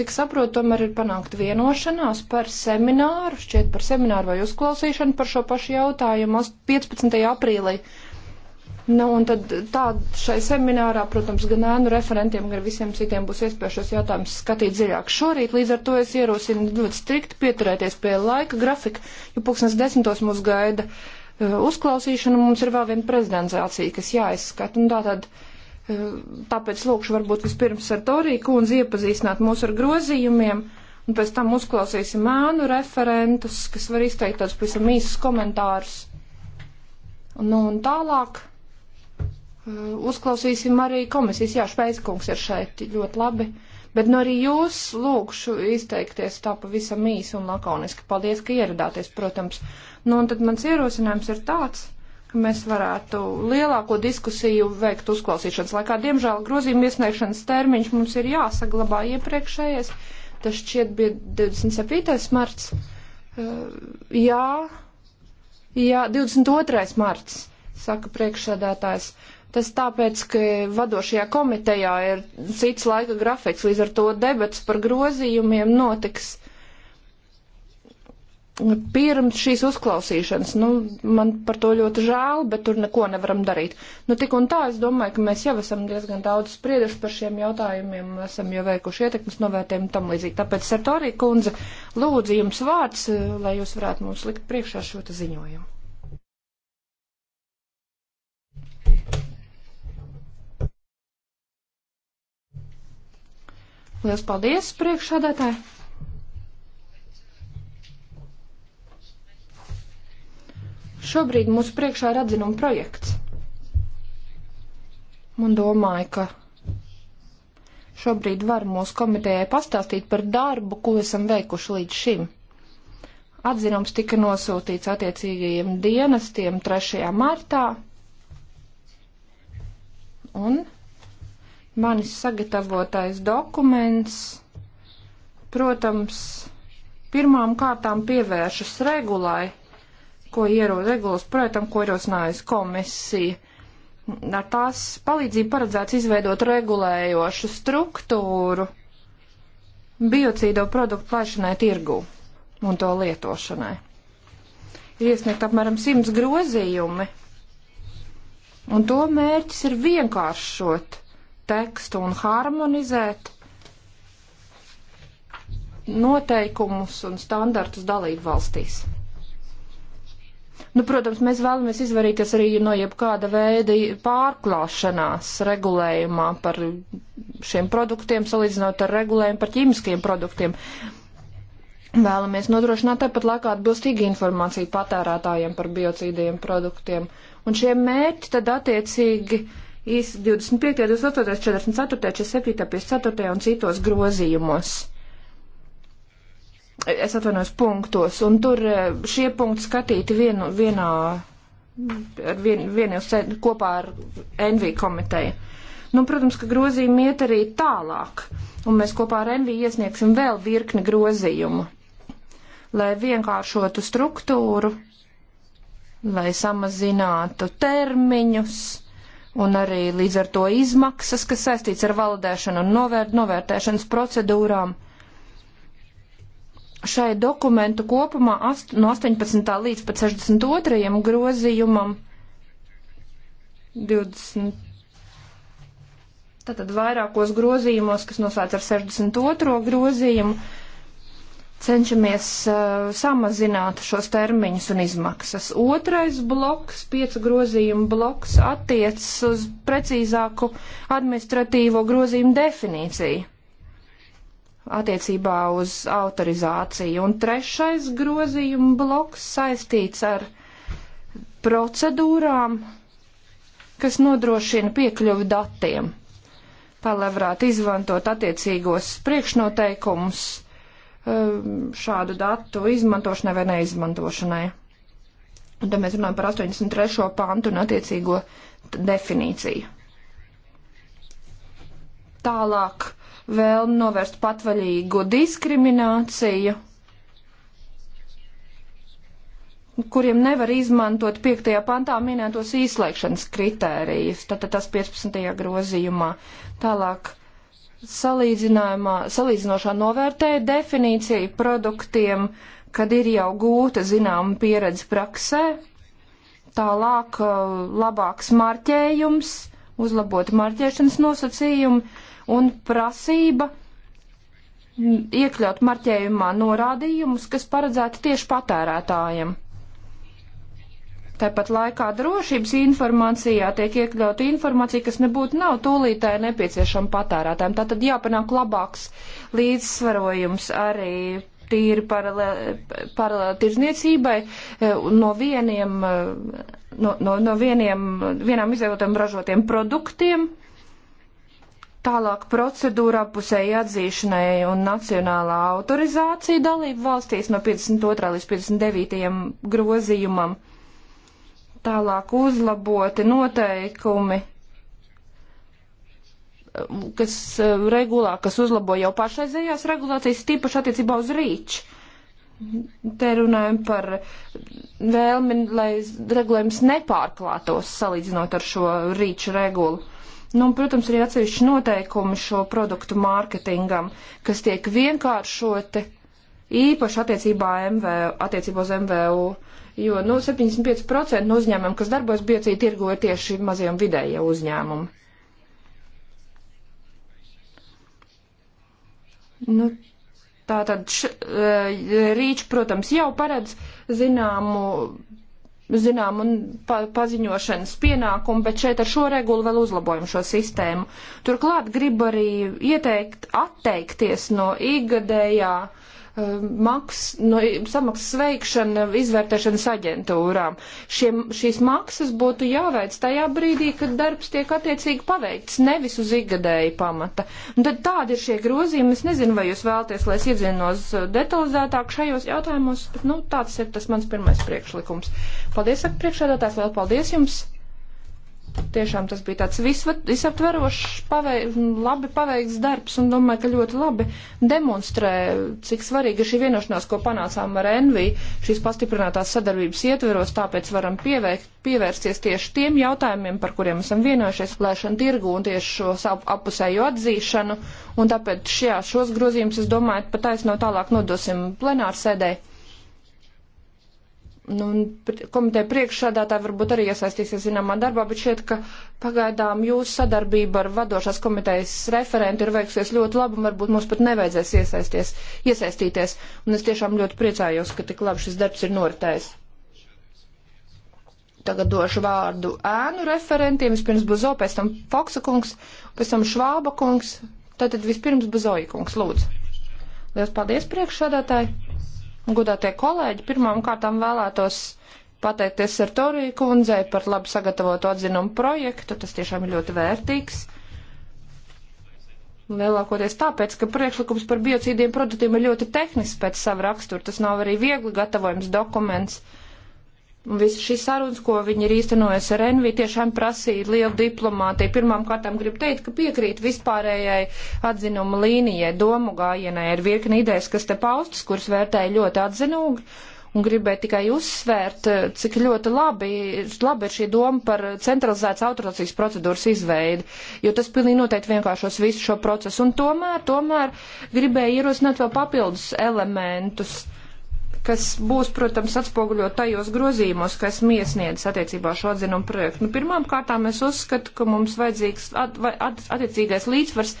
Cik saprotu, tomēr ir panākt vienošanās par semināru, šķiet par semināru vai uzklausīšanu par šo pašu jautājumu 15. aprīlī. Nu, un tad tā šai seminārā, protams, gan ēnu referentiem, gan visiem citiem būs iespēja šos jautājumus skatīt dziļāk šorīt. Līdz ar to es ierosinu ļoti strikti pieturēties pie laika grafika, jo pulkstens desmitos mūs gaida e, uzklausīšana, mums ir vēl viena prezidentācija, kas jāizskata. Un tā tad. Uh, Tāpēc lūkšu varbūt vispirms ar Toriju kundzi iepazīstināt mūs ar grozījumiem, un pēc tam uzklausīsim ēnu referentus, kas var izteikt tādus pavisam īsus komentārus. Nu, un tālāk eh, uzklausīsim arī komisijas. Jā, Šveickungs ir šeit ļoti labi. Bet nu arī jūs lūkšu izteikties tā pavisam īsi un lakoniski. Paldies, ka ieradāties, protams. Nu, un tad mans ierosinājums ir tāds mēs varētu lielāko diskusiju veikt uzklausīšanas laikā. Diemžēl grozījuma iesniegšanas termiņš mums ir jāsaglabā iepriekšējais. Tas šķiet bija 27. marts. Eh, jā, jā 22. marts, saka priekšsēdētājs. Tas tāpēc, ka vadošajā komitejā ir cits laika grafiks, līdz ar to debats par grozījumiem notiks uh, pirms šīs uzklausīšanas. Nu, man par to ļoti žēl, bet tur neko nevaram darīt. Nu, tik un tā, es domāju, ka mēs jau esam diezgan daudz sprieduši par šiem jautājumiem, esam jau veikuši ietekmes novērtējumu tam līdzīgi. Tāpēc, Sartorī kundze, lūdzu jums vārds, lai jūs varētu mums likt priekšā šo te ziņojumu. Lielas paldies priekšādātāji! Šobrīd mūsu priekšā ir atzinuma projekts. Un domāju, ka šobrīd var mūsu komitējai pastāstīt par darbu, ko esam veikuši līdz šim. Atzinums tika nosūtīts attiecīgajiem dienestiem 3. martā. Un manis sagatavotais dokuments, protams, pirmām kārtām pievēršas regulai ko iero regulas projektam, ko ierosinājusi komisija. Ar tās palīdzību paredzēts izveidot regulējošu struktūru biocīdo produktu laišanai tirgū un to lietošanai. Ir iesniegt apmēram simts grozījumi, un to mērķis ir vienkāršot tekstu un harmonizēt noteikumus un standartus dalību valstīs. Nu, protams, mēs vēlamies izvairīties arī no jebkāda veida pārklāšanās regulējumā par šiem produktiem, salīdzinot ar regulējumu par ķīmiskiem produktiem. Vēlamies nodrošināt tāpat laikā atbilstīgu informāciju patērētājiem par biocīdiem produktiem. Un šie mērķi tad attiecīgi ir 25, 28, 44, 47, 54 un citos grozījumos es atvainojos, punktos, un tur eh, šie punkti skatīti vienu, vienā, ar vien, vienu kopā ar NV komiteju. Nu, protams, ka grozījumi iet arī tālāk, un mēs kopā ar NV iesniegsim vēl virkni grozījumu, lai vienkāršotu struktūru, lai samazinātu termiņus un arī līdz ar to izmaksas, kas saistīts ar valdēšanu un novērt, novērtēšanas procedūrām šai dokumentu kopumā ast, no 18. līdz pat 62. grozījumam 20. Tātad vairākos grozījumos, kas noslēdz ar 62. grozījumu, cenšamies uh, samazināt šos termiņus un izmaksas. Otrais bloks, piecu grozījumu bloks, attiec uz precīzāku administratīvo grozījumu definīciju attiecībā uz autorizāciju. Un trešais grozījuma bloks saistīts ar procedūrām, kas nodrošina piekļuvi datiem, tā lai varētu izmantot attiecīgos priekšnoteikumus um, šādu datu izmantošanai vai neizmantošanai. Un te mēs runājam par 83. pantu un attiecīgo definīciju. Tālāk vēlmi novērst patvaļīgu diskrimināciju, kuriem nevar izmantot 5. pantā minētos īslēgšanas kritērijus, tātad tas 15. grozījumā. Tālāk salīdzinošā novērtēja definīciju produktiem, kad ir jau gūta zināma pieredze praksē, tālāk uh, labāks marķējums, uzlabota marķēšanas nosacījumi, un prasība iekļaut marķējumā norādījumus, kas paredzēti tieši patērētājiem. Tāpat laikā drošības informācijā tiek iekļauta informācija, kas nebūtu nav tūlītēji nepieciešama patērētājiem. Tātad jāpanāk labāks līdzsvarojums arī tīri paralēli paralē, tirzniecībai e, no vieniem, e, no, no, no vieniem, vienām izvēlotiem ražotiem produktiem Tālāk procedūra apusēji atzīšanai un nacionālā autorizācija dalību valstīs no 52. līdz 59. grozījumam. Tālāk uzlaboti noteikumi, kas eh, regulā, kas uzlabo jau pašreizējās regulācijas, tīpaši attiecībā uz rīču. Te runājam par vēlmi, lai regulējums nepārklātos salīdzinot ar šo rīču regulu. Nu, un, protams, arī atsevišķi noteikumi šo produktu mārketingam, kas tiek vienkāršoti īpaši attiecībā, MVU, attiecībā uz MVU, jo nu, 75% no uzņēmumiem, kas darbojas biocīja tirgo, ir tieši mazie un vidējie uzņēmumi. Nu, Tātad eh, rīč, protams, jau paredz zināmu zinām, un pa, paziņošanas pienākumu, bet šeit ar šo regulu vēl uzlabojam šo sistēmu. Turklāt gribu arī ieteikt atteikties no īgadējā uh, Um, maks, no, samaksas veikšana izvērtēšanas aģentūrām. Šie, šīs maksas būtu jāveic tajā brīdī, kad darbs tiek attiecīgi paveikts, nevis uz ikgadēju pamata. Un tad tādi ir šie grozījumi. Es nezinu, vai jūs vēlaties, lai es iedzienos uh, detalizētāk šajos jautājumos, bet nu, tāds ir tas mans pirmais priekšlikums. Paldies, saka priekšādātājs, vēl paldies jums! Tiešām tas bija tāds visaptverošs, pavei, labi paveikts darbs un domāju, ka ļoti labi demonstrē, cik svarīga šī vienošanās, ko panācām ar NV, šīs pastiprinātās sadarbības ietveros, tāpēc varam pieveikt, pievērsties tieši tiem jautājumiem, par kuriem esam vienojušies, lēšana tirgu un tieši šo savu apusēju atzīšanu. Un tāpēc šajā šos grozījumus, es domāju, pat taisno tālāk nodosim plenārsēdē. Nu, komiteja priekšsādātāji varbūt arī iesaistīsies zināmā darbā, bet šķiet, ka pagaidām jūsu sadarbība ar vadošās komitejas referentu ir veiksies ļoti labi un varbūt mums pat nevajadzēs iesaistīties. Un es tiešām ļoti priecājos, ka tik labi šis darbs ir noritējis. Tagad došu vārdu ēnu referentiem. Vispirms Buzo, pēc tam Foksa kungs, pēc tam Švāba kungs. Tātad vispirms Buzoja kungs, lūdzu. Lielas paldies priekšsādātāji! Godātie kolēģi, pirmām kārtām vēlētos pateikties ar Toriju kundzei par labi sagatavotu atzinumu projektu. Tas tiešām ir ļoti vērtīgs. Lielākoties tāpēc, ka priekšlikums par biocīdiem produktiem ir ļoti tehnisks pēc sava rakstura. Tas nav arī viegli gatavojams dokuments. Uh, Viss šis sarunas, ko viņi ir īstenojusi ar Envi, tiešām prasīja lielu diplomātiju. Pirmām kārtām gribu teikt, ka piekrīt vispārējai atzinuma līnijai, domu gājienai ir virkni idejas, kas te paustas, kuras vērtēja ļoti atzinīgi. Un gribēju tikai uzsvērt, cik ļoti labi, labi ir šī doma par centralizētas autorizācijas procedūras izveidi, jo tas pilnīgi noteikti vienkāršos visu šo procesu. Un tomēr, tomēr gribēju ierosināt vēl papildus elementus. Uh, kas būs, protams, atspoguļot tajos grozījumos, kas miesniedz attiecībā šo atzinumu projektu. Nu, pirmām kārtām es uzskatu, ka mums vajadzīgs at, at, attiecīgais līdzsvars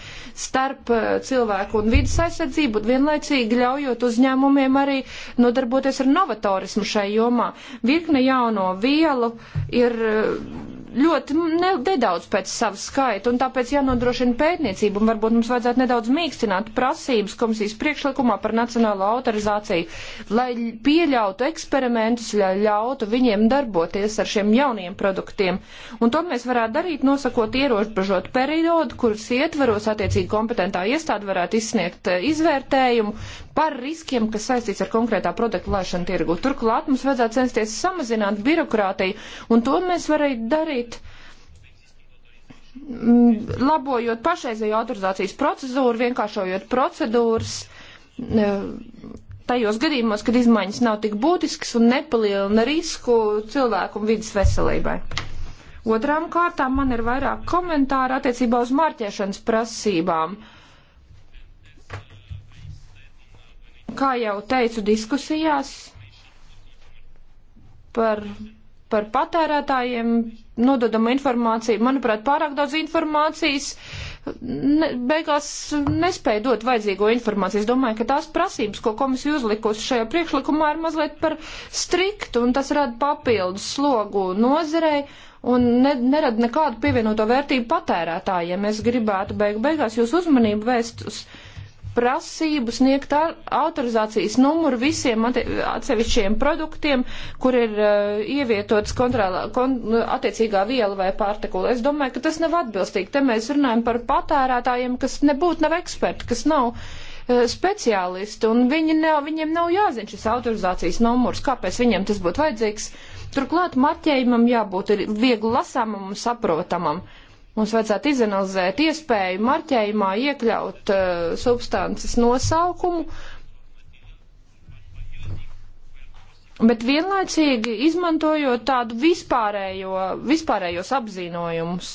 starp eh, cilvēku un vidas aizsardzību, vienlaicīgi ļaujot uzņēmumiem arī nodarboties ar novatorismu šai jomā. Virkne jauno vielu ir eh, ļoti ne, nedaudz pēc savas skaita, un tāpēc jānodrošina pētniecība, un varbūt mums vajadzētu nedaudz mīkstināt prasības komisijas priekšlikumā par nacionālo autorizāciju, lai pieļautu eksperimentus, lai ļautu viņiem darboties ar šiem jauniem produktiem. Un to mēs varētu darīt, nosakot ierobežot periodu, kuras ietvaros attiecīgi kompetentā iestāde varētu izsniegt eh, izvērtējumu par riskiem, kas saistīts ar konkrētā produkta lēšanu tirgu. Turklāt mums vajadzētu censties samazināt birokrātiju, un to mēs varētu darīt darīt, mm, labojot pašreizējo autorizācijas procedūru, vienkāršojot procedūras tajos gadījumos, kad izmaiņas nav tik būtiskas un nepalielina risku cilvēku un vidas veselībai. Otrām kārtām man ir vairāk komentāru attiecībā uz marķēšanas prasībām. Kā jau teicu diskusijās par par patērētājiem nododama informācija. Manuprāt, pārāk daudz informācijas ne, beigās nespēja dot vajadzīgo informāciju. Es domāju, ka tās prasības, ko komisija uzlikusi šajā priekšlikumā, ir mazliet par striktu, un tas rada papildus slogu nozarei un ne, nerada nekādu pievienoto vērtību patērētājiem. Es gribētu beig beigās jūs uzmanību vēst uz. Uh, prasību sniegt autorizācijas numuru visiem atsevišķiem produktiem, kur ir uh, ievietots kontrolā, kon, attiecīgā viela vai pārtekula. Es domāju, ka tas nav atbilstīgi. Te mēs runājam par patērētājiem, kas nebūtu nav eksperti, kas nav uh, speciālisti, un viņi nav, viņiem nav jāzina šis autorizācijas numurs, kāpēc viņiem tas būtu vajadzīgs. Turklāt marķējumam jābūt viegli lasāmam un saprotamam. Uh, Mums vajadzētu izanalizēt iespēju marķējumā iekļaut uh, substances nosaukumu, uh, bet vienlaicīgi izmantojot tādu vispārējo, vispārējos apzinojumus.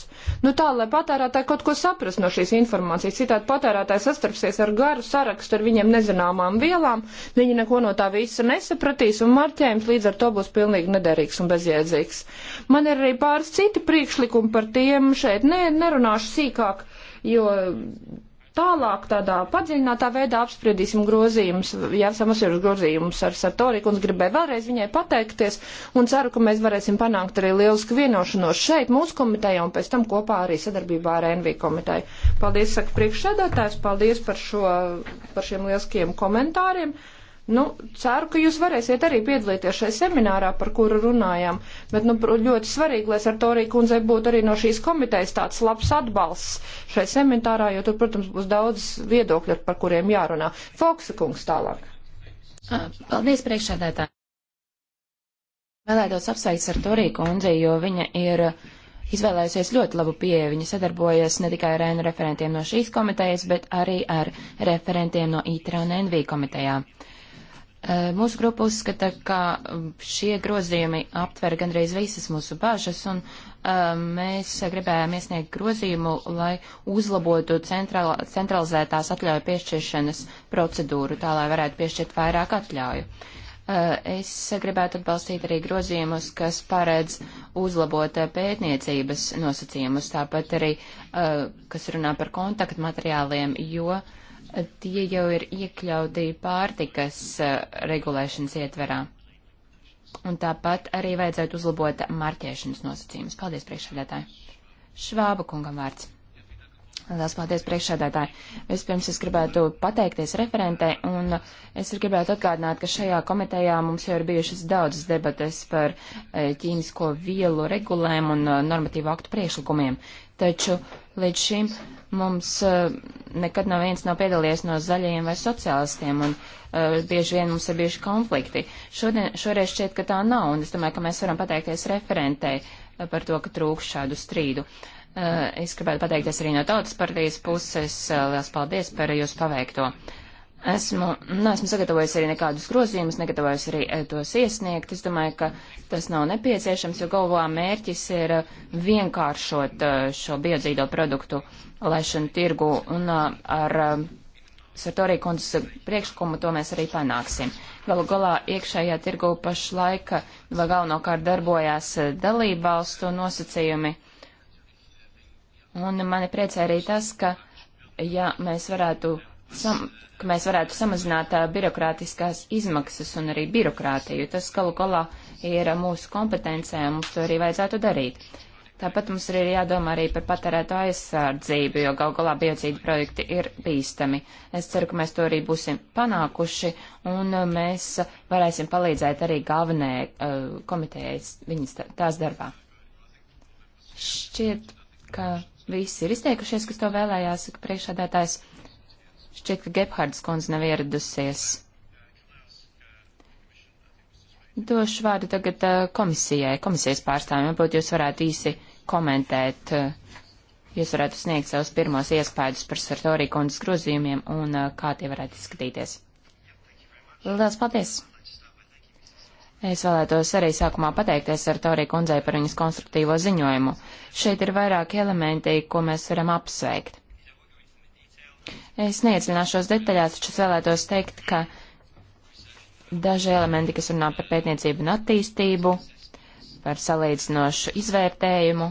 Nu tā, lai patērētāji kaut ko saprast no šīs informācijas, citādi patērētāji sastarpsies ar garu sarakstu ar viņiem nezināmām vielām, viņi neko no tā visa nesapratīs un marķējums līdz ar to būs pilnīgi nederīgs un bezjēdzīgs. Man ir arī pāris citi priekšlikumi par tiem šeit, ne, nerunāšu sīkāk, jo Tālāk tādā padziļinātā veidā apspriedīsim grozījumus, ja esam uzsveruši grozījumus ar Sartoriku un gribēju vēlreiz viņai pateikties un ceru, ka mēs varēsim panākt arī lielisku vienošanos šeit mūsu komitejā un pēc tam kopā arī sadarbībā ar NV komiteju. Paldies, saka priekšsēdētājs, paldies par, šo, par šiem lieliskiem komentāriem. Nu, ceru, ka jūs varēsiet arī piedalīties šai seminārā, par kuru runājām, bet nu, ļoti svarīgi, lai ar to arī kundzei būtu arī no šīs komitejas tāds labs atbalsts šai seminārā, jo tur, protams, būs daudz viedokļu, par kuriem jārunā. Foksa kungs tālāk. Paldies, priekšsēdētāji. Vēlētos apsveikt ar Toriju kundzi, jo viņa ir izvēlējusies ļoti labu pieeju. Viņa sadarbojas ne tikai ar ēnu referentiem no šīs komitejas, bet arī ar referentiem no ITRA un NV komitejā. Eh, mūsu grupa uzskata, ka mm, šie grozījumi aptver gandrīz visas mūsu bāžas, un eh, mēs gribējām iesniegt grozījumu, lai uzlabotu central, centralizētās atļauju piešķiršanas procedūru, tā lai varētu piešķirt vairāk atļauju. Eh, es gribētu atbalstīt arī grozījumus, kas paredz uzlabot pētniecības nosacījumus, tāpat arī, kas runā par kontaktmateriāliem, jo uh, tie jau ir iekļauti pārtikas eh, regulēšanas ietverā. Un tāpat arī vajadzētu uzlabot marķēšanas nosacījumus. Paldies, priekšsēdētāji! Švāba kungam vārds. Lielas paldies priekšsēdētāji. Vispirms es gribētu pateikties referentē, un es gribētu atgādināt, ka šajā komitejā mums jau ir bijušas daudzas debates par eh, ķīmisko vielu regulēm un eh, normatīvu aktu priekšlikumiem. Taču līdz šim Mums eh, nekad nav viens nav piedalījies no zaļajiem vai sociālistiem, un uh, bieži vien mums ir bijuši konflikti. Šodien, šoreiz šķiet, ka tā nav, un es domāju, ka mēs varam pateikties referentei eh, par to, ka trūkst šādu strīdu. Uh, es gribētu pateikties arī no tautas partijas puses. Lielas paldies par jūsu paveikto. Uh, Esmu, neesmu nu, sagatavojis arī nekādus grozījumus, negatavojis arī eh, tos iesniegt. Es domāju, ka tas nav nepieciešams, jo galvā mērķis ir eh, vienkāršot eh, šo biodzīdo produktu laišanu tirgu un ar Sartorija kundzes priekšlikumu to mēs arī panāksim. Galu galā iekšējā tirgu pašlaika galvenokārt darbojās dalība valstu nosacījumi. Un mani priecē arī tas, ka ja mēs varētu sam, ka mēs varētu samazināt uh, birokrātiskās izmaksas un arī birokrātiju. Tas galu galā ir uh, mūsu kompetencē, un mums to arī vajadzētu darīt. Tāpat mums ir jādomā arī par patērēto aizsardzību, jo gal galā biocīdu projekti ir bīstami. Es ceru, ka mēs to arī būsim panākuši, un uh, mēs varēsim palīdzēt arī galvenajai uh, komitejai viņas tās darbā. Šķiet, ka visi ir izteikušies, kas to vēlējās, ka priekšādātājs. Šķiet, ka Gebhards kundze nav ieradusies. Došu vārdu tagad uh, komisijai, komisijas pārstāvjiem. Varbūt jūs varētu īsi komentēt, uh, jūs varētu sniegt savus pirmos iespējas par Sartori kundzes grozījumiem un uh, kā tie varētu izskatīties. Lielas paldies! Es vēlētos arī sākumā pateikties ar Tauriju kundzei par viņas konstruktīvo ziņojumu. Šeit ir vairāki elementi, ko mēs varam apsveikt. Es neiedziļināšos detaļās, taču es vēlētos teikt, ka daži elementi, kas runā par pētniecību un attīstību, par salīdzinošu izvērtējumu,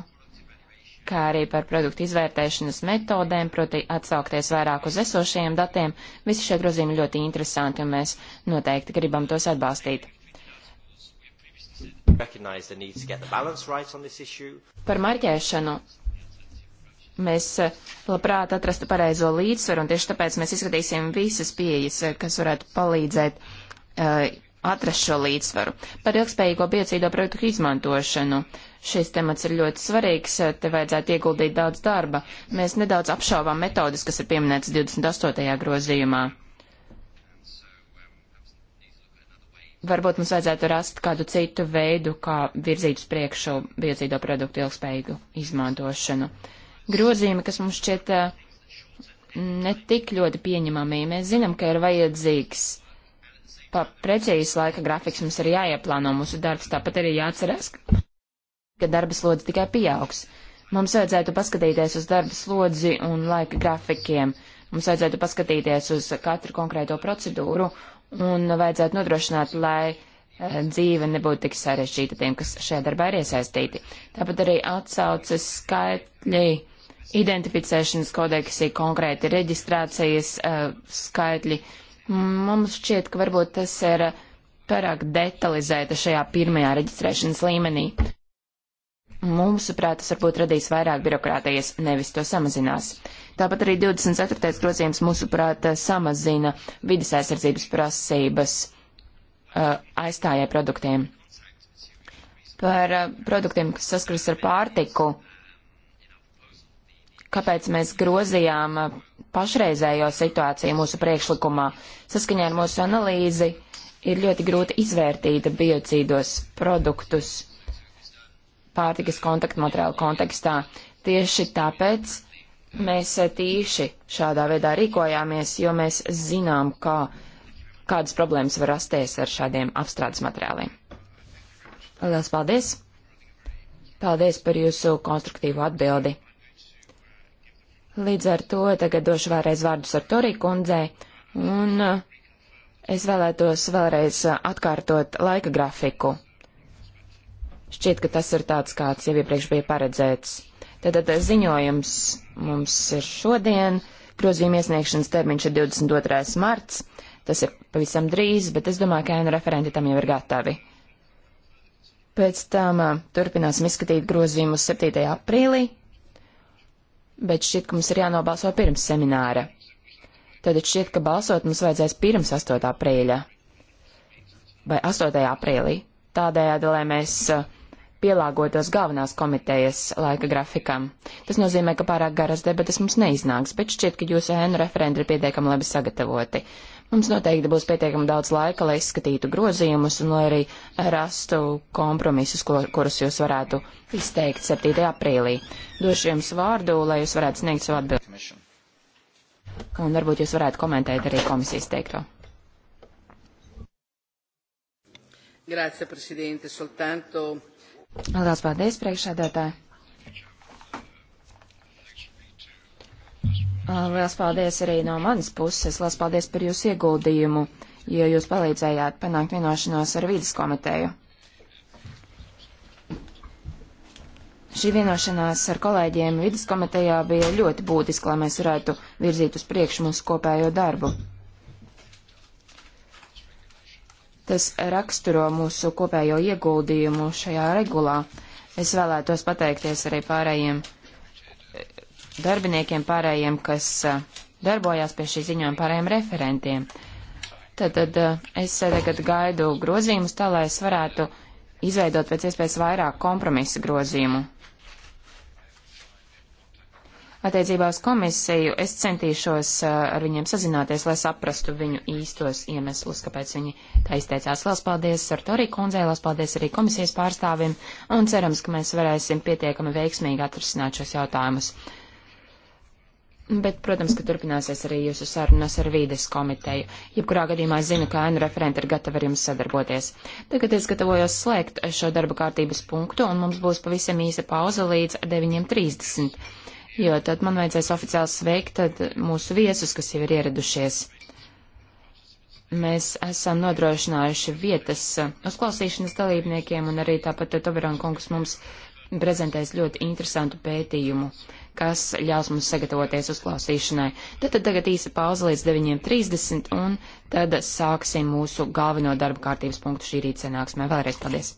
kā arī par produktu izvērtēšanas metodēm, proti atsaukties vairāk uz esošajiem datiem. Visi šie grozījumi ļoti interesanti, un mēs noteikti gribam tos atbalstīt. Par marķēšanu Mēs eh, labprāt atrastu pareizo līdzsvaru, un tieši tāpēc mēs izskatīsim visas pieejas, eh, kas varētu palīdzēt uh, atrast šo līdzsvaru. Par ilgspējīgo biocīdo produktu izmantošanu. Šis temats ir ļoti svarīgs, te vajadzētu ieguldīt daudz darba. Mēs nedaudz apšaubām metodas, kas ir pieminētas 28. grozījumā. Varbūt mums vajadzētu rast kādu citu veidu, kā virzīt uz priekšu biocīdo produktu ilgspējīgu izmantošanu. Uh, grozījumi, kas mums šķiet eh, netik ļoti pieņemami. Mēs zinām, ka ir vajadzīgs pa precīzi laika grafiks, mums ir jāieplāno mūsu darbs, tāpat arī jāatcerās, ka darba slodze tikai pieaugs. Mums vajadzētu paskatīties uz darba slodzi un laika grafikiem, mums vajadzētu paskatīties uz katru konkrēto procedūru un vajadzētu nodrošināt, lai eh, dzīve nebūtu tik sarežģīta tiem, kas šajā darbā ir iesaistīti. Tāpat arī atsauces skaitļi identificēšanas kodeksi, konkrēti reģistrācijas uh, skaitļi. Mums šķiet, ka varbūt tas ir pārāk detalizēta šajā pirmajā reģistrēšanas līmenī. Mūsuprāt, tas varbūt radīs vairāk birokrātijas, nevis to samazinās. Tāpat arī 24. grozījums, mūsuprāt, samazina vidas aizsardzības prasības uh, aizstājai produktiem. Par uh, produktiem, kas saskaras ar pārtiku, uh, kāpēc mēs grozījām pašreizējo situāciju mūsu priekšlikumā. Saskaņā ar mūsu analīzi ir ļoti grūti izvērtīt biocīdos produktus pārtikas kontaktmateriālu kontekstā. Tieši tāpēc mēs tīši šādā veidā rīkojāmies, jo mēs zinām, kā, kādas problēmas var rasties ar šādiem apstrādes materiāliem. Lielas paldies! Paldies par jūsu konstruktīvu atbildi. Līdz ar to tagad došu vēlreiz vārdus ar Torī kundzei, un uh, es vēlētos vēlreiz uh, atkārtot laika grafiku. Šķiet, ka tas ir tāds, kāds jau iepriekš bija paredzēts. Tātad uh, ziņojums mums ir šodien, grozījuma iesniegšanas termiņš ir 22. marts, tas ir pavisam drīz, bet es domāju, ka ēnu referenti tam jau ir gatavi. Pēc tam turpināsim izskatīt grozījumus 7. aprīlī, bet šķiet, ka mums ir jānobalso pirms semināra. Tad šķiet, ka balsot mums vajadzēs pirms 8. aprīļa vai 8. aprīlī. Tādējādi, lai mēs eh, pielāgotos galvenās komitejas laika grafikam. Tas nozīmē, ka pārāk garas debatas mums neiznāks, bet šķiet, ka jūsu ēnu referenti ir pietiekami labi sagatavoti. Uh, Mums noteikti būs pietiekami daudz laika, lai izskatītu grozījumus un lai arī rastu kompromisus, ko, kurus jūs varētu izteikt 7. aprīlī. Došu jums vārdu, lai jūs varētu sniegt savu atbildi. Un varbūt jūs varētu komentēt arī komisijas teikto. Grazie, prezidente, soltanto. Lielas paldies, priekšsēdētāji. Ah, liels paldies arī no manas puses. Liels paldies par jūsu ieguldījumu, jo jūs palīdzējāt panākt vienošanos ar vīdes komiteju. Šī vienošanās ar kolēģiem vidas komitejā bija ļoti būtiska, lai mēs varētu virzīt uz priekšu mūsu kopējo darbu. Tas raksturo mūsu kopējo ieguldījumu šajā regulā. Es vēlētos pateikties arī pārējiem darbiniekiem pārējiem, kas darbojās pie šī ziņojuma pārējiem referentiem. Tad, tad es tagad gaidu grozījumus tā, lai es varētu izveidot pēc iespējas vairāk kompromisa grozījumu. Attiecībā uz komisiju es centīšos ar viņiem sazināties, lai saprastu viņu īstos iemeslus, kāpēc viņi tā izteicās. Lielas paldies ar Torī kundzei, lielas paldies arī komisijas pārstāvim un cerams, ka mēs varēsim pietiekami veiksmīgi atrisināt šos jautājumus. Bet, protams, ka turpināsies arī jūsu sarunas ar vīdes komiteju. Jebkurā gadījumā es zinu, ka ēnu referenti ir gatavi ar jums sadarboties. Tagad es gatavojos slēgt šo darba kārtības punktu, un mums būs pavisam īsa pauze līdz 9.30, jo tad man vajadzēs oficiāli sveikt mūsu viesus, kas jau ir ieradušies. Mēs esam nodrošinājuši vietas uzklausīšanas dalībniekiem, un arī tāpat Toberan kungs mums prezentēs ļoti interesantu pētījumu kas ļaus mums sagatavoties uzklausīšanai. Tad, tad tagad īsa pauze līdz 9.30 un tad sāksim mūsu galveno darba kārtības punktu šī rīta sanāksmē. Vēlreiz paldies!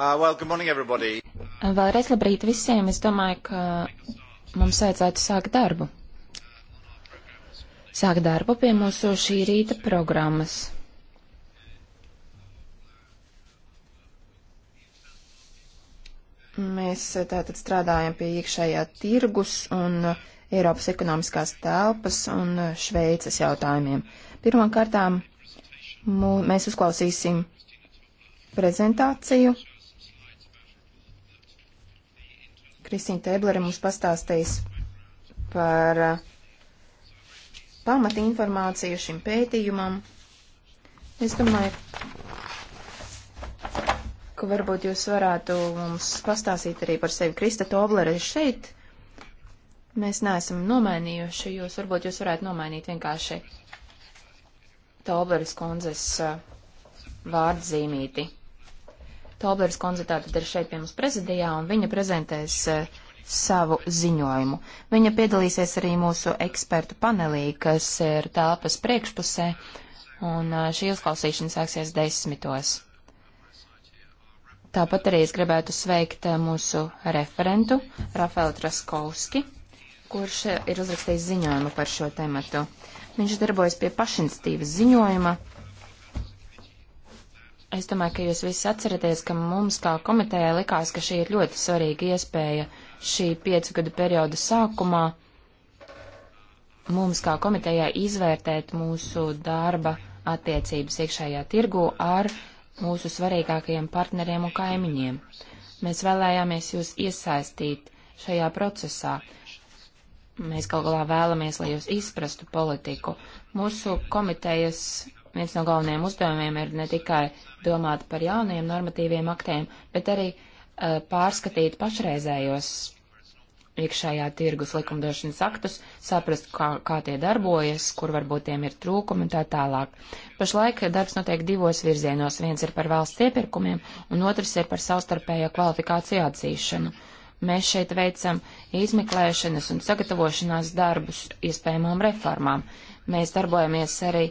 Uh, well, good morning, everybody. Vēlreiz labrīt visiem. Es domāju, ka mums vajadzētu sākt darbu. Sākt darbu pie mūsu šī rīta programmas. Mēs eh, tātad strādājam pie iekšējā tirgus un eh, Eiropas ekonomiskās telpas un eh, Šveices jautājumiem. Pirmkārtām mēs uzklausīsim prezentāciju Kristīna Tēblere mums pastāstīs par uh, pamata informāciju šim pētījumam. Es domāju, ka varbūt jūs varētu mums pastāstīt arī par sevi. Krista Toblere šeit. Mēs neesam nomainījuši jūs. Varbūt jūs varētu nomainīt vienkārši Tobleres kundzes uh, vārdzīmīti. Tobleris konzultāte ir šeit pie mums prezidijā, un viņa prezentēs uh, savu ziņojumu. Viņa piedalīsies arī mūsu ekspertu panelī, kas ir telpas priekšpusē, un uh, šī uzklausīšana sāksies desmitos. Tāpat arī es gribētu sveikt eh, mūsu referentu, Rafaelu Traskovski, kurš ir uzrakstījis ziņojumu par šo tematu. Viņš darbojas pie pašinstīvas ziņojuma, Es domāju, ka jūs visi atceraties, ka mums kā komitējai likās, ka šī ir ļoti svarīga iespēja šī piecu gadu perioda sākumā mums kā komitējai izvērtēt mūsu darba attiecības iekšējā tirgu ar mūsu svarīgākajiem partneriem un kaimiņiem. Mēs vēlējāmies jūs iesaistīt šajā procesā, mēs galu galā vēlamies, lai jūs izprastu politiku. Mūsu komitejas Viens no galvenajiem uzdevumiem ir ne tikai domāt par jauniem normatīviem aktiem, bet arī uh, pārskatīt pašreizējos iekšējā tirgus likumdošanas aktus, saprast, kā, kā tie darbojas, kur varbūt tiem ir trūkumi un tā tālāk. Pašlaik darbs notiek divos virzienos. Viens ir par valsts iepirkumiem, un otrs ir par savstarpējo kvalifikāciju atzīšanu. Mēs šeit veicam izmeklēšanas un sagatavošanās darbus iespējamām reformām. Mēs darbojamies arī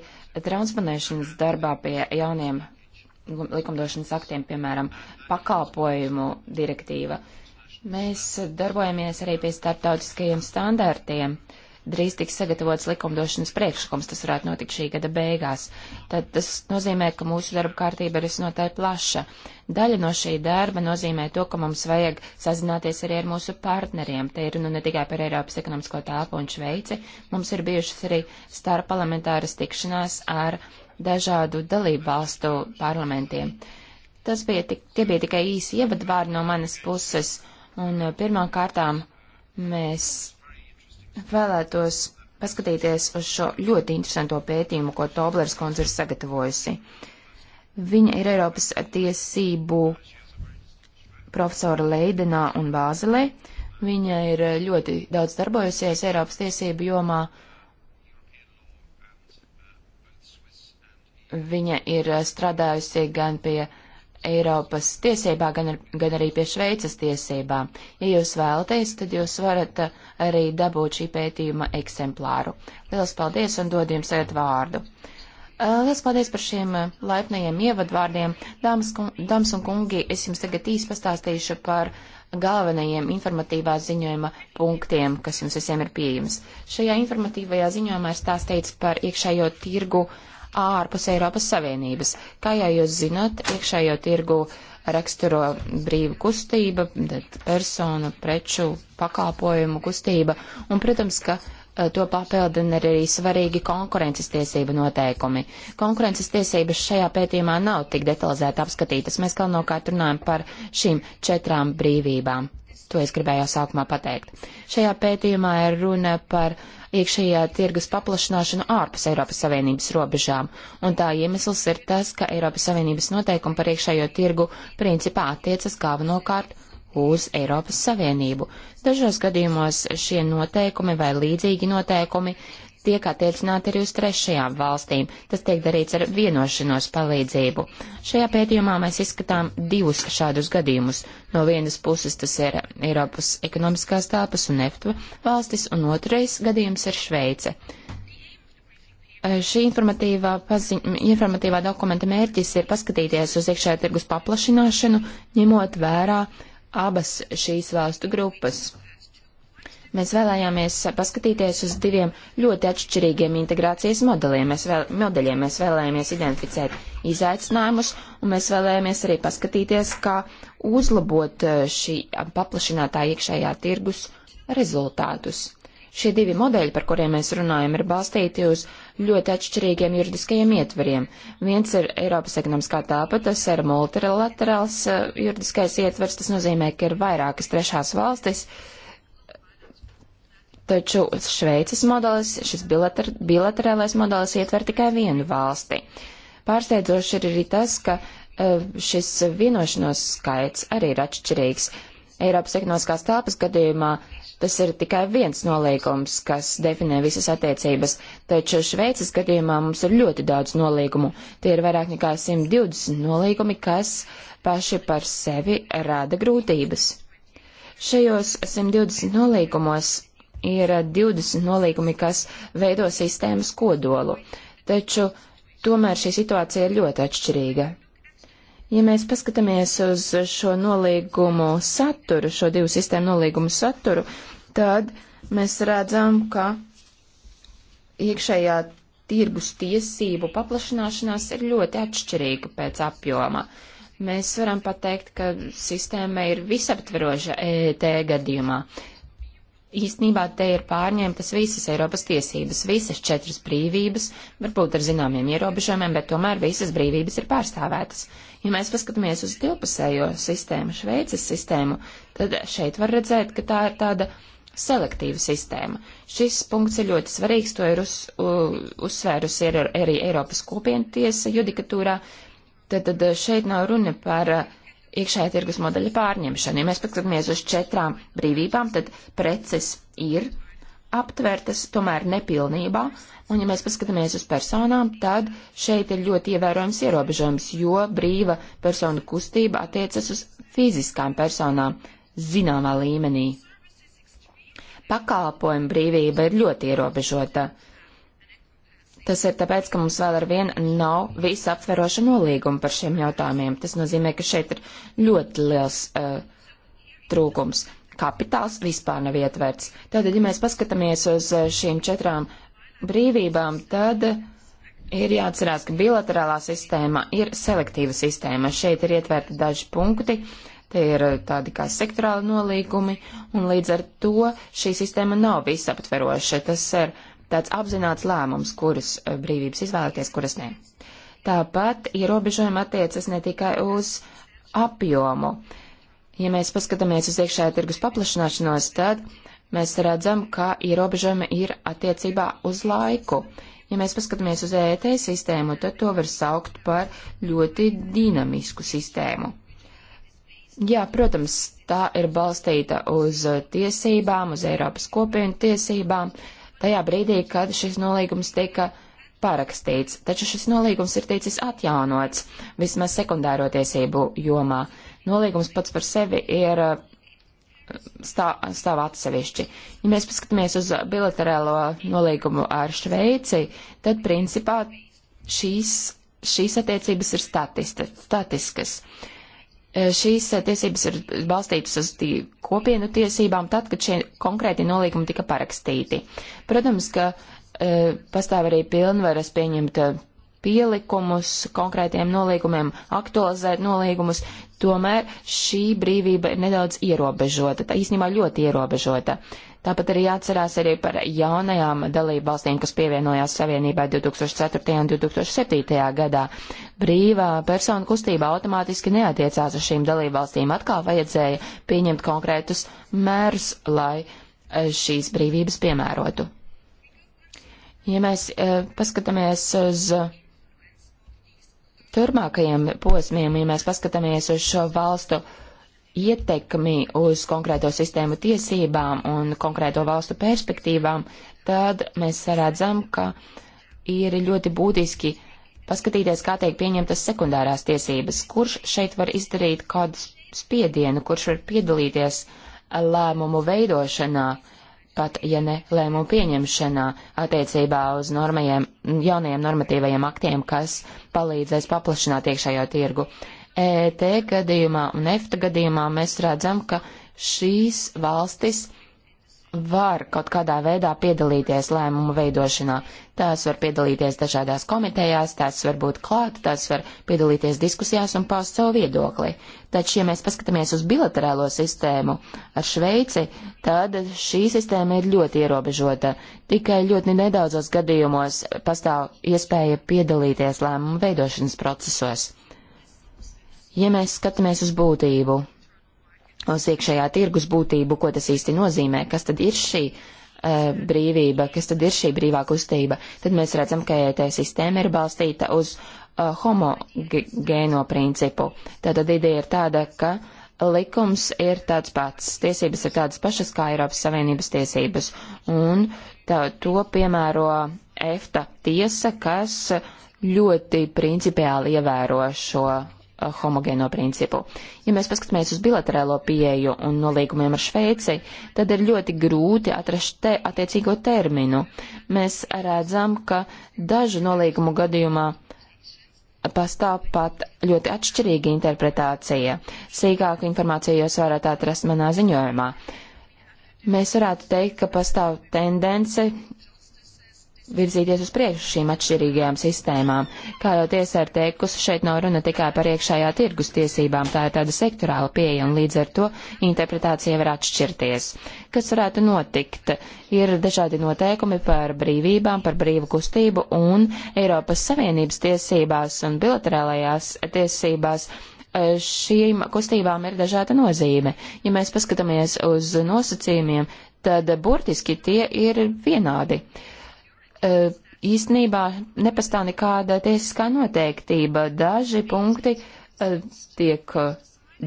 transponēšanas darbā pie jauniem likumdošanas aktiem, piemēram, pakalpojumu direktīva, mēs darbojamies arī pie starptautiskajiem standārtiem. Uh, drīz tiks sagatavots likumdošanas priekšlikums, tas varētu notikt šī gada beigās. Tad tas nozīmē, ka mūsu darba kārtība ir visnotaļ plaša. Daļa no šī darba nozīmē to, ka mums vajag sazināties arī ar mūsu partneriem. Te ir runa nu, ne tikai par Eiropas ekonomisko tālpu un Šveici, mums ir bijušas arī starpparlamentāras tikšanās ar dažādu dalību valstu parlamentiem. Tas bija tik, tie bija tikai īsi ievadvārdi no manas puses, un eh, pirmām kārtām mēs vēlētos paskatīties uz šo ļoti interesanto pētījumu, ko Toblers kundze ir sagatavojusi. Viņa ir Eiropas tiesību profesora Leidenā un Bāzelē. Viņa ir ļoti daudz darbojusies Eiropas tiesību jomā. Viņa ir strādājusi gan pie uh, Eiropas tiesībā, gan, ar, gan arī pie Šveicas tiesībām. Ja jūs vēlaties, tad jūs varat uh, arī dabūt šī pētījuma eksemplāru. Lielas paldies un dod jums iet vārdu. Uh, lielas paldies par šiem uh, laipnajiem ievadvārdiem. Dāmas, dāmas un kungi, es jums tagad īsti pastāstīšu par galvenajiem informatīvā ziņojuma punktiem, kas jums visiem ir pieejams. Šajā informatīvajā ziņojumā ir stāstīts par iekšējo tirgu uh, ārpus Eiropas Savienības. Kā jau jūs zināt, iekšējo tirgu raksturo brīva kustība, personu, preču, pakalpojumu kustība, un, protams, ka e, to papildina arī svarīgi konkurences tiesību noteikumi. Konkurences tiesības šajā pētījumā nav tik detalizēti apskatītas. Mēs galvenokārt runājam par šīm četrām brīvībām To es gribēju jau sākumā pateikt. Šajā pētījumā ir runa par iekšējā tirgus paplašināšanu ārpus Eiropas Savienības robežām, un tā iemesls ir tas, ka Eiropas Savienības noteikumi par iekšējo tirgu principā attiecas galvenokārt uz Eiropas Savienību. Dažos gadījumos šie noteikumi vai līdzīgi noteikumi uh, tiek attiecināti arī uz trešajām valstīm. Tas tiek darīts ar vienošanos palīdzību. Šajā pētījumā mēs izskatām divus šādus gadījumus. No vienas puses tas ir Eiropas ekonomiskās tāpas un neftu valstis, un otrais gadījums ir Šveice. Šī informatīvā, paziņ, informatīvā dokumenta mērķis ir paskatīties uz iekšējā tirgus paplašināšanu, ņemot vērā abas šīs valstu grupas. Mēs vēlējāmies paskatīties uz diviem ļoti atšķirīgiem integrācijas modeļiem. Mēs, vēl, modeļiem. mēs vēlējāmies identificēt izaicinājumus, un mēs vēlējāmies arī paskatīties, kā uzlabot eh, šī paplašinātā iekšējā tirgus rezultātus. Šie divi modeļi, par kuriem mēs runājam, ir balstīti uz ļoti atšķirīgiem juridiskajiem ietveriem. Viens ir Eiropas ekonomiskā tāpa, tas ir multilaterāls eh, juridiskais ietvers, tas nozīmē, ka ir vairākas trešās valstis, uh, Taču Šveices modelis, šis bilater, bilaterālais modelis ietver tikai vienu valsti. Pārsteidzoši ir arī tas, ka eh, šis vienošanos skaits arī ir atšķirīgs. Eiropas ekonomiskās telpas gadījumā tas ir tikai viens nolīgums, kas definē visas attiecības, taču Šveices gadījumā mums ir ļoti daudz nolīgumu. Tie ir vairāk nekā 120 nolīgumi, kas paši par sevi rada grūtības. Šajos 120 nolīgumos ir 20 eh, nolīgumi, kas veido sistēmas kodolu, taču tomēr šī situācija ir ļoti atšķirīga. Ja mēs paskatāmies uz šo nolīgumu saturu, šo divu sistēmu nolīgumu saturu, tad mēs redzam, ka iekšējā tirgus tiesību paplašināšanās ir ļoti atšķirīga pēc apjoma. Mēs varam pateikt, ka sistēma ir visaptveroša ET gadījumā īstenībā te ir pārņemtas visas Eiropas tiesības, visas četras brīvības, varbūt ar zināmiem ierobežojumiem, bet tomēr visas brīvības ir pārstāvētas. Ja mēs paskatāmies uz divpusējo sistēmu, Šveices sistēmu, tad šeit var redzēt, ka tā ir tāda selektīva sistēma. Šis punkts ir ļoti svarīgs, to ir uz, uzsvērusi arī Eiropas kopienu tiesa judikatūrā. Tad, tad šeit nav runa par uh, iekšējā tirgus modeļa pārņemšanu. Ja mēs paskatāmies uz četrām brīvībām, tad preces ir aptvērtas tomēr nepilnībā, un ja mēs paskatāmies uz personām, tad šeit ir ļoti ievērojams ierobežojums, jo brīva personu kustība attiecas uz fiziskām personām zināmā līmenī. Pakalpojuma brīvība ir ļoti ierobežota. Tas ir tāpēc, ka mums vēl ar vienu nav visaptveroša nolīguma par šiem jautājumiem. Tas nozīmē, ka šeit ir ļoti liels uh, trūkums. Kapitāls vispār nav ietverts. Tātad, ja mēs paskatāmies uz uh, šīm četrām brīvībām, tad ir jāatcerās, ka bilaterālā sistēma ir selektīva sistēma. Šeit ir ietverti daži punkti, tie ir uh, tādi kā sektorāli nolīgumi, un līdz ar to šī sistēma nav visaptveroša. Tas ir tāds apzināts lēmums, kuras eh, brīvības izvēlēties, kuras nē. Tāpat ierobežojumi attiecas ne tikai uz apjomu. Ja mēs paskatāmies uz iekšējā tirgus paplašināšanos, tad mēs redzam, ka ierobežojumi ir attiecībā uz laiku. Ja mēs paskatāmies uz ET sistēmu, tad to var saukt par ļoti dinamisku sistēmu. Jā, protams, tā ir balstīta uz tiesībām, uz Eiropas kopienu tiesībām, uh, tajā brīdī, kad šis nolīgums tika parakstīts, taču šis nolīgums ir ticis atjaunots vismaz sekundāro tiesību jomā. Nolīgums pats par sevi ir eh, stā, stāv atsevišķi. Ja mēs paskatāmies uz bilaterālo nolīgumu ar Šveici, tad principā šīs, šīs attiecības ir statista, statiskas. Uh, Šīs eh, tiesības ir balstītas uz kopienu tiesībām tad, kad šie konkrēti nolīgumi tika parakstīti. Protams, ka eh, pastāv arī pilnvaras pieņemt eh, pielikumus konkrētiem nolīgumiem, aktualizēt nolīgumus, tomēr šī brīvība ir nedaudz ierobežota, tā īstenībā ļoti ierobežota. Uh, Tāpat arī jāatcerās arī par jaunajām dalību valstīm, kas pievienojās Savienībai 2004. un 2007. gadā. Brīvā persona kustība automātiski neatiecās uz šīm dalību valstīm. Atkal vajadzēja pieņemt konkrētus mērus, lai e, šīs brīvības piemērotu. Ja mēs e, paskatāmies uz turpmākajiem posmiem, ja mēs paskatāmies uz šo valstu ietekmi uz konkrēto sistēmu tiesībām un konkrēto valstu perspektīvām, tad mēs redzam, ka ir ļoti būtiski paskatīties, kā tiek pieņemtas sekundārās tiesības, kurš šeit var izdarīt kādu spiedienu, kurš var piedalīties lēmumu veidošanā, pat ja ne lēmumu pieņemšanā attiecībā uz normajiem, jaunajiem normatīvajiem aktiem, kas palīdzēs paplašināt iekšējo tirgu. Uh, ET gadījumā un EFTA gadījumā mēs redzam, ka šīs valstis var kaut kādā veidā piedalīties lēmumu veidošanā. Tās var piedalīties dažādās komitejās, tās var būt klāt, tās var piedalīties diskusijās un paust savu viedokli. Taču, ja mēs paskatāmies uz bilaterālo sistēmu ar Šveici, tad šī sistēma ir ļoti ierobežota. Tikai ļoti nedaudzos gadījumos pastāv iespēja piedalīties lēmumu veidošanas procesos. Ja mēs skatāmies uz būtību, uz iekšējā tirgus būtību, ko tas īsti nozīmē, kas tad ir šī uh, brīvība, kas tad ir šī brīvā kustība, tad mēs redzam, ka ET sistēma ir balstīta uz uh, homogēno principu. Tātad ideja ir tāda, ka uh, likums ir tāds pats, tiesības ir tādas pašas kā Eiropas Savienības tiesības, un tā, to piemēro EFTA tiesa, kas ļoti principiāli ievēro šo Eh, homogēno principu. Ja mēs paskatāmies uz bilaterālo pieeju un nolīgumiem ar Šveici, tad ir ļoti grūti atrast te attiecīgo terminu. Mēs redzam, ka dažu nolīgumu gadījumā pastāv pat ļoti atšķirīga interpretācija. Sīkāku informāciju jūs varat atrast manā ziņojumā. Mēs varētu teikt, ka pastāv tendence virzīties uz priekšu šīm atšķirīgajām sistēmām. Kā jau tiesa ir teikusi, šeit nav runa tikai par iekšējā tirgus tiesībām, tā ir tāda sektorāla pieeja un līdz ar to interpretācija var atšķirties. Kas varētu notikt? Ir dažādi noteikumi par brīvībām, par brīvu kustību un Eiropas Savienības tiesībās un bilaterālajās tiesībās e, šīm kustībām ir dažāda nozīme. Ja mēs paskatāmies uz nosacījumiem, tad burtiski tie ir vienādi. Uh, E, īstenībā nepastāv nekāda tiesiskā noteiktība. Daži punkti e, tiek e,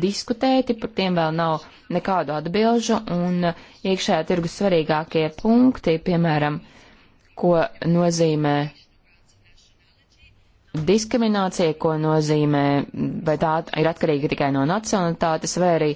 diskutēti, par tiem vēl nav nekādu atbilžu, un iekšējā tirgus svarīgākie punkti, piemēram, ko nozīmē diskriminācija, ko nozīmē, vai tā ir atkarīga tikai no nacionalitātes, vai arī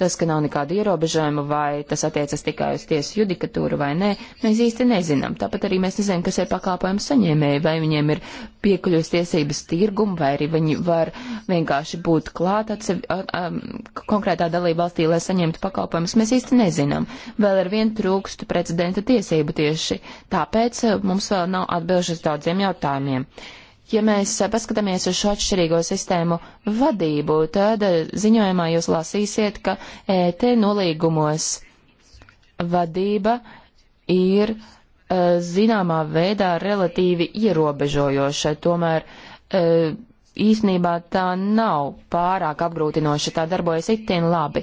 tas, ka nav nekādu ierobežojumu, vai tas attiecas tikai uz tiesu judikatūru vai nē, mēs īsti nezinām. Tāpat arī mēs nezinām, kas ir pakāpojumu saņēmēji, vai viņiem ir piekļuvis tiesības tirgumu, vai arī viņi var vienkārši būt klāt atsevi, a, a, konkrētā dalība valstī, lai saņemtu pakāpojumus. Mēs īsti nezinām. Vēl ar vienu trūkstu precedenta tiesību tieši tāpēc mums vēl nav atbilžas daudziem jautājumiem. Ja mēs eh, paskatāmies uz šo atšķirīgo sistēmu vadību, tad eh, ziņojumā jūs lasīsiet, ka ET nolīgumos vadība ir eh, zināmā veidā relatīvi ierobežojoša, tomēr īsnībā tā nav pārāk apgrūtinoša, tā darbojas itin labi.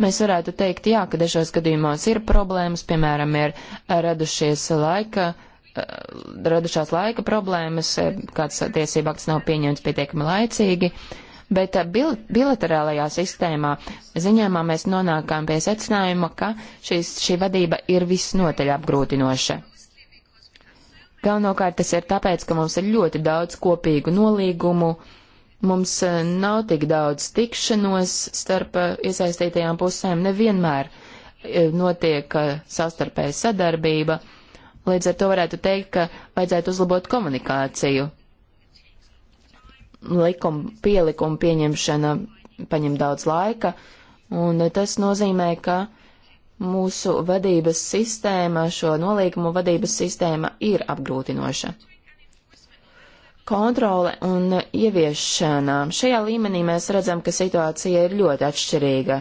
Mēs varētu teikt, jā, ka dažos gadījumos ir problēmas, piemēram, ir radušies laika Eh, radušās laika problēmas, eh, kāds tiesība akts nav pieņemts pietiekami laicīgi, bet eh, bil bilaterālajā sistēmā ziņāmā mēs nonākām pie secinājuma, ka šīs, šī vadība ir visnotaļ apgrūtinoša. Galvenokārt tas ir tāpēc, ka mums ir ļoti daudz kopīgu nolīgumu, mums nav tik daudz tikšanos starp iesaistītajām pusēm, nevienmēr notiek savstarpēja sadarbība Līdz ar to varētu teikt, ka vajadzētu uzlabot komunikāciju. Likuma pielikuma pieņemšana paņem daudz laika, un tas nozīmē, ka mūsu vadības sistēma, šo nolīgumu vadības sistēma ir apgrūtinoša. Kontrole un ieviešana. Šajā līmenī mēs redzam, ka situācija ir ļoti atšķirīga.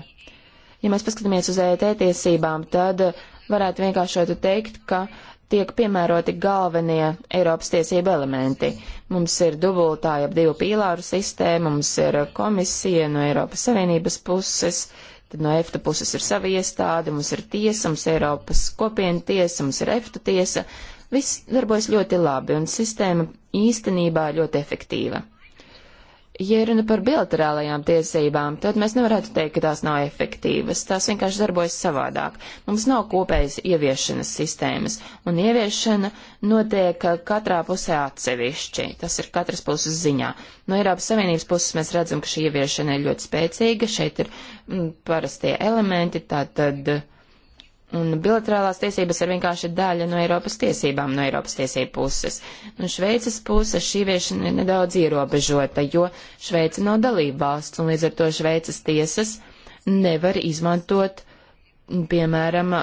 Ja mēs paskatāmies uz ET tiesībām, tad varētu vienkāršotu teikt, ka tiek piemēroti galvenie Eiropas tiesība elementi. Mums ir dubultā jeb divu pīlāru sistēma, mums ir komisija no Eiropas Savienības puses, tad no EFTA puses ir sava iestāde, mums ir tiesa, mums ir Eiropas kopiena tiesa, mums ir EFTA tiesa. Viss darbojas ļoti labi un sistēma īstenībā ļoti efektīva. Ja runa par bilaterālajām tiesībām, tad mēs nevarētu teikt, ka tās nav efektīvas. Tās vienkārši darbojas savādāk. Mums nav kopējas ieviešanas sistēmas, un ieviešana notiek uh, katrā pusē atsevišķi. Tas ir katras puses ziņā. No Eiropas Savienības puses mēs redzam, ka šī ieviešana ir ļoti spēcīga. Šeit ir m, mm, parastie elementi, tātad. Uh, Un bilaterālās tiesības ir vienkārši daļa no Eiropas tiesībām, no Eiropas tiesību puses. No Šveices puses šī viešana ir nedaudz ierobežota, jo Šveica nav dalība valsts, un līdz ar to Šveices tiesas nevar izmantot, piemēram,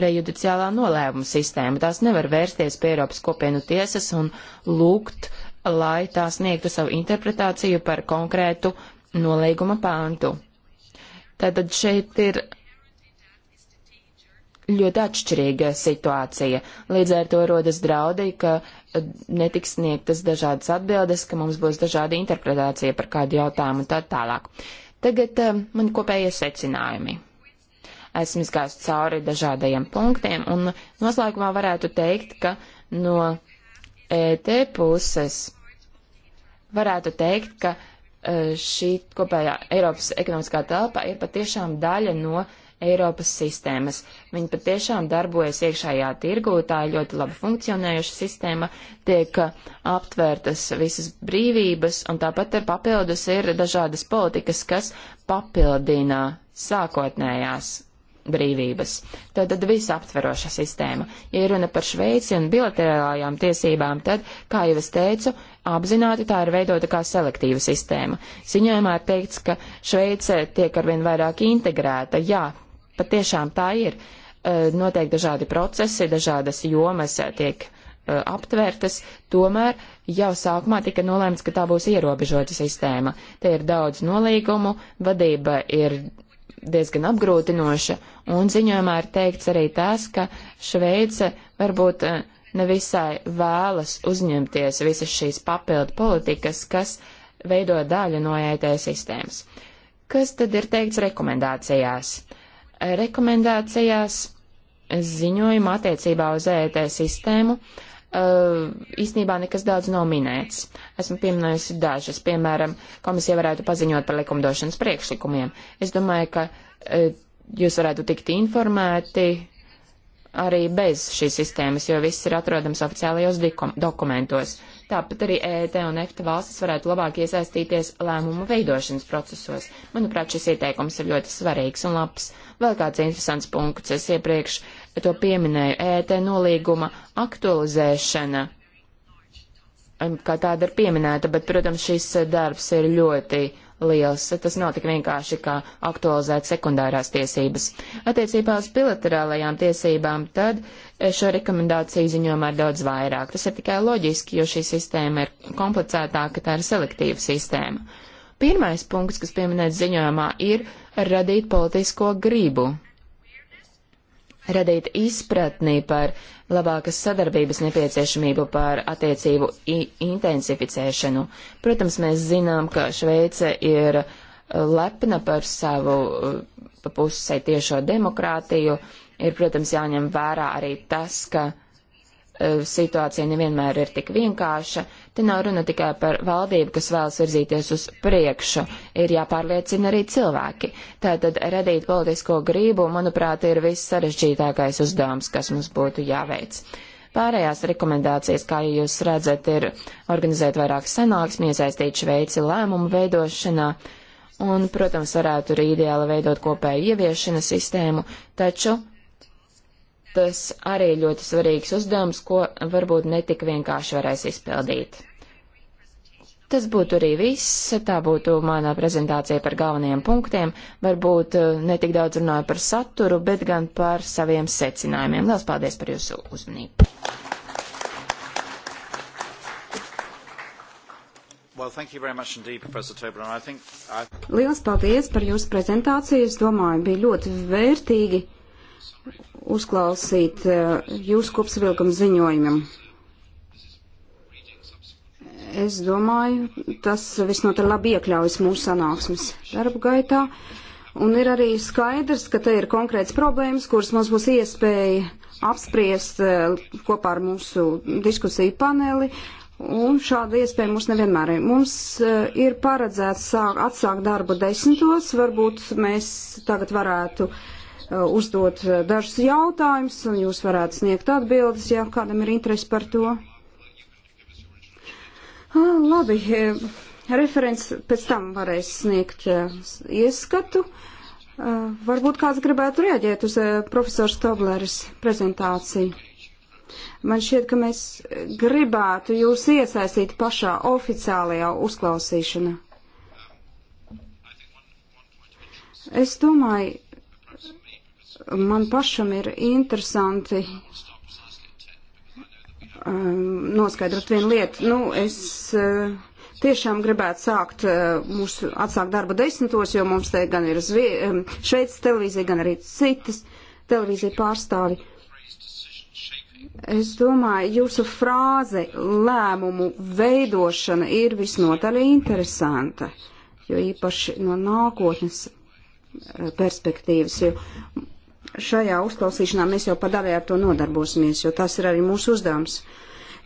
prejudiciālā nolēmuma sistēmu. Tās nevar vērsties pie Eiropas kopienu tiesas un lūgt, lai tās sniegtu savu interpretāciju par konkrētu nolīguma pāntu. Tātad šeit ir ļoti atšķirīga situācija. Līdz ar to rodas draudi, ka eh, netiks sniegtas dažādas atbildes, ka mums būs dažāda interpretācija par kādu jautājumu un tā tālāk. Tagad eh, man kopējie secinājumi. Esmu izgājis cauri dažādajiem punktiem un noslēgumā varētu teikt, ka no ET puses varētu teikt, ka eh, šī kopējā Eiropas ekonomiskā telpa ir patiešām daļa no uh, Eiropas sistēmas. Viņi patiešām darbojas iekšējā tirgū, tā ir ļoti labi funkcionējuša sistēma, tiek aptvērtas visas brīvības, un tāpat ar papildus ir dažādas politikas, kas papildina sākotnējās brīvības. Tātad visaptveroša sistēma. Ja runa par Šveici un bilaterālajām tiesībām, tad, kā jau es teicu, apzināti tā ir veidota kā selektīva sistēma. Ziņojumā ir teikts, ka Šveice tiek arvien vairāk integrēta. Jā, Patiešām tā ir. Eh, notiek dažādi procesi, dažādas jomas tiek eh, aptvērtas, tomēr jau sākumā tika nolēmts, ka tā būs ierobežota sistēma. Te ir daudz nolīgumu, vadība ir diezgan apgrūtinoša, un ziņojumā ir teikts arī tas, ka Šveice varbūt eh, nevisai vēlas uzņemties visas šīs papildu politikas, kas veido daļu no ET sistēmas. Kas tad ir teikts rekomendācijās? rekomendācijās ziņojuma attiecībā uz EET sistēmu uh, īstenībā nekas daudz nav minēts. Esmu pieminējusi dažas, piemēram, komisija varētu paziņot par likumdošanas priekšlikumiem. Es domāju, ka uh, jūs varētu tikt informēti arī bez šīs sistēmas, jo viss ir atrodams oficiālajos dokumentos. Tāpat arī EET un EFTA valstis varētu labāk iesaistīties lēmumu veidošanas procesos. Manuprāt, šis ieteikums ir ļoti svarīgs un labs. Vēl kāds interesants punkts, es iepriekš to pieminēju, EET nolīguma aktualizēšana kā tāda ir pieminēta, bet, protams, šis darbs ir ļoti uh, liels. Tas nav tik vienkārši kā aktualizēt sekundārās tiesības. Attiecībā uz bilaterālajām tiesībām tad šo rekomendāciju ziņojumā ir daudz vairāk. Tas ir tikai loģiski, jo šī sistēma ir komplicētāka, tā ir selektīva sistēma. Pirmais punkts, kas pieminēts ziņojumā, ir radīt politisko gribu radīt izpratni par labākas sadarbības nepieciešamību, par attiecību intensificēšanu. Protams, mēs zinām, ka Šveice ir uh, lepna par savu uh, pa pusē tiešo demokrātiju. Ir, protams, jāņem vērā arī tas, ka uh, E, situācija nevienmēr ir tik vienkārša. Te nav runa tikai par valdību, kas vēlas virzīties uz priekšu, ir jāpārliecina arī cilvēki. Tātad radīt politisko grību, manuprāt, ir viss sarežģītākais uzdevums, kas mums būtu jāveic. Pārējās rekomendācijas, kā jūs redzat, ir organizēt vairāk sanāksmi, iesaistīt Šveici lēmumu veidošanā, un, protams, varētu arī ideāli veidot kopēju ieviešanas sistēmu, taču tas arī ļoti svarīgs uzdevums, ko varbūt netika vienkārši varēs izpildīt. Tas būtu arī viss, tā būtu manā prezentācija par galvenajiem punktiem, varbūt eh, netik daudz runāju par saturu, bet gan par saviem secinājumiem. Lielas paldies par jūsu uzmanību! Well, indeed, I think I... Lielas paldies par jūsu prezentāciju. Es domāju, bija ļoti vērtīgi uzklausīt eh, jūsu kopsavilkam ziņojumam. Es domāju, tas visnotaļ labi iekļaujas mūsu sanāksmes darba gaitā. Un ir arī skaidrs, ka te ir konkrēts problēmas, kuras mums būs iespēja apspriest eh, kopā ar mūsu diskusiju paneli. Un šāda iespēja mums nevienmēr ir. Mums eh, ir paredzēts sāk, atsākt darbu desmitos, varbūt mēs tagad varētu uh, Uh, uzdot uh, dažus jautājumus, un jūs varētu sniegt atbildes, ja kādam ir interesi par to. Ah, labi, uh, referents pēc tam varēs sniegt ieskatu. Varbūt kāds gribētu rēģēt uz profesora Stobleris prezentāciju. Man šķiet, ka mēs gribētu jūs iesaistīt pašā oficiālajā uzklausīšanā. Es domāju, Man pašam ir interesanti um, noskaidrot vienu lietu. Nu, es uh, tiešām gribētu sākt uh, mūsu atsākt darbu desmitos, jo mums te gan ir Zvi um, Šveices televīzija, gan arī citas televīzija pārstāvi. Es domāju, jūsu frāze lēmumu veidošana ir visnotaļ interesanta, jo īpaši no nākotnes uh, perspektīvas, jo šajā uzklausīšanā mēs jau padavē ar to nodarbosimies, jo tas ir arī mūsu uzdevums.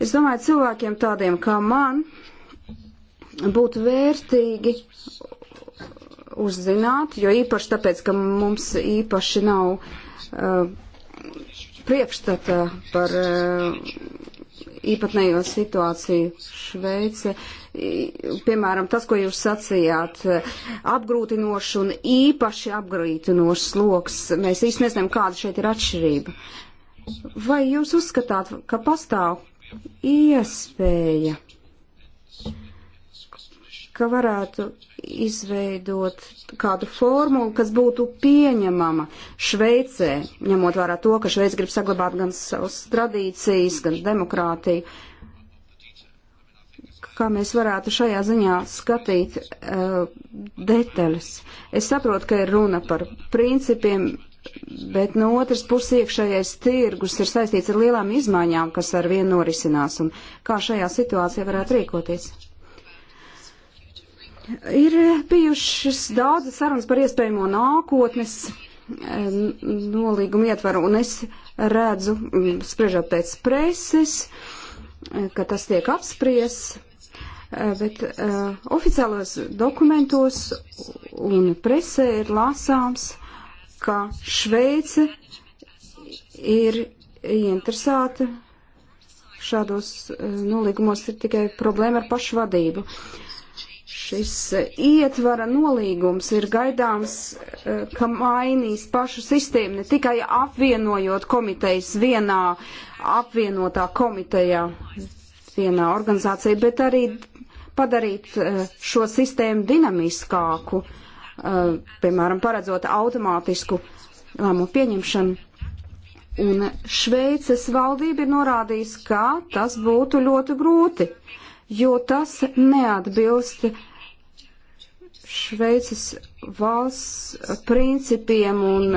Es domāju, cilvēkiem tādiem kā man būtu vērtīgi uzzināt, jo īpaši tāpēc, ka mums īpaši nav uh, priekšstata par uh, īpatnējo situāciju Šveice piemēram, tas, ko jūs sacījāt, apgrūtinošs un īpaši apgrūtinošs sloks. Mēs īsti nezinām, kāda šeit ir atšķirība. Vai jūs uzskatāt, ka pastāv iespēja, ka varētu izveidot kādu formulu, kas būtu pieņemama Šveicē, ņemot vērā to, ka Šveica grib saglabāt gan savas tradīcijas, gan demokrātiju? Uh, kā mēs varētu šajā ziņā skatīt uh, detaļas. Es saprotu, ka ir runa par principiem, bet no otras puses iekšējais tirgus ir saistīts ar lielām izmaiņām, kas ar vienu norisinās, un kā šajā situācijā varētu rīkoties. Ir bijušas daudzas sarunas par iespējamo nākotnes eh, nolīgumu ietvaru, un es redzu, mm, spriežot pēc preses, eh, ka tas tiek apspriests Eh, bet uh, eh, oficiālos dokumentos un presē ir lasāms, ka Šveice ir ieinteresēta šādos uh, nolīgumos ir tikai problēma ar pašvadību. Šis uh, ietvara nolīgums ir gaidāms, uh, ka mainīs pašu sistēmu, ne tikai apvienojot komitejas vienā apvienotā komitejā, vienā organizācijā, bet arī padarīt eh, šo sistēmu dinamiskāku, eh, piemēram, paredzot automātisku lēmumu pieņemšanu. Un Šveices valdība ir norādījusi, ka tas būtu ļoti grūti, jo tas neatbilst Šveices valsts principiem un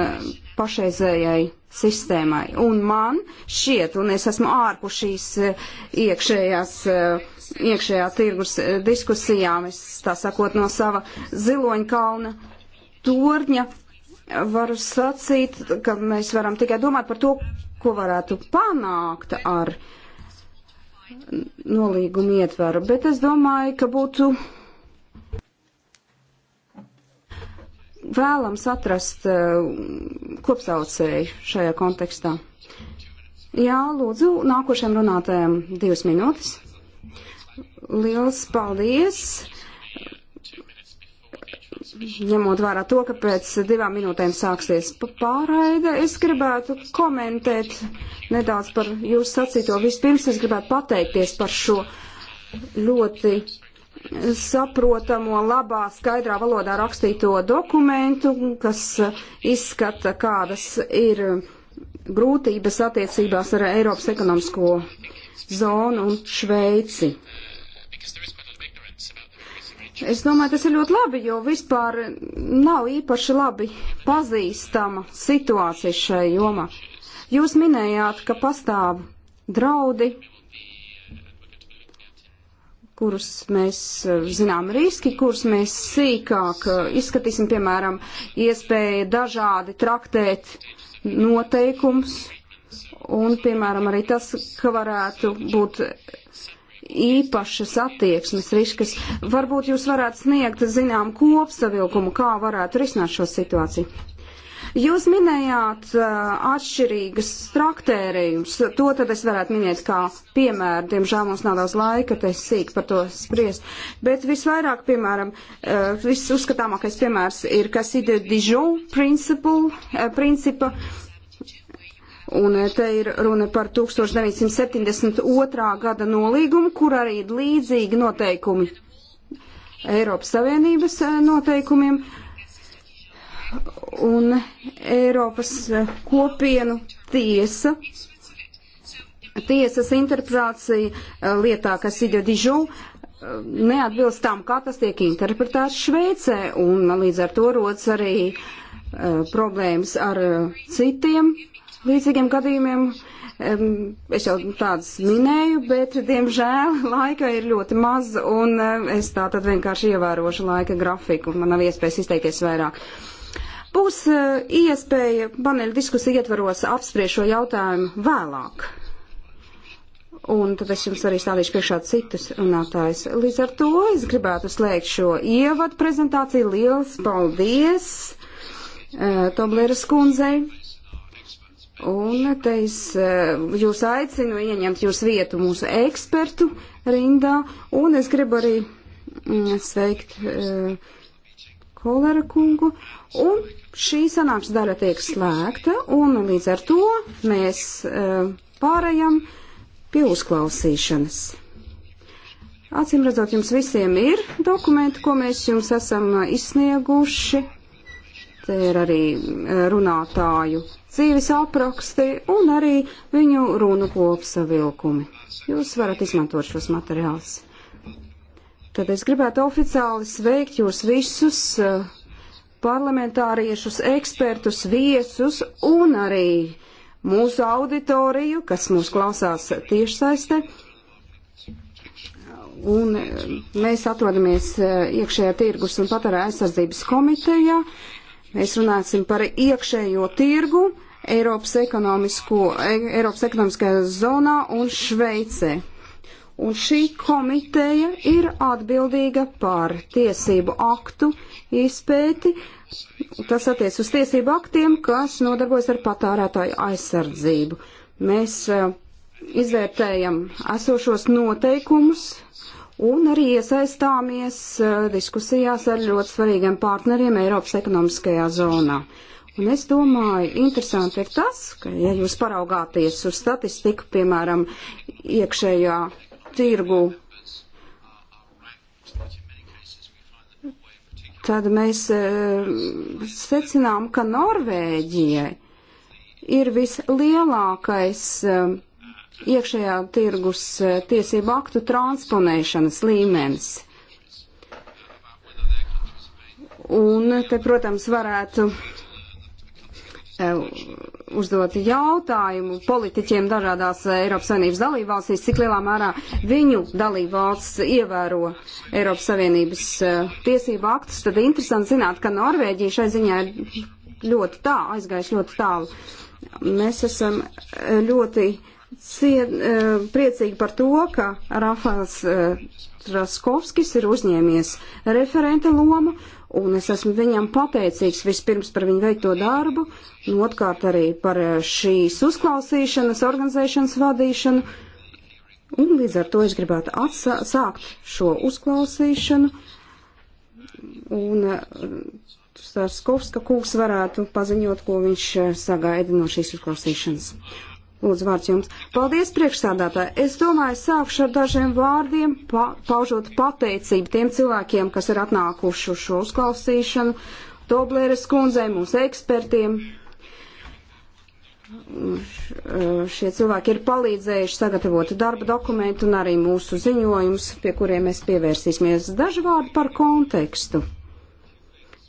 pašreizējai sistēmai. Un man šķiet, un es esmu ārpus šīs eh, iekšējās uh, iekšējā tirgus eh, diskusijām, es tā sakot no sava ziloņkalna torņa, varu sacīt, ka mēs varam tikai domāt par to, ko varētu panākt ar nolīgumu ietveru, bet es domāju, ka būtu vēlams atrast eh, kopsaucēju šajā kontekstā. Jā, lūdzu, nākošajam runātājam divas minūtes. Liels paldies! Ņemot vērā to, ka pēc divām minūtēm sāksies pārraide, es gribētu komentēt nedaudz par jūsu sacīto. Vispirms es gribētu pateikties par šo ļoti saprotamo, labā, skaidrā valodā rakstīto dokumentu, kas izskata, kādas ir grūtības attiecībās ar Eiropas ekonomisko zonu un Šveici. Es domāju, tas ir ļoti labi, jo vispār nav īpaši labi pazīstama situācija šai jomā. Jūs minējāt, ka pastāv draudi, kurus mēs zinām riski, kurus mēs sīkāk izskatīsim, piemēram, iespēja dažādi traktēt noteikums un, piemēram, arī tas, ka varētu būt īpašas attieksmes riskas. Varbūt jūs varētu sniegt zinām kopsavilkumu, kā varētu risināt šo situāciju. Jūs minējāt uh, atšķirīgas traktērējums, to tad es varētu minēt kā piemēru, diemžēl mums nav daudz laika, te sīk par to spriest, bet visvairāk, piemēram, uh, viss uzskatāmākais piemērs ir Caside Dijon principle, uh, principa, uh, Un eh, te ir runa par 1972. gada nolīgumu, kur arī ir līdzīgi noteikumi Eiropas Savienības eh, noteikumiem un eh, Eiropas kopienu tiesa. Tiesas interpretācija lietā, kas ir dižu, neatbilst tam, kā tas tiek interpretēts Šveicē, un līdz ar to rodas arī uh, problēmas ar uh, citiem līdzīgiem gadījumiem. Es jau tādas minēju, bet, diemžēl, laika ir ļoti maz, un es tā tad vienkārši ievērošu laika grafiku, man nav iespējas izteikties vairāk. Būs eh, iespēja paneļa diskusija ietvaros apspriest šo jautājumu vēlāk. Un tad es jums arī stādīšu priekšā citus runātājus. Līdz ar to es gribētu slēgt šo ievadu prezentāciju. Liels paldies! Eh, Tobleras kundzei Un te es eh, jūs aicinu ieņemt jūs vietu mūsu ekspertu rindā, un es gribu arī mm, sveikt eh, kolera kungu. Un šī sanāks daļa tiek slēgta, un līdz ar to mēs eh, pārējām pie uzklausīšanas. Acīm redzot, jums visiem ir dokumenti, ko mēs jums esam izsnieguši. Te ir arī runātāju dzīves apraksti un arī viņu runu kopsavilkumi. Jūs varat izmantot šos materiālus. Tad es gribētu oficiāli sveikt jūs visus eh, parlamentāriešus, ekspertus, viesus un arī mūsu auditoriju, kas mūs klausās tiešsaiste. Un eh, mēs atrodamies eh, iekšējā tirgus un patērē aizsardzības komitejā. Uh, Mēs runāsim par iekšējo tirgu Eiropas, Eiropas ekonomiskajā zonā un Šveicē. Un šī komiteja ir atbildīga par tiesību aktu izpēti. Tas attiec uz tiesību aktiem, kas nodarbojas ar patārētāju aizsardzību. Mēs eh, izvērtējam esošos noteikumus un arī iesaistāmies eh, diskusijās ar ļoti svarīgiem partneriem Eiropas ekonomiskajā zonā. Un es domāju, interesanti ir tas, ka, ja jūs paraugāties uz statistiku, piemēram, iekšējā tirgu, tad mēs eh, secinām, ka Norvēģijai ir vislielākais eh, iekšējā tirgus e, tiesību aktu transponēšanas līmenis. Un te, protams, varētu e, uzdot jautājumu politiķiem dažādās Eiropas Savienības dalībvalstīs, cik lielā mērā viņu dalībvalsts ievēro Eiropas Savienības e, tiesību aktus, tad interesanti zināt, ka Norvēģija šai ziņā ir ļoti tā, aizgājuši ļoti tālu. Mēs esam ļoti uh, ciet, e, priecīgi par to, ka Rafals e, Traskovskis ir uzņēmies referenta lomu, un es esmu viņam pateicīgs vispirms par viņu veikto darbu, un otrkārt arī par e, šīs uzklausīšanas, organizēšanas vadīšanu. Un līdz ar to es gribētu atsākt šo uzklausīšanu, un Starskovska kungs varētu paziņot, ko viņš sagaida no šīs uzklausīšanas. Lūdzu, vārds jums. Paldies, priekšsādātāji. Es domāju, sākšu ar dažiem vārdiem, pa, paužot pateicību tiem cilvēkiem, kas ir atnākuši uz šo uzklausīšanu, Tobleres kundzei, mūsu ekspertiem. Šie cilvēki ir palīdzējuši sagatavot darba dokumentu un arī mūsu ziņojumus, pie kuriem mēs pievērsīsimies. Daži vārdi par kontekstu.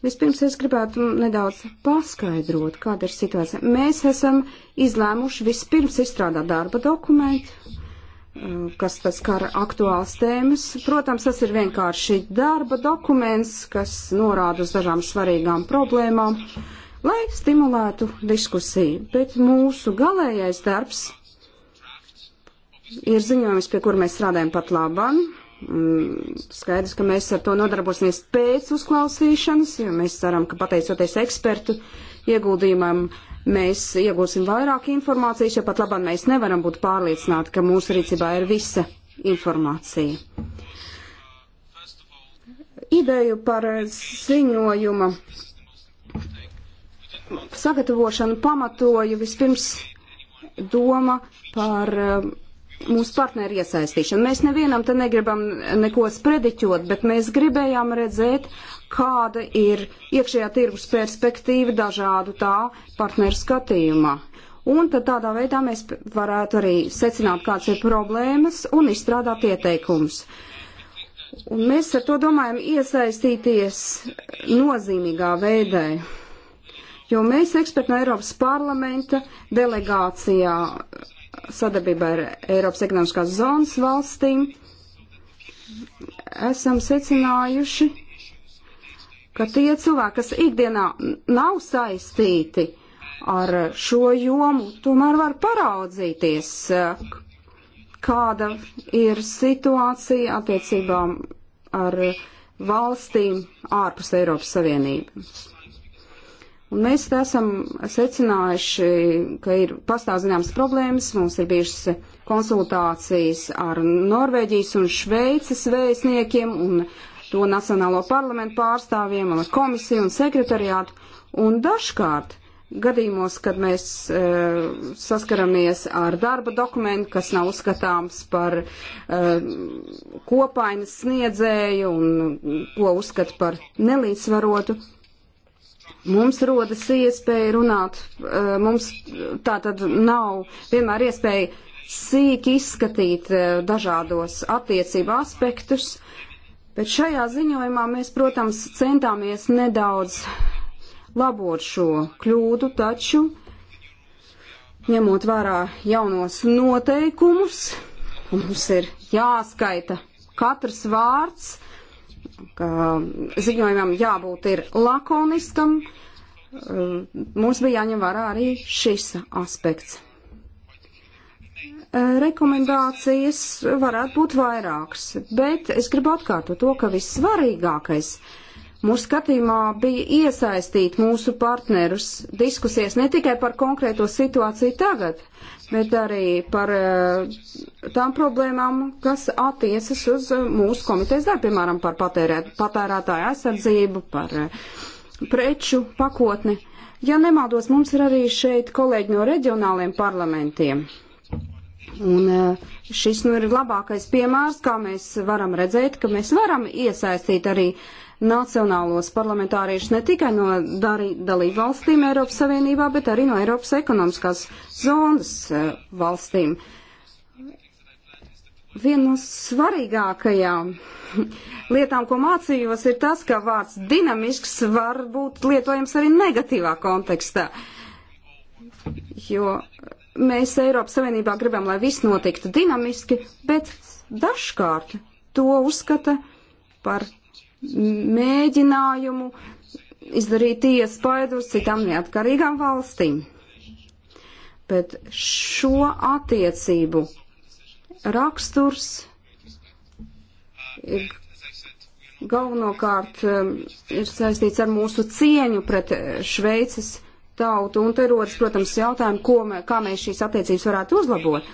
Vispirms es gribētu nedaudz paskaidrot, kāda ir situācija. Mēs esam izlēmuši vispirms izstrādāt darba dokumentu, eh, kas tas kara aktuāls tēmas. Protams, tas ir vienkārši darba dokuments, kas norāda uz dažām svarīgām problēmām, lai stimulētu diskusiju. Bet mūsu galējais darbs ir ziņojums, pie kura mēs strādājam pat labam Mm, skaidrs, ka mēs ar to nodarbosimies pēc uzklausīšanas, jo mēs ceram, ka pateicoties ekspertu ieguldījumam, mēs iegūsim vairāk informācijas, jo pat labāk mēs nevaram būt pārliecināti, ka mūsu rīcībā ir visa informācija. Ideju par ziņojuma sagatavošanu pamatoju vispirms doma par mūsu partneri iesaistīšanu. Mēs nevienam te negribam neko sprediķot, bet mēs gribējām redzēt, kāda ir iekšējā tirgus perspektīva dažādu tā partneru skatījumā. Un tad tādā veidā mēs varētu arī secināt, kāds ir problēmas un izstrādāt ieteikumus. Un mēs ar to domājam iesaistīties nozīmīgā veidē jo mēs eksperti no Eiropas parlamenta delegācijā sadarbībā ar Eiropas ekonomiskās zonas valstīm esam secinājuši, ka tie cilvēki, kas ikdienā nav saistīti ar šo jomu, tomēr var paraudzīties, kāda ir situācija attiecībām ar valstīm ārpus Eiropas Savienības. Un mēs esam secinājuši, ka ir pastāv zināmas problēmas, mums ir bijušas konsultācijas ar Norvēģijas un Šveices vēstniekiem un to Nacionālo parlamentu pārstāvjiem, ar komisiju un sekretariātu. Un dažkārt gadījumos, kad mēs e, saskaramies ar darba dokumentu, kas nav uzskatāms par e, kopainas sniedzēju un ko uzskata par nelīdzsvarotu, mums rodas iespēja runāt, eh, mums tā tad nav vienmēr iespēja sīk izskatīt eh, dažādos attiecību aspektus, bet šajā ziņojumā mēs, protams, centāmies nedaudz labot šo kļūdu, taču ņemot vērā jaunos noteikumus, mums ir jāskaita katrs vārds, uh, ka ziņojumam jābūt ir lakoniskam. Eh, mums bija jāņem vērā arī šis aspekts. Eh, rekomendācijas varētu būt vairākas, bet es gribu atkārtot to, ka vissvarīgākais mūsu skatījumā bija iesaistīt mūsu partnerus diskusijas ne tikai par konkrēto situāciju tagad, bet arī par eh, tām problēmām, kas attiecas uz eh, mūsu komitejas darbu, piemēram, par patērēt, patērētāju aizsardzību, par eh, preču pakotni. Ja nemaldos, mums ir arī šeit kolēģi no reģionāliem parlamentiem. Un šis nu ir labākais piemērs, kā mēs varam redzēt, ka mēs varam iesaistīt arī uh, nacionālos parlamentāriešus ne tikai no dalību valstīm Eiropas Savienībā, bet arī no Eiropas ekonomiskās zonas eh, valstīm. Viena no svarīgākajām lietām, ko mācījos, ir tas, ka vārds dinamisks var būt lietojams arī negatīvā kontekstā. Jo mēs Eiropas Savienībā gribam, lai viss notiktu dinamiski, bet dažkārt to uzskata par mēģinājumu izdarīt iespaidu uz citām neatkarīgām valstīm. Bet šo attiecību raksturs ir galvenokārt um, ir saistīts ar mūsu cieņu pret uh, Šveices tautu, un te rodas, protams, jautājumi, ko, mē, kā mēs šīs attiecības varētu uzlabot.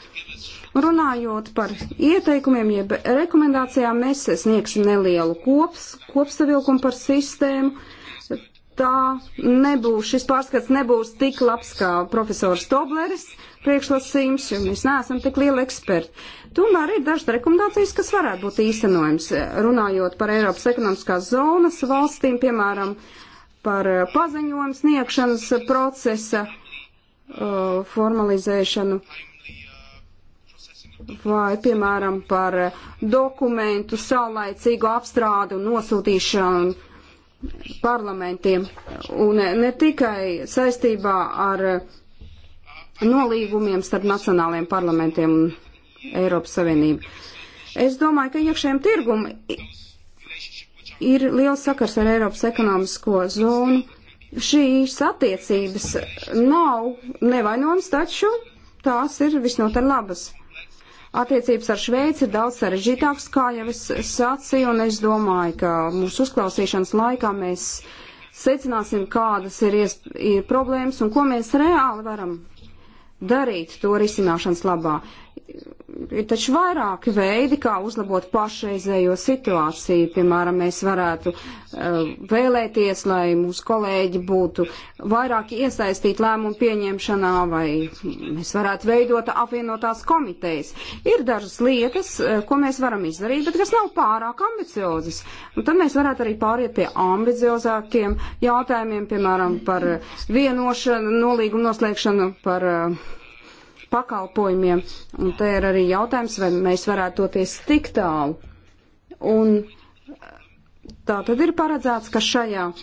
Runājot par ieteikumiem, jeb rekomendācijām, mēs sniegsim nelielu kops, kopsavilkumu par sistēmu. Tā nebūs, šis pārskats nebūs tik labs kā profesors Tobleris priekšlasījums, jo mēs neesam tik lieli eksperti. Tomēr ir dažas rekomendācijas, kas varētu būt īstenojams, runājot par Eiropas ekonomiskās zonas valstīm, piemēram, par paziņojumu sniegšanas procesa uh, formalizēšanu. Uh, vai, piemēram, par dokumentu saulaicīgu apstrādu un nosūtīšanu parlamentiem. Un ne tikai saistībā ar nolīgumiem starp nacionāliem parlamentiem un Eiropas Savienību. Es domāju, ka iekšējiem tirgum ir liels sakars ar Eiropas ekonomisko zonu. Šīs attiecības nav nevainojamas, taču tās ir visnotaļ labas. Attiecības ar Šveici ir daudz sarežģītākas, kā jau es sacīju, un es domāju, ka mūsu uzklausīšanas laikā mēs secināsim, kādas ir, ir problēmas un ko mēs reāli varam darīt to risināšanas labā ir taču vairāki veidi, kā uzlabot pašreizējo situāciju. Piemēram, mēs varētu uh, vēlēties, lai mūsu kolēģi būtu vairāk iesaistīti lēmumu pieņemšanā, vai mēs varētu veidot apvienotās komitejas. Ir dažas lietas, uh, ko mēs varam izdarīt, bet kas nav pārāk ambiciozas. Un tad mēs varētu arī pāriet pie ambiciozākiem jautājumiem, piemēram, par vienošanu, nolīgumu noslēgšanu, par uh, pakalpojumiem. Un te ir arī jautājums, vai mēs varētu toties tik tālu. Un tā tad ir paredzēts, ka šajā eh,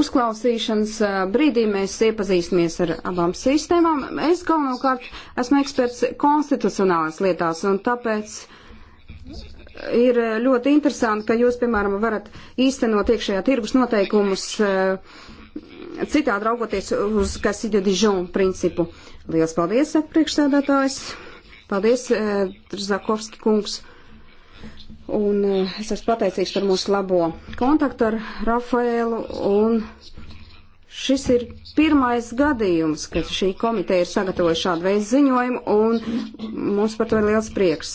uzklausīšanas eh, brīdī mēs iepazīstamies ar abām sistēmām. Es galvenokārt esmu eksperts konstitucionālās lietās, un tāpēc eh, ir ļoti interesanti, ka jūs, piemēram, varat īstenot iekšējā tirgus noteikumus citādi raugoties uz Kasidio Dižon principu. Uh, Liels paldies, priekšsēdētājs. Paldies, eh, Zakovski kungs. Un eh, es esmu pateicīgs par mūsu labo kontaktu ar Rafaelu. Un šis ir pirmais gadījums, kad šī komiteja ir sagatavojusi šādu veidu ziņojumu, un mums par to ir liels prieks.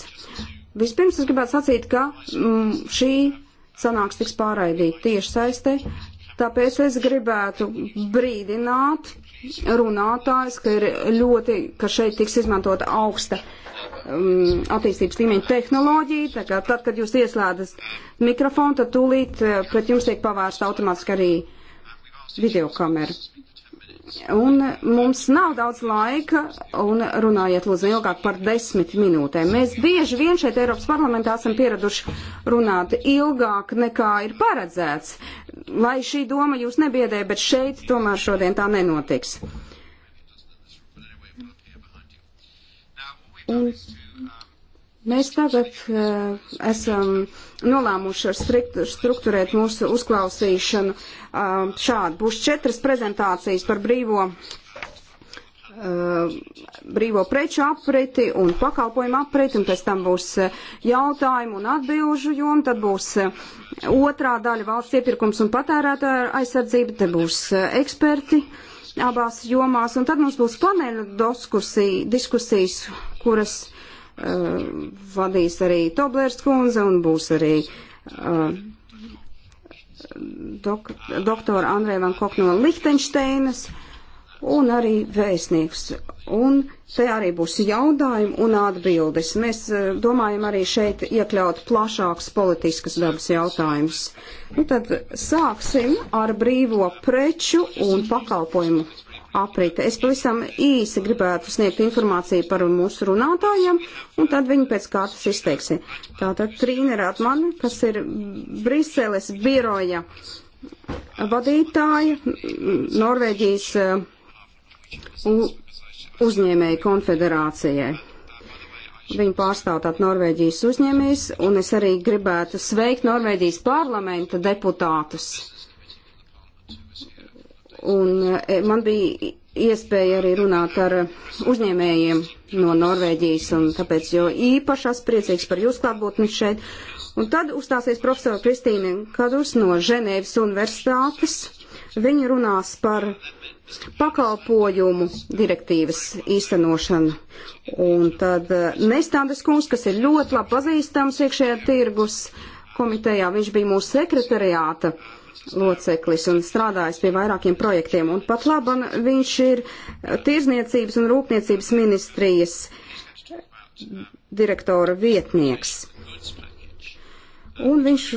Vispirms es gribētu sacīt, ka m, mm, šī sanāks tiks pārraidīta tieši saistē, tāpēc es gribētu brīdināt runātājs, ka, ļoti, ka šeit tiks izmantota augsta um, attīstības līmeņa tehnoloģija. Tā kā tad, kad jūs ieslēdzat mikrofonu, tad tūlīt uh, pret jums tiek pavērsta automātiski arī videokamera. Un mums nav daudz laika, un runājiet lūdzu ilgāk par desmit minūtēm. Mēs bieži vien šeit Eiropas parlamentā esam pieraduši runāt ilgāk nekā ir paredzēts. Lai šī doma jūs nebiedē, bet šeit tomēr šodien tā nenotiks. Un Mēs tagad uh, esam nolēmuši ar striktu, strukturēt mūsu uzklausīšanu. Uh, šādi būs četras prezentācijas par brīvo, uh, brīvo preču apriti un pakalpojumu apriti, un pēc tam būs uh, jautājumu un atbilžu joma, tad būs uh, otrā daļa valsts iepirkums un patērētāja aizsardzība, te būs uh, eksperti abās jomās, un tad mums būs paneļu diskusijas, kuras uh, vadīs arī Toblērs kundze un būs arī uh, dok doktora Andrē Van Kok no Lihtenšteinas un arī vēstnieks. Un te arī būs jautājumi un atbildes. Mēs uh, domājam arī šeit iekļaut plašāks politiskas dabas jautājums. Nu tad sāksim ar brīvo preču un pakalpojumu aprite. Es pavisam īsi gribētu sniegt informāciju par mūsu runātājiem, un tad viņi pēc kārtas izteiksi. Tātad Trīna Ratmana, kas ir Briseles biroja vadītāja, Norvēģijas eh, uzņēmēju konfederācijai. Viņa pārstāv tātad Norvēģijas uzņēmējs, un es arī gribētu sveikt Norvēģijas parlamenta deputātus Un e, man bija iespēja arī runāt ar uzņēmējiem no Norvēģijas, un tāpēc jau īpaši esmu priecīgs par jūsu klātbūtni šeit. Un tad uzstāsies profesora Kristīne Kadus no Ženēvas universitātes. Viņa runās par pakalpojumu direktīvas īstenošanu. Un tad e, Nestandes kungs, kas ir ļoti labi pazīstams iekšējā tirgus komitejā, viņš bija mūsu sekretariāta uh, loceklis un strādājis pie vairākiem projektiem. Un pat laban viņš ir tirzniecības un rūpniecības ministrijas direktora vietnieks. Un viņš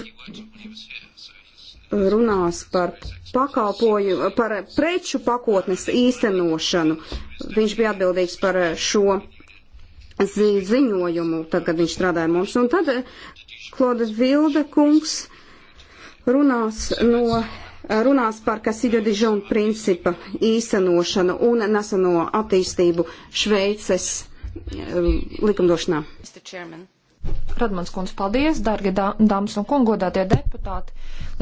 runās par pakalpoju, par preču pakotnes īstenošanu. Viņš bija atbildīgs par šo zi ziņojumu, tad, kad viņš strādāja mums. Un tad eh, Kloda Vilda kungs runās no runās par Kasiļo dižonu principa īstenošanu un neseno attīstību Šveices eh, likumdošanā. Mr. Chairman. Radmans kundze, paldies, dargi dāmas un kungi, godātie deputāti.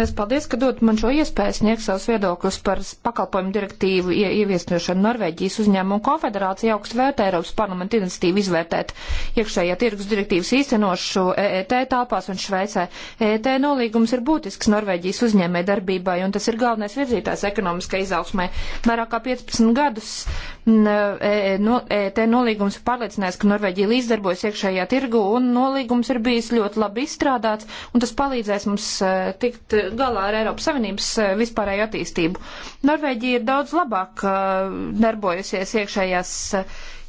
Es paldies, ka dod man šo iespēju sniegt savus viedokļus par pakalpojumu direktīvu ie, ieviesnošanu Norvēģijas uzņēmumu konfederācija augstu vērtē Eiropas parlamenta iniciatīvu izvērtēt iekšējā tirgus direktīvas īstenošu EET tāpās un Šveicē. EET nolīgums ir būtisks Norvēģijas uzņēmē darbībai un tas ir galvenais virzītājs ekonomiskai izaugsmai. Vairāk kā 15 gadus EET e e nolīgums pārliecinās, ka Norvēģija līdzdarbojas iekšējā tirgu un no nolīgums ir bijis ļoti labi izstrādāts, un tas palīdzēs mums eh, tikt eh, galā ar Eiropas Savienības eh, vispārēju attīstību. Norvēģija ir daudz labāk darbojusies iekšējās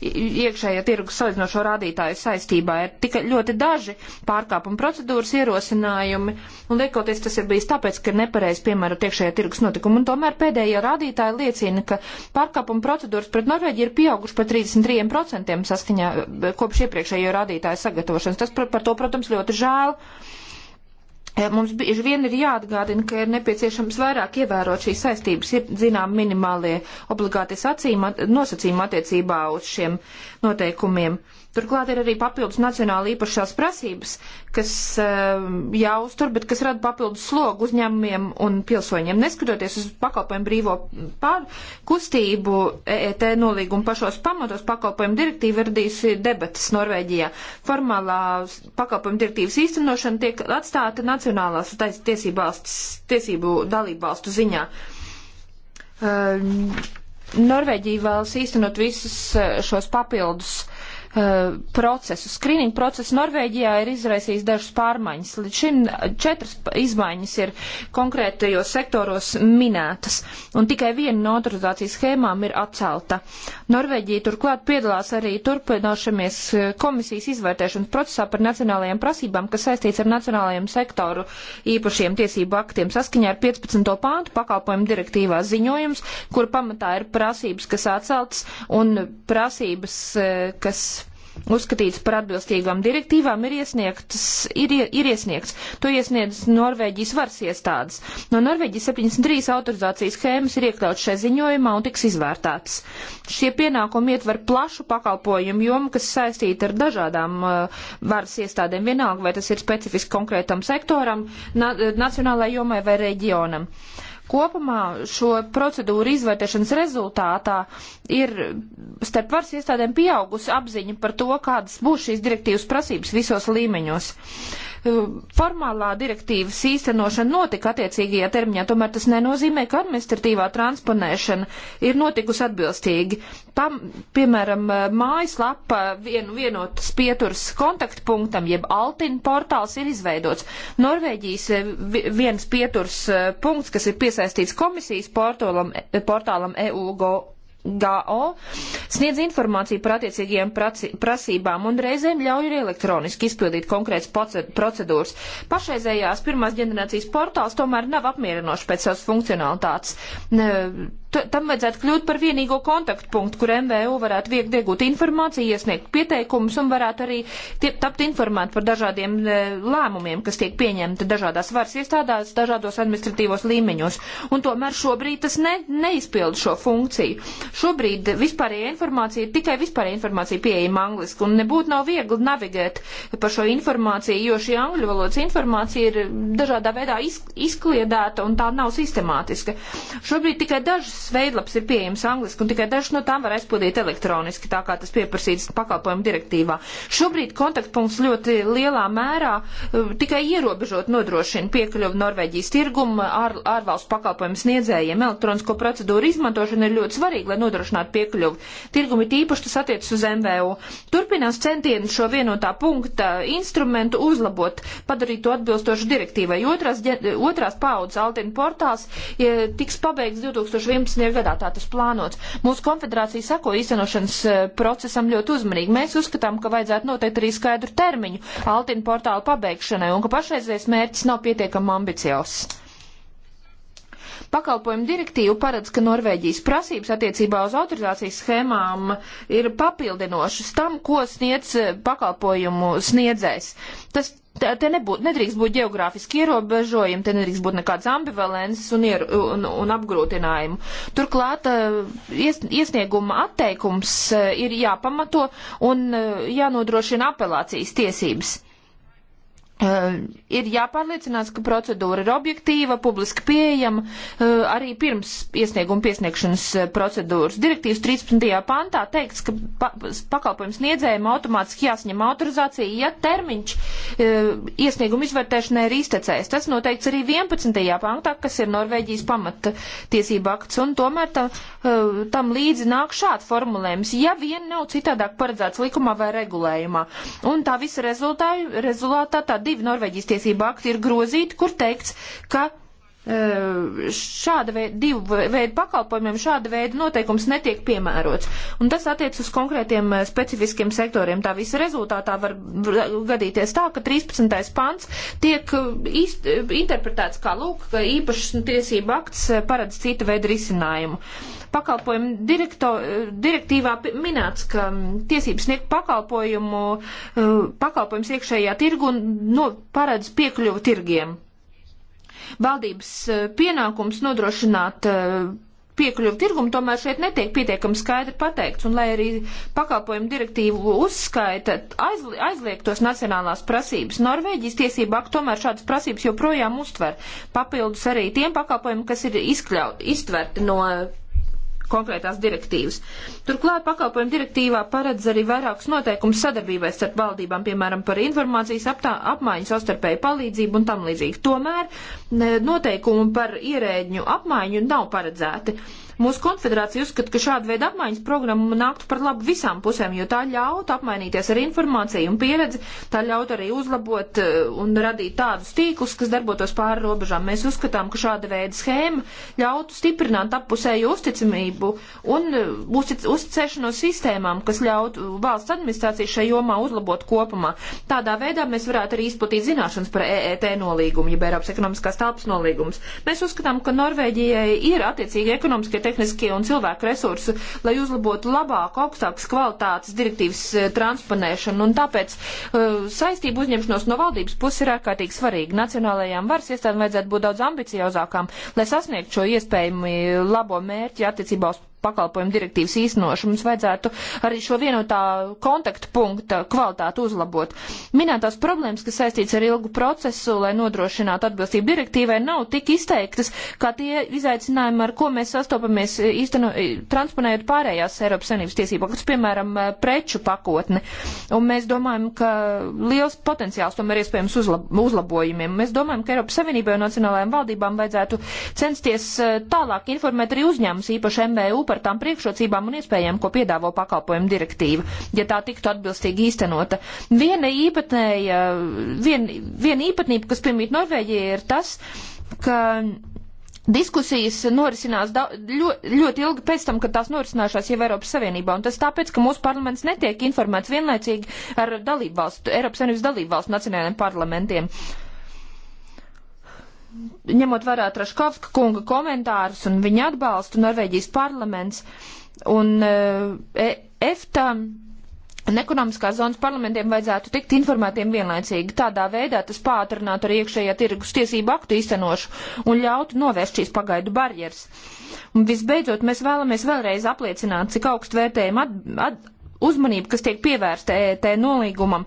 iekšējā tirgus salīdzinošo rādītāju saistībā ir tikai ļoti daži pārkāpuma procedūras ierosinājumi, un liekoties tas ir bijis tāpēc, ka ir nepareizi piemērot iekšējā tirgus notikumu, un tomēr pēdējie rādītāji liecina, ka pārkāpuma procedūras pret Norvēģiju ir pieauguši par 33% saskaņā eh, kopš iepriekšējo rādītāju sagatavošanas. Tas par, par to, protams, ļoti žēl. Eh, mums bieži vien ir jāatgādina, ka ir nepieciešams vairāk ievērot šīs saistības, ir zinām minimālie obligāti sacīma, nosacījumi attiecībā uz šiem noteikumiem. Uh, Turklāt ir arī papildus nacionāla īpašās prasības, kas eh, jāuztur, bet kas rada papildus slogu uzņēmumiem un pilsoņiem. Neskatoties uz pakalpojumu brīvo pār kustību, EET nolīguma pašos pamatos pakalpojumu direktīva radījusi debatas Norvēģijā. Formālā pakalpojumu direktīvas īstenošana tiek atstāta nacionālās tiesību, tiesību dalību valstu ziņā. Uh, Norvēģija vēlas īstenot visus eh, šos papildus uh, procesu. Skrīninga process Norvēģijā ir izraisījis dažas pārmaiņas. Līdz šim uh, četras izmaiņas ir konkrētajos sektoros minētas, un tikai viena no autorizācijas schēmām ir atcelta. Norvēģija turklāt piedalās arī turpinošamies uh, komisijas izvērtēšanas procesā par nacionālajām prasībām, kas saistīts ar nacionālajiem sektoru īpašiem tiesību aktiem. Saskaņā ar 15. pāntu pakalpojumu direktīvā ziņojums, kur pamatā ir prasības, kas atceltas, un prasības, uh, kas uzskatīts par atbilstīgām direktīvām, ir, ir, ir iesniegts. To iesniedz Norvēģijas varas iestādes. No Norvēģijas 73 autorizācijas schēmas ir iekļauts šai ziņojumā un tiks izvērtētas. Šie pienākumi ietver plašu pakalpojumu jomu, kas saistīta ar dažādām uh, varas iestādēm, vienalga vai tas ir specifiski konkrētam sektoram, na nacionālajai jomai vai reģionam. Uh, Kopumā šo procedūru izvērtēšanas rezultātā ir starp varas iestādēm pieaugusi apziņa par to, kādas būs šīs direktīvas prasības visos līmeņos. Uh, Eh, formālā direktīvas īstenošana notika attiecīgajā termiņā, tomēr tas nenozīmē, ka administratīvā transponēšana ir notikusi atbilstīgi. Pam, piemēram, eh, mājaslapa vienu vienotas pieturas kontaktpunktam, jeb Altin portāls ir izveidots. Norvēģijas eh, viens pieturs punkts, kas ir piesaistīts komisijas portolam, portālam EU GO sniedz informāciju par attiecīgajām prasībām un reizēm ļauj arī elektroniski izpildīt konkrētas procedūras. Pašreizējās pirmās ģenerācijas portāls tomēr nav apmierinošs pēc savas funkcionalitātes tam vajadzētu kļūt par vienīgo kontaktpunktu, kur MVU varētu viegli iegūt informāciju, iesniegt pieteikumus un varētu arī tie, tapt informēt par dažādiem e, lēmumiem, kas tiek pieņemti dažādās varas iestādās, dažādos administratīvos līmeņos. Un tomēr šobrīd tas ne, neizpild šo funkciju. Šobrīd vispārējā informācija, tikai vispārējā informācija pieejama angliski un nebūtu nav viegli navigēt par šo informāciju, jo šī angļu valodas informācija ir dažādā veidā iz, izkliedēta un tā nav sistemātiska. Šobrīd tikai dažas visas veidlaps ir pieejamas angliski, un tikai dažas no tām var aizpildīt elektroniski, tā kā tas pieprasīts pakalpojumu direktīvā. Šobrīd kontaktpunkts ļoti lielā mērā uh, tikai ierobežot nodrošina piekļuvu Norvēģijas tirgumu ār, ārvalstu pakalpojumu sniedzējiem. Elektronisko procedūru izmantošana ir ļoti svarīga, lai nodrošinātu piekļuvu. Tirgumi tīpaši tas attiecas uz MVU. Turpinās centieni šo vienotā punkta instrumentu uzlabot, padarīt to atbilstošu direktīvai. Otrās, otrās paudzes Altina portāls ja tiks pabeigts 2011. 17. gadā tā tas plānots. Mūsu konfederācija sako īstenošanas e, procesam ļoti uzmanīgi. Mēs uzskatām, ka vajadzētu noteikt arī skaidru termiņu Altina portāla pabeigšanai un ka pašreizējais mērķis nav pietiekami ambiciozs. Pakalpojumu direktīva paredz, ka Norvēģijas prasības attiecībā uz autorizācijas schēmām ir papildinošas tam, ko sniedz e, pakalpojumu sniedzējs. Tas Te, te nebūt, nedrīkst būt geogrāfiski ierobežojumi, te nedrīkst būt nekādas ambivalences un, ier, un, un apgrūtinājumu. Turklāt eh, ies, iesnieguma atteikums eh, ir jāpamato un eh, jānodrošina apelācijas tiesības. Uh, ir jāpārliecinās, ka procedūra ir objektīva, publiski pieejama uh, arī pirms iesnieguma piesniegšanas uh, procedūras. Direktīvas 13. pantā teikts, ka pa, pakalpojums niedzējiem automātiski jāsaņem autorizācija, ja termiņš iesnieguma izvērtēšanai ir iztecējis. Tas noteikts arī 11. pantā, kas ir Norvēģijas pamata tiesība akts, un tomēr tam, tam līdzi nāk šāds formulējums, ja vien nav citādāk paredzēts likumā vai regulējumā. Un tā visa rezultātā, rezultātā divi Norvēģijas tiesību akti ir grozīti, kur teikts, ka šāda veida, divu veidu pakalpojumiem šāda veida noteikums netiek piemērots. Un tas attiec uz konkrētiem eh, specifiskiem sektoriem. Tā visa rezultātā var gadīties tā, ka 13. pants tiek īst, eh, eh, interpretēts kā lūk, ka īpašas nu, tiesība akts paredz cita veida risinājumu. Pakalpojumu direkto, direktīvā minēts, ka mm, tiesības sniegt pakalpojumu, pakalpojums iekšējā tirgu no, paredz piekļuvu tirgiem Valdības eh, pienākums nodrošināt eh, piekļuvu tirgumu, tomēr šeit netiek pietiekami skaidri pateikts, un lai arī pakalpojumu direktīvu uzskaita aizli, aizliegtos nacionālās prasības, Norvēģijas tiesība aktu tomēr šādas prasības joprojām uztver, papildus arī tiem pakalpojumiem, kas ir izkļau, iztverti no konkrētās direktīvas. Turklāt pakalpojumu direktīvā paredz arī vairākus noteikumus sadarbībai starp valdībām, piemēram, par informācijas aptā, apmaiņu, savstarpēju palīdzību un tam līdzīgi. Tomēr noteikumu par ierēģu apmaiņu nav paredzēti. Mūsu konfederācija uzskata, ka šāda veida apmaiņas programma nāktu par labu visām pusēm, jo tā ļautu apmainīties ar informāciju un pieredzi, tā ļautu arī uzlabot eh, un radīt tādus tīklus, kas darbotos pāri robežām. Mēs uzskatām, ka šāda veida schēma ļautu stiprināt appusēju uzticamību un eh, uztic, uzticēšanos sistēmām, kas ļautu valsts administrāciju šajā jomā uzlabot kopumā. Tādā veidā mēs varētu arī izplatīt zināšanas par EET nolīgumu, jeb Eiropas ekonomiskās telpas nolīgumus. Mēs uzskatām, ka Norvēģijai ir attiecīgi ekonomiskie tehniskie un cilvēku resursi, lai uzlabotu labāku, augstākas kvalitātes direktīvas eh, transponēšanu. Un tāpēc eh, saistību uzņemšanos no valdības puses ir ārkārtīgi svarīgi. Nacionālajām varas iestādēm vajadzētu būt daudz ambiciozākām, lai sasniegtu šo iespējami labo mērķi attiecībā uz pakalpojumu direktīvas īstenošanu, mums vajadzētu arī šo vienotā kontaktu punkta kvalitāti uzlabot. Minētās problēmas, kas saistīts ar ilgu procesu, lai nodrošinātu atbilstību direktīvai, nav tik izteiktas, kā tie izaicinājumi, ar ko mēs sastopamies e, īsteno, e, transponējot pārējās Eiropas Savienības tiesību aktus, piemēram, e, preču pakotni. Un mēs domājam, ka liels potenciāls tomēr iespējams uzlab uzlabojumiem. Mēs domājam, ka Eiropas Savienībai un nacionālajām valdībām vajadzētu censties tālāk informēt arī uzņēmums, īpaši MVU par tām priekšrocībām un iespējām, ko piedāvo pakalpojumu direktīva, ja tā tiktu atbilstīgi īstenota. Viena, īpatnēja, vien, viena īpatnība, kas piemīt Norvēģijai, ir tas, ka Diskusijas norisinās da, ļoti, ļoti ilgi pēc tam, kad tās norisinājušās jau Eiropas Savienībā, un tas tāpēc, ka mūsu parlaments netiek informēts vienlaicīgi ar dalībvalstu, Eiropas Savienības dalībvalstu nacionālajiem parlamentiem ņemot vērā Traškovska kunga komentārus un viņa atbalstu Norvēģijas parlaments un e, EFTA un ekonomiskās zonas parlamentiem vajadzētu tikt informētiem vienlaicīgi. Tādā veidā tas pātrinātu arī iekšējā tirgus tiesību aktu īstenošu un ļautu novērst šīs pagaidu barjeras. Un visbeidzot, mēs vēlamies vēlreiz apliecināt, cik augstu vērtējam at, at, uzmanību, kas tiek pievērsta ET nolīgumam,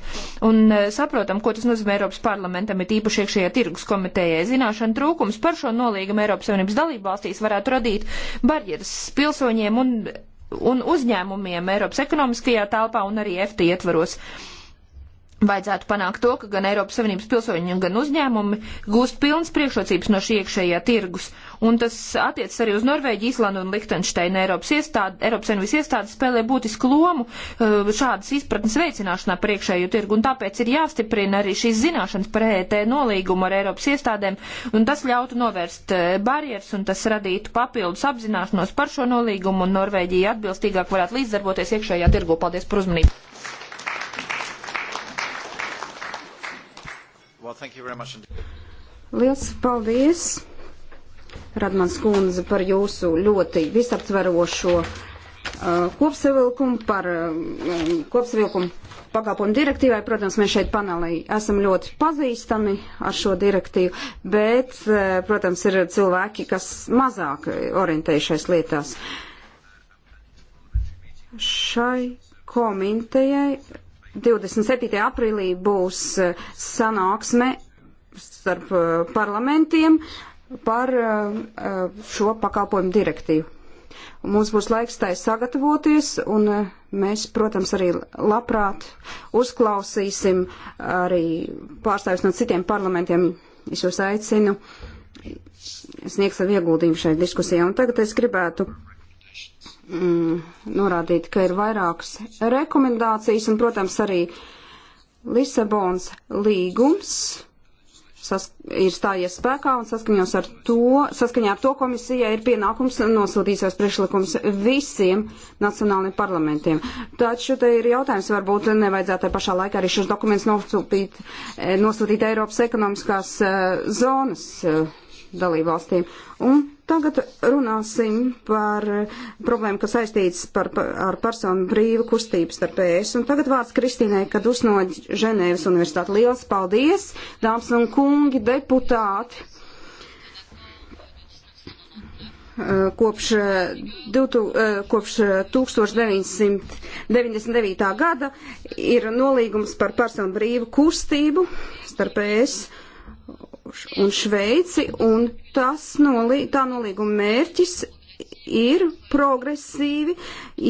un e, saprotam, ko tas nozīmē Eiropas parlamentam, ir īpaši iekšējā tirgus komitejai. Zināšana trūkums par šo nolīgumu Eiropas Savienības dalību valstīs varētu radīt barjeras pilsoņiem un, un uzņēmumiem Eiropas ekonomiskajā telpā un arī EFTA ietvaros. Uh, Vajadzētu panākt to, ka gan Eiropas Savienības pilsoņi, gan uzņēmumi gūst pilnas priekšrocības no šī iekšējā tirgus. Un tas attiecas arī uz Norvēģiju, Islandu un Lichtensteinu. Eiropas, iestāde, Eiropas Savienības iestādes spēlē būtisku lomu uh, šādas izpratnes veicināšanā par iekšējo tirgu. Un tāpēc ir jāstiprina arī šīs zināšanas par ET nolīgumu ar Eiropas iestādēm. Un tas ļautu novērst uh, barjeras un tas radītu papildus apzināšanos par šo nolīgumu. Un Norvēģija atbilstīgāk varētu līdzdarboties iekšējā tirgu. Paldies par uzmanību! Liels paldies, Radmans kundze, par jūsu ļoti visaptverošo uh, kopsavilkumu, par uh, kopsavilkumu pakalpojumu direktīvai. Protams, mēs šeit panelī esam ļoti pazīstami ar šo direktīvu, bet, uh, protams, ir cilvēki, kas mazāk orientējušies lietās. Šai komitejai 27. aprīlī būs eh, sanāksme starp eh, parlamentiem par eh, šo pakalpojumu direktīvu. Mums būs laiks tai sagatavoties, un mēs, protams, arī labprāt uzklausīsim arī pārstāvis no citiem parlamentiem. Es jūs aicinu sniegt savu ieguldījumu šai diskusijai. Un tagad es gribētu mm, norādīt, ka ir vairākas rekomendācijas un, protams, arī Lisabons līgums sas, ir stājies spēkā un saskaņos ar to, saskaņā ar to komisijai ir pienākums nosūtīt savus priekšlikumus visiem nacionālajiem parlamentiem. Taču te ir jautājums, varbūt nevajadzētu te pašā laikā arī šos dokumentus nosūtīt, nosūtīt Eiropas ekonomiskās uh, zonas uh, dalībvalstīm. Un tagad runāsim par problēmu, kas saistīts par, ar personu brīvu kustību starp ES. Un tagad vārds Kristīnai, kad uzno Ženēvas universitāti. Liels paldies, dāmas un kungi, deputāti! Kopš, 2000, kopš 1999. gada ir nolīgums par personu brīvu kustību starp ES un Šveici, un tas nolī, tā nolīguma mērķis ir progresīvi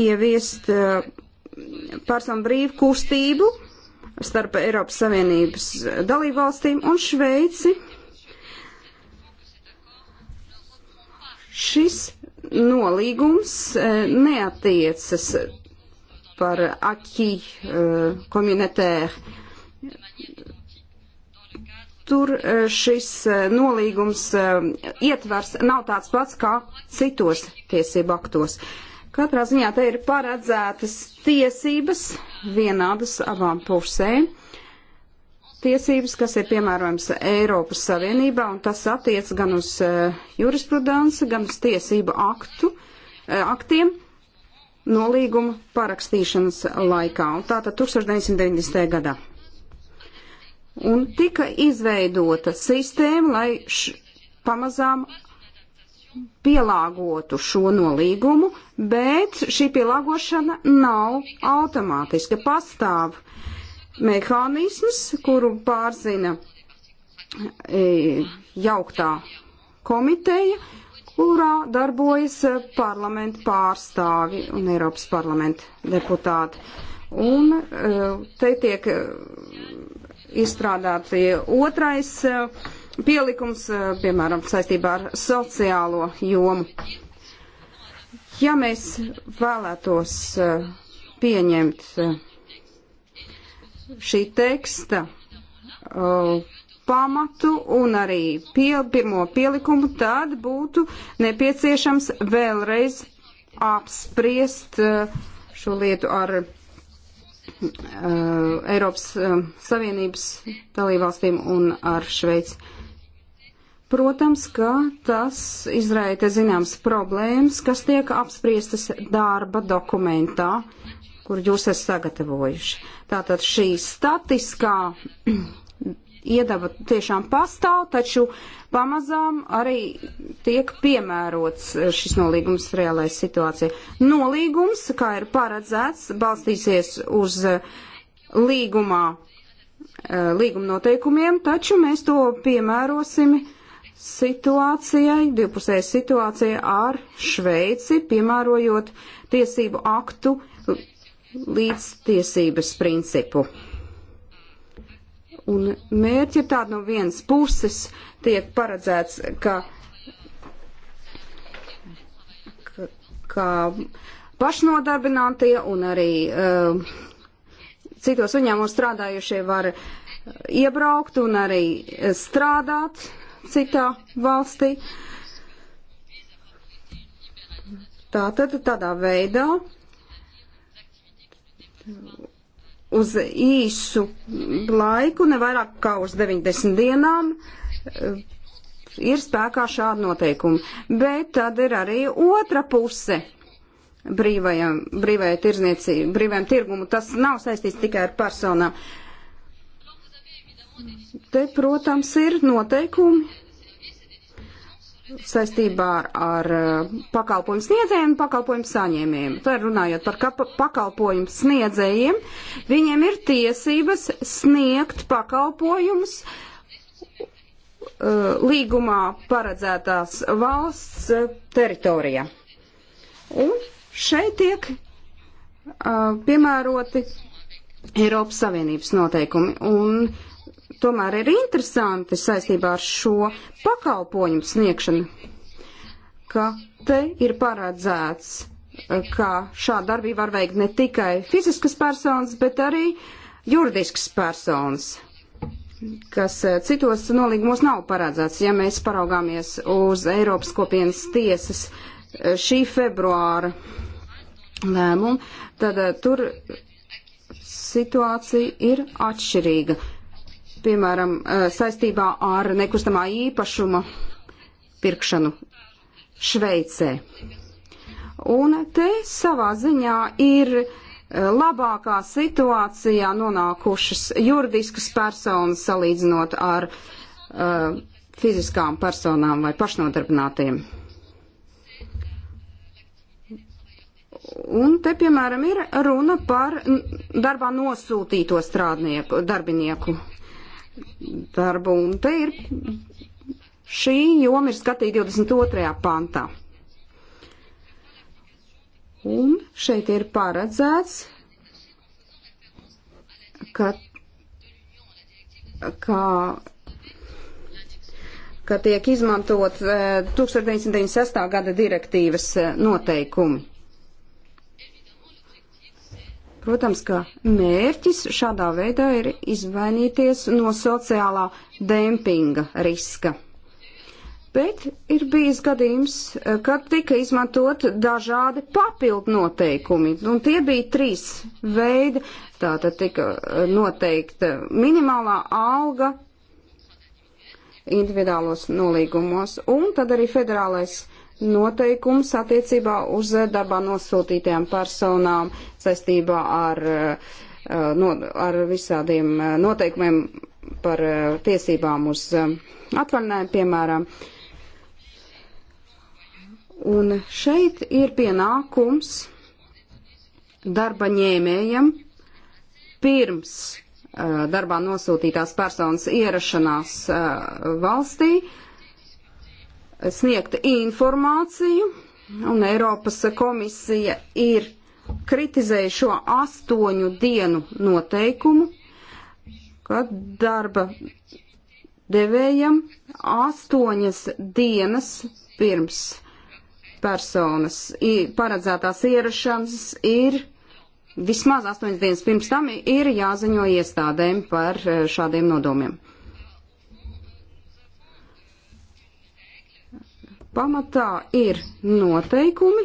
ieviest uh, eh, personu brīvu kustību starp Eiropas Savienības dalībvalstīm un Šveici. Šis nolīgums uh, neatiecas par aki uh, eh, komunitēru tur e, šis e, nolīgums e, ietvars nav tāds pats kā citos tiesību aktos. Katrā ziņā te ir paredzētas tiesības vienādas abām pusēm. Tiesības, kas ir piemērojams Eiropas Savienībā, un tas attiec gan uz jurisprudenci, gan uz tiesību aktu, aktiem nolīguma parakstīšanas laikā, un tātad 1990. gadā. Un tika izveidota sistēma, lai š, pamazām pielāgotu šo nolīgumu, bet šī pielāgošana nav automātiska. Pastāv mehānisms, kuru pārzina e, jauktā komiteja, kurā darbojas parlamenta pārstāvi un Eiropas parlamenta deputāti. Un e, te tiek izstrādāt otrais eh, pielikums, eh, piemēram, saistībā ar sociālo jomu. Ja mēs vēlētos eh, pieņemt šī teksta pamatu un arī pie, pirmo pielikumu, tad būtu nepieciešams vēlreiz apspriest šo lietu ar Uh, Eiropas um, Savienības dalībvalstīm un ar Šveici. Protams, ka tas izraita zināmas problēmas, kas tiek apspriestas darba dokumentā, kur jūs esat sagatavojuši. Tātad šī statiskā iedaba tiešām pastāv, taču pamazām arī tiek piemērots eh, šis nolīgums reālai situācijai. Nolīgums, kā ir paredzēts, balstīsies uz eh, līgumā, eh, līguma noteikumiem, taču mēs to piemērosim situācijai, divpusējai situācijai ar Šveici, piemērojot tiesību aktu līdz tiesības principu. Un mērķi ir tādi no vienas puses tiek paredzēts, ka, ka, ka pašnodarbinātie un arī uh, citos uzņēmumos strādājušie var iebraukt un arī strādāt citā valstī. Tātad tādā veidā uz īsu laiku, ne vairāk kā uz 90 dienām, ir spēkā šādi noteikumi. Bet tad ir arī otra puse brīvajam, brīvajai tirzniecībai, brīvajam tirgumu. Tas nav saistīts tikai ar personām. Te, protams, ir noteikumi saistībā ar uh, pakalpojumu sniedzējiem un pakalpojumu saņēmējiem. Tad runājot par pakalpojumu sniedzējiem, viņiem ir tiesības sniegt pakalpojumus uh, līgumā paredzētās valsts uh, teritorijā. Un šeit tiek piemēroti Eiropas Savienības noteikumi. Un tomēr ir interesanti saistībā ar šo pakalpojumu sniegšanu, ka te ir paredzēts, eh, ka šāda darbība var veikt ne tikai fiziskas personas, bet arī juridiskas personas kas eh, citos nolīgumos nav paredzēts. Ja mēs paraugāmies uz Eiropas kopienas tiesas eh, šī februāra lēmumu, tad tur situācija ir atšķirīga piemēram, eh, saistībā ar nekustamā īpašuma pirkšanu Šveicē. Un te savā ziņā ir eh, labākā situācijā nonākušas juridiskas personas salīdzinot ar uh, fiziskām personām vai pašnodarbinātiem. Un te, piemēram, ir runa par darbā nosūtīto strādnieku, darbinieku darbu. Un te ir šī joma ir skatīta 22. pantā. Un šeit ir paredzēts, ka, ka, ka tiek izmantot 1996. Eh, gada direktīvas eh, noteikumi. Protams, ka mērķis šādā veidā ir izvainīties no sociālā dempinga riska. Bet ir bijis gadījums, eh, kad tika izmantot dažādi papildu noteikumi, un tie bija trīs veidi. Tātad tika eh, noteikta minimālā alga individuālos nolīgumos, un tad arī federālais noteikums attiecībā uz darbā nosūtītajām personām saistībā ar, eh, no, ar visādiem eh, noteikumiem par eh, tiesībām uz atvaļinājumu, piemēram. Un šeit ir pienākums darba ņēmējiem pirms darbā nosūtītās personas ierašanās valstī sniegta informāciju, un Eiropas komisija ir kritizējuši šo astoņu dienu noteikumu, kad darba devējam astoņas dienas pirms personas paredzētās ierašanas ir vismaz astoņas dienas pirms tam ir jāziņo iestādēm par eh, šādiem nodomiem. pamatā ir noteikumi,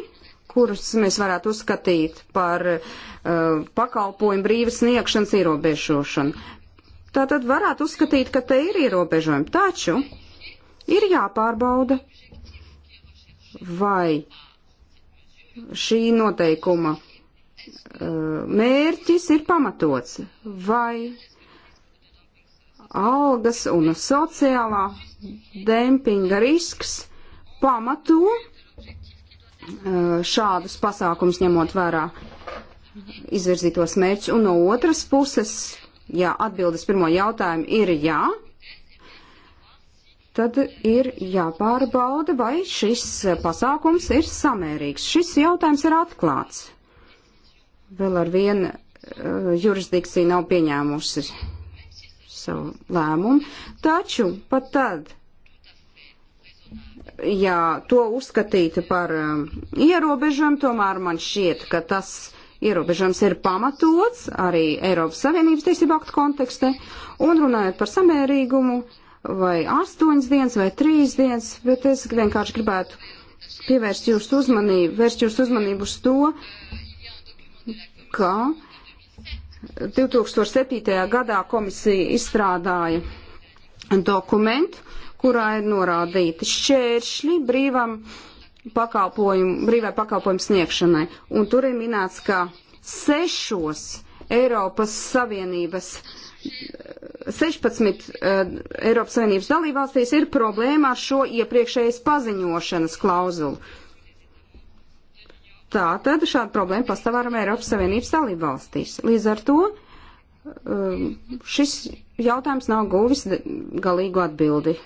kurus mēs varētu uzskatīt par uh, pakalpojumu brīvas sniegšanas ierobežošanu. Tā tad varētu uzskatīt, ka te ir ierobežojumi, taču ir jāpārbauda, vai šī noteikuma uh, mērķis ir pamatots, vai algas un sociālā dempinga risks pamato eh, šādus pasākums ņemot vērā izvirzītos mērķus, un no otras puses, ja atbildes pirmo jautājumu ir jā, tad ir jāpārbauda, vai šis pasākums ir samērīgs. Šis jautājums ir atklāts. Vēl ar vienu uh, eh, jurisdikcija nav pieņēmusi savu lēmumu, taču pat tad, ja to uzskatītu par um, ierobežojumu, tomēr man šķiet, ka tas ierobežojums ir pamatots arī Eiropas Savienības tiesību aktu kontekstē, un runājot par samērīgumu, vai astoņas dienas, vai trīs dienas, bet es vienkārši gribētu pievērst jūsu uzmanību, vērst jūsu uzmanību uz to, ka 2007. gadā komisija izstrādāja dokumentu, kurā ir norādīti šķēršļi brīvam pakalpojumu, brīvai pakalpojumu sniegšanai. Un tur ir minēts, ka sešos Eiropas Savienības 16 uh, eh, Eiropas Savienības dalībvalstīs ir problēma ar šo iepriekšējas paziņošanas klauzulu. Tā tad šāda problēma pastāv arī Eiropas Savienības dalībvalstīs. Līdz ar to um, šis jautājums nav guvis galīgu atbildi.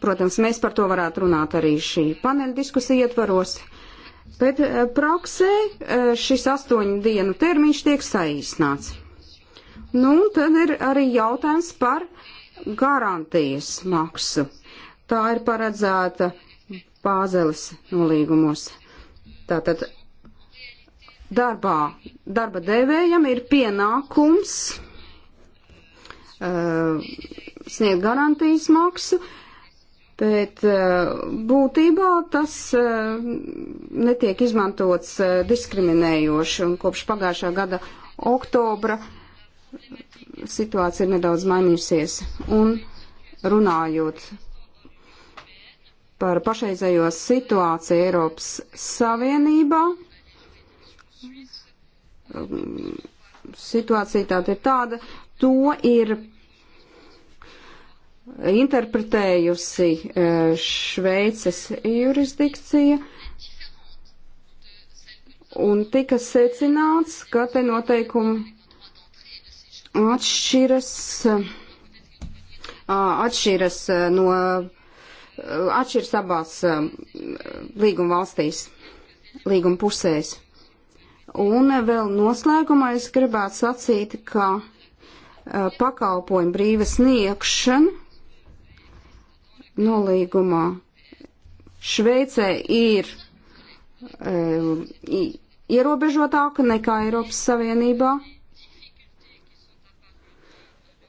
Protams, mēs par to varētu runāt arī šī paneļa diskusija ietvaros. Bet eh, praksē eh, šis astoņu dienu termiņš tiek saīsnāts. Nu, un tad ir arī jautājums par garantijas maksu. Tā ir paredzēta bāzeles nolīgumos. Tātad darbā, darba devējam ir pienākums uh, sniegt garantijas maksu, uh, bet eh, būtībā tas eh, netiek izmantots eh, diskriminējoši, un kopš pagājušā gada oktobra situācija ir nedaudz mainījusies. Un runājot par pašreizējo situāciju Eiropas Savienībā, situācija tāda ir tāda, to ir interpretējusi e, Šveices jurisdikcija, un tika secināts, ka te noteikumi atšķiras, e, atšķiras e, no atšķiras abās līguma valstīs, līguma pusēs. Un vēl noslēgumā es gribētu sacīt, ka pakalpojumu brīva sniegšana nolīgumā. Šveicē ir um, eh, ierobežotāka nekā Eiropas Savienībā.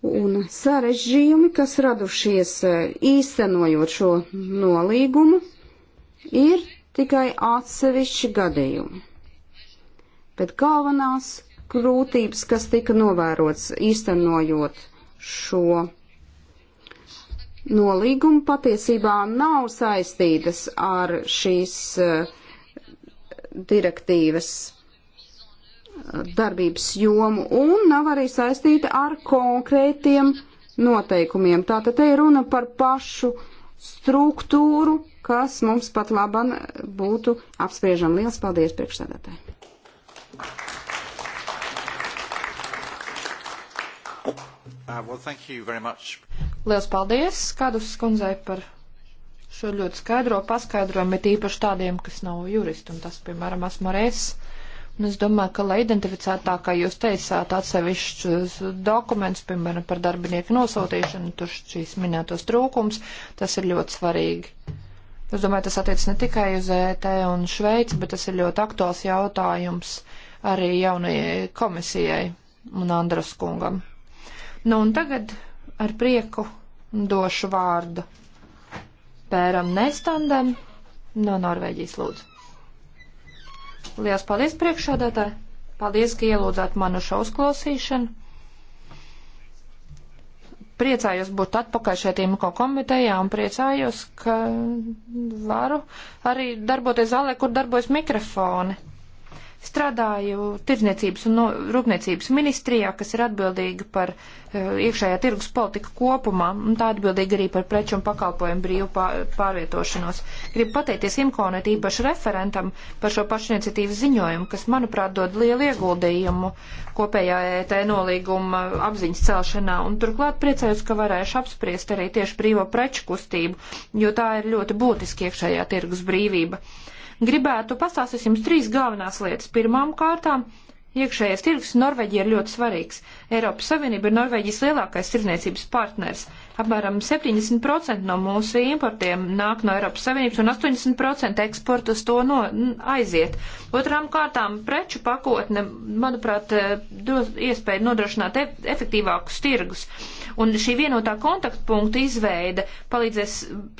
Un sarežģījumi, kas radušies eh, īstenojot šo nolīgumu, ir tikai atsevišķi gadījumi. Bet galvenās grūtības, kas tika novērots īstenojot šo nolīguma patiesībā nav saistītas ar šīs eh, direktīvas eh, darbības jomu un nav arī saistīta ar konkrētiem noteikumiem. Tātad te ir runa par pašu struktūru, kas mums pat laban būtu apspriežama. Liels paldies priekšsēdētāji! Uh, well, thank you very much. Liels paldies Skadus skundzei par šo ļoti skaidro paskaidrojumu, bet īpaši tādiem, kas nav juristi, un tas, piemēram, esmu reizes. Un es domāju, ka, lai identificētu tā, kā jūs teicāt, atsevišķus dokumentus, piemēram, par darbinieku nosūtīšanu, tur šīs minētos trūkums, tas ir ļoti svarīgi. Es domāju, tas attiec ne tikai uz ET un Šveici, bet tas ir ļoti aktuāls jautājums arī jaunajai komisijai un Andras kungam. Nu, un tagad ar prieku došu vārdu pēram nestandam no Norvēģijas lūdzu. Lielas paldies priekšādātāji! Paldies, ka ielūdzāt manu šo uzklausīšanu! priecājos būt atpakaļ šeit IMCO komitejā un priecājos, ka varu arī darboties zālē, kur darbojas mikrofoni. Strādāju tirdzniecības un no, rūpniecības ministrijā, kas ir atbildīga par eh, iekšējā tirgus politika kopumā, un tā atbildīga arī par preču un pakalpojumu brīvu pārvietošanos. Gribu pateikties Imkonet īpaši referentam par šo pašiniciatīvas ziņojumu, kas, manuprāt, dod lielu ieguldījumu kopējā ET nolīguma apziņas celšanā, un turklāt priecājos, ka varēšu apspriest arī tieši brīvo preču kustību, jo tā ir ļoti būtiski iekšējā tirgus brīvība. Gribētu pastāstīt jums trīs galvenās lietas. Pirmām kārtām. Iekšējais tirgus Norvēģija ir ļoti svarīgs. Eiropas Savienība ir Norvēģijas lielākais tirdzniecības partners. Apmēram 70% no mūsu importiem nāk no Eiropas Savienības un 80% eksporta uz to no, aiziet. Otrām kārtām preču pakotne, manuprāt, eh, dos iespēju nodrošināt e-, efektīvākus tirgus. Uh, Un šī vienotā kontaktpunkta izveide palīdzēs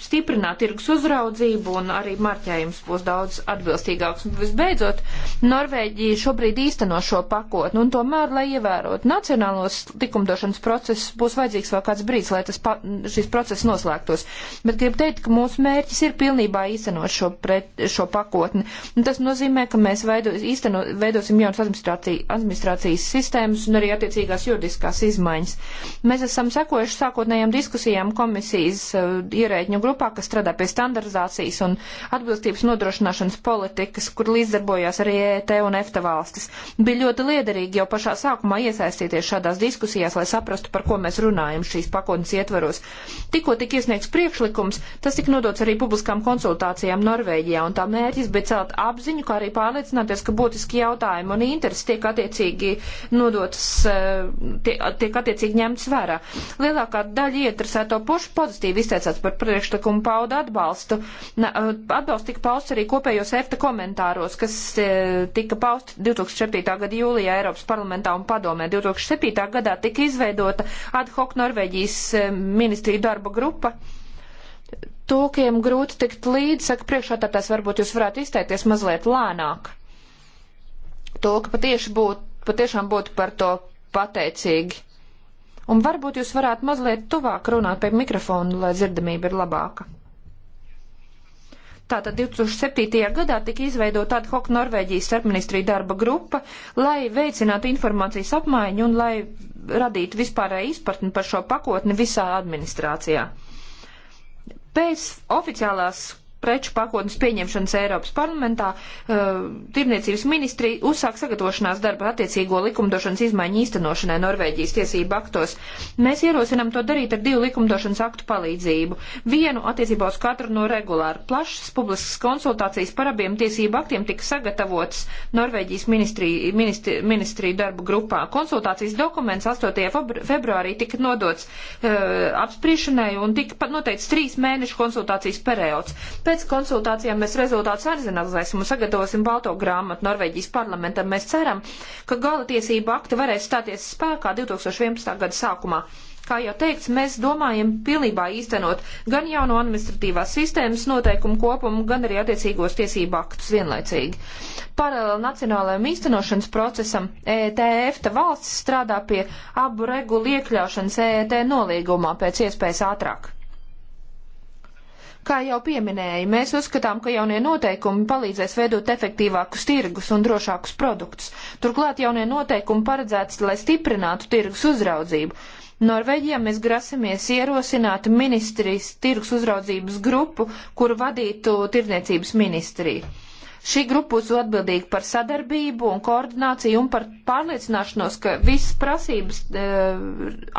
stiprināt tirgus uzraudzību un arī marķējums būs daudz atbilstīgāks. Un visbeidzot, Norvēģija šobrīd īsteno šo pakotni, un tomēr, lai ievērotu nacionālos likumdošanas procesus, būs vajadzīgs vēl kāds brīdis, lai tas pa, šis process noslēgtos. Bet gribu teikt, ka mūsu mērķis ir pilnībā īstenot šo, pret, šo pakotni. Un tas nozīmē, ka mēs veido, īsteno, veidosim jaunas administrācijas sistēmas un arī attiecīgās juridiskās izmaiņas. Mēs esam esam sekojuši sākotnējām diskusijām komisijas eh, ierēģņu grupā, kas strādā pie standardizācijas un atbilstības nodrošināšanas politikas, kur līdzdarbojās arī ET un EFTA valstis. Bija ļoti liederīgi jau pašā sākumā iesaistīties šādās diskusijās, lai saprastu, par ko mēs runājam šīs pakotnes ietvaros. Tikko tika iesniegts priekšlikums, tas tika nodots arī publiskām konsultācijām Norvēģijā, un tā mērķis bija celt apziņu, kā arī pārliecināties, ka būtiski jautājumi un interesi tiek attiecīgi nodotas, eh, tiek, tiek attiecīgi ņemts vērā. Lielākā daļa ieinteresēto pušu pozitīvi izteicās par priekšlikumu pauda atbalstu. Uh, atbalsts tika pausts arī kopējos EFTA komentāros, kas uh, tika pausti 2007. gada jūlijā Eiropas parlamentā un padomē. 2007. gadā tika izveidota ad hoc Norvēģijas uh, ministriju darba grupa. Tūkiem grūti tikt līdzi, saka priekšā, tāpēc varbūt jūs varētu izteikties mazliet lēnāk. Tūka patieši būtu, patiešām būtu par to pateicīgi. Un varbūt jūs varētu mazliet tuvāk runāt pie mikrofonu, lai dzirdamība ir labāka. Tātad 2007. gadā tika izveidota ad hoc Norvēģijas starpministrija darba grupa, lai veicinātu informācijas apmaiņu un lai radītu vispārēju izpratni par šo pakotni visā administrācijā. Pēc oficiālās preču pakotnes pieņemšanas Eiropas parlamentā uh, tirniecības ministri uzsāk sagatavošanās darba attiecīgo likumdošanas izmaiņu īstenošanai Norvēģijas tiesību aktos. Mēs ierosinām to darīt ar divu likumdošanas aktu palīdzību. Vienu attiecībā uz katru no regulāru. Plašas publiskas konsultācijas par abiem tiesību aktiem tika sagatavotas Norvēģijas ministriju ministri, ministri darbu grupā. Konsultācijas dokuments 8. februārī tika nodots uh, apspriešanai un tika noteikts trīs mēnešu konsultācijas periods. Pēc konsultācijām mēs rezultātus arzinalizēsim un sagatavosim balto grāmatu Norvēģijas parlamentam. Mēs ceram, ka gala tiesība akti varēs stāties spēkā 2011. gada sākumā. Kā jau teikts, mēs domājam pilnībā īstenot gan jauno administratīvās sistēmas noteikumu kopumu, gan arī attiecīgos tiesību aktus vienlaicīgi. Paralēli nacionālajam īstenošanas procesam ETF ta valsts strādā pie abu regulu iekļaušanas EET nolīgumā pēc iespējas ātrāk. Kā jau pieminēju, mēs uzskatām, ka jaunie noteikumi palīdzēs veidot efektīvākus tirgus un drošākus produktus. Turklāt jaunie noteikumi paredzēts, lai stiprinātu tirgus uzraudzību. Norvēģijā mēs grasamies ierosināt ministrijas tirgus uzraudzības grupu, kuru vadītu tirdzniecības ministrija. Šī grupa būs atbildīga par sadarbību un koordināciju un par pārliecināšanos, ka visas prasības e,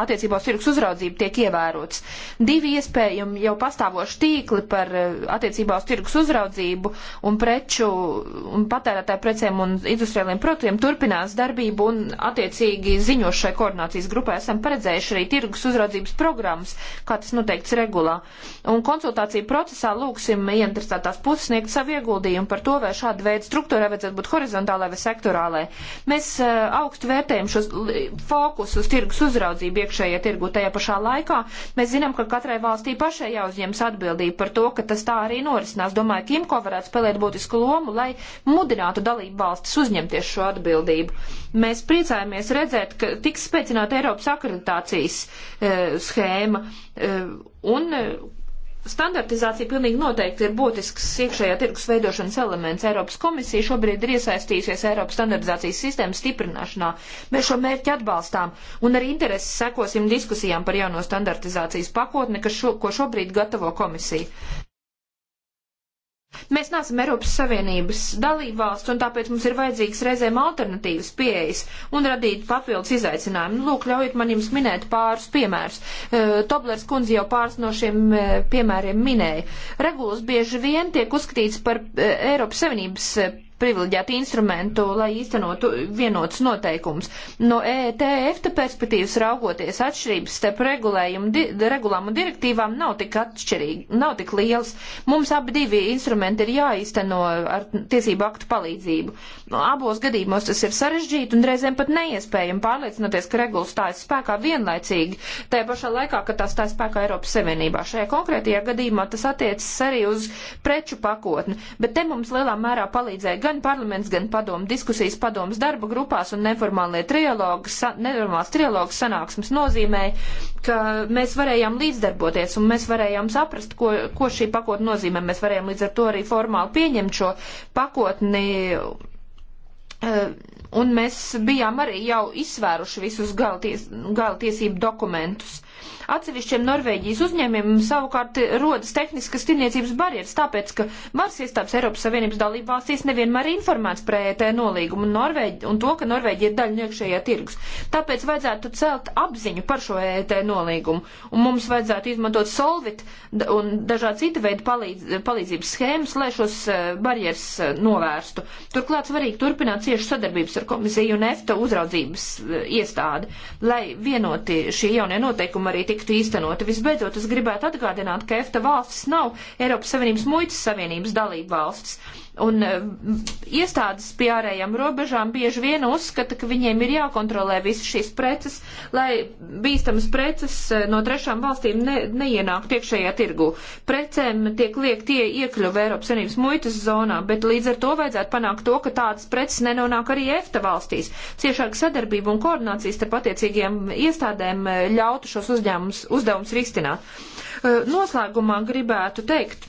attiecībā uz tirgus uzraudzību tiek ievērotas. Divi iespējami jau pastāvoši tīkli par e, attiecībā uz tirgus uzraudzību un preču un patērētāju precēm un industriāliem produktiem turpinās darbību un attiecīgi ziņošai koordinācijas grupai esam paredzējuši arī tirgus uzraudzības programmas, kā tas noteikts regulā. Un konsultāciju procesā lūksim ieinteresētās puses sniegt savu ieguldījumu par to, vai šāda veida struktūra vajadzētu būt horizontālai vai sektorālai. Mēs eh, augstu vērtējam šos fokus uz tirgus uzraudzību iekšējā tirgu tajā pašā laikā. Mēs zinām, ka katrai valstī pašai jāuzņems atbildība par to, ka tas tā arī norisinās. Domāju, ka IMCO varētu spēlēt būtisku lomu, lai mudinātu dalību valstis uzņemties šo atbildību. Mēs priecājamies redzēt, ka tiks spēcināta Eiropas akreditācijas e, schēma e, un Standartizācija pilnīgi noteikti ir būtisks iekšējā tirgus veidošanas elements. Eiropas komisija šobrīd ir iesaistījusies Eiropas standartizācijas sistēmas stiprināšanā. Mēs šo mērķi atbalstām un ar interesi sekosim diskusijām par jauno standartizācijas pakotni, šo, ko šobrīd gatavo komisija. Mēs neesam Eiropas Savienības dalībvalsts, un tāpēc mums ir vajadzīgs reizēm alternatīvas pieejas un radīt papildus izaicinājumu. Nu, lūk, ļaujiet man jums minēt pāris piemērus. Eh, Toblers kundze jau pāris no šiem eh, piemēriem minēja. Regulas bieži vien tiek uzskatīts par eh, Eiropas Savienības privileģētu instrumentu, lai īstenotu vienotus noteikumus. No ETF perspektīvas raugoties atšķirības starp di, regulām un direktīvām nav tik atšķirīgi, nav tik lielas. Mums abi divi instrumenti ir jāīsteno ar tiesību aktu palīdzību. No abos gadījumos tas ir sarežģīti un reizēm pat neiespējami pārliecinoties, ka regula stājas spēkā vienlaicīgi, tajā pašā laikā, kad tā stājas spēkā Eiropas Savienībā. Šajā konkrētajā gadījumā tas attiecas arī uz preču pakotni, bet te mums lielā mērā palīdzēja Gan parlaments, gan padomu diskusijas padomas darba grupās un neformālie trialogi, neformāls trialogs sanāksmes nozīmē, ka mēs varējām līdzdarboties un mēs varējām saprast, ko, ko šī pakotne nozīmē. Mēs varējām līdz ar to arī formāli pieņemt šo pakotni. E, un mēs bijām arī jau izsvēruši visus galties, galtiesību dokumentus. Atsevišķiem Norvēģijas uzņēmiem savukārt rodas tehniskas tirniecības barjeras, tāpēc, ka varas iestādes Eiropas Savienības dalībvalstīs nevienmēr informēts par ET nolīgumu un, Norvēģi, un to, ka Norvēģija ir daļa no iekšējā tirgus. Tāpēc vajadzētu celt apziņu par šo ET nolīgumu, un mums vajadzētu izmantot solvit un dažādi cita veida palīdz, palīdzības schēmas, lai šos e, barjeras e, novērstu. Turklāt svarīgi turpināt ciešu sadarbības ar komisiju un EFTA uzraudzības e, iestādi, lai vienoti šie jaunie noteikumi noteikumi arī tiktu īstenoti. Visbeidzot, es gribētu atgādināt, ka EFTA valstis nav Eiropas Savienības muitas savienības dalība valstis. Un e, iestādes pie ārējām robežām bieži vien uzskata, ka viņiem ir jākontrolē visas šīs preces, lai bīstamas preces e, no trešām valstīm ne, neienāktu iekšējā tirgu. Precēm tiek liek tie iekļuvi Eiropas Savienības muitas zonā, bet līdz ar to vajadzētu panākt to, ka tādas preces nenonāk arī EFTA valstīs. Ciešāka sadarbība un koordinācijas starp attiecīgiem iestādēm e, ļautu šos uzņēmums, uzdevums risināt. Noslēgumā gribētu teikt,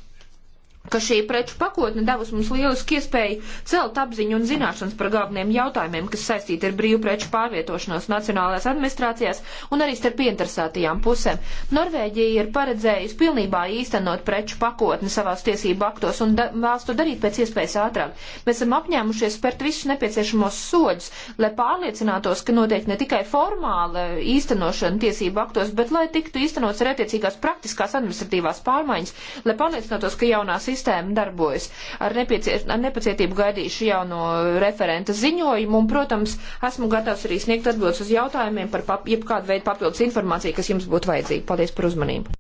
ka šī preču pakotne devusi mums lielisku iespēju celt apziņu un zināšanas par galveniem jautājumiem, kas saistīti ar brīvu preču pārvietošanos nacionālajās administrācijās un arī starp interesētajām pusēm. Norvēģija ir paredzējusi pilnībā īstenot preču pakotni savās tiesību aktos un vēlas to darīt pēc iespējas ātrāk. Mēs esam apņēmušies spērt visus nepieciešamos soļus, lai pārliecinātos, ka notiek ne tikai formāla īstenošana tiesību aktos, bet lai tiktu īstenots arī attiecīgās praktiskās administratīvās pārmaiņas, lai pārliecinātos, ka jaunās sistēma darbojas. Ar, nepiecie, ar nepacietību gaidīšu jauno referenta ziņojumu un, protams, esmu gatavs arī sniegt atbildes uz jautājumiem par pap, jebkādu veidu papildus informāciju, kas jums būtu vajadzīga. Paldies par uzmanību.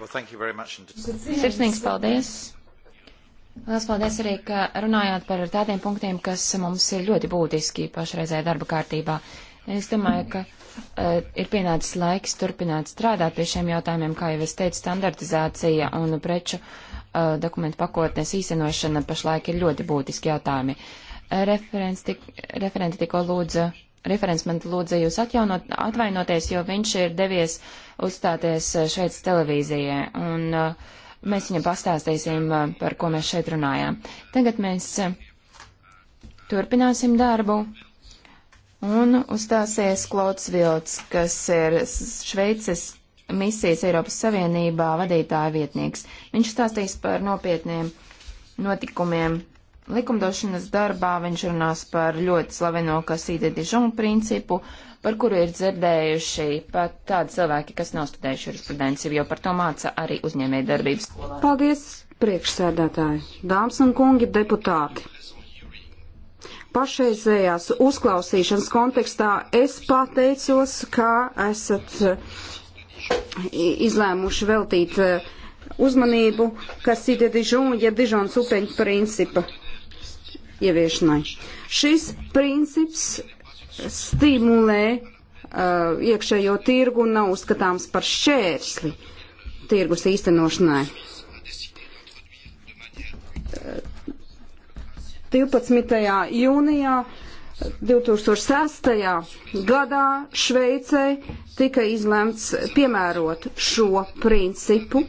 Well, Sirsnīgs paldies! Lielas paldies arī, ka runājāt par tādiem punktiem, kas mums ir ļoti būtiski pašreizējā darba kārtībā. Es domāju, ka Eh, ir pienācis laiks turpināt strādāt pie šiem jautājumiem, kā jau es teicu, standartizācija un preču uh, dokumentu pakotnes īstenošana pašlaik ir ļoti būtiski jautājumi. Eh, tik, referenti tikko lūdza, referents man lūdza jūs atjaunot, atvainoties, jo viņš ir devies uzstāties Šveicas televīzijai, un uh, mēs viņam pastāstīsim, uh, par ko mēs šeit runājām. Tagad mēs turpināsim darbu un uzstāsies Klauds Vilts, kas ir Šveices misijas Eiropas Savienībā vadītāja vietnieks. Viņš stāstīs par nopietniem notikumiem likumdošanas darbā, viņš runās par ļoti slaveno kasīde dižonu principu, par kuru ir dzirdējuši pat tādi cilvēki, kas nav studējuši jurisprudenci, jo par to māca arī uzņēmēja darbības. Paldies, priekšsēdētāji, dāmas un kungi, deputāti! pašreizējās uzklausīšanas kontekstā es pateicos, ka esat e, izlēmuši veltīt e, uzmanību, kas ir Dižona, ja Dižons upeņu principa ieviešanai. Šis princips stimulē uh, iekšējo tirgu un nav uzskatāms par šķērsli tirgus īstenošanai. 12. jūnijā 2006. gadā Šveicē tika izlemts piemērot šo principu,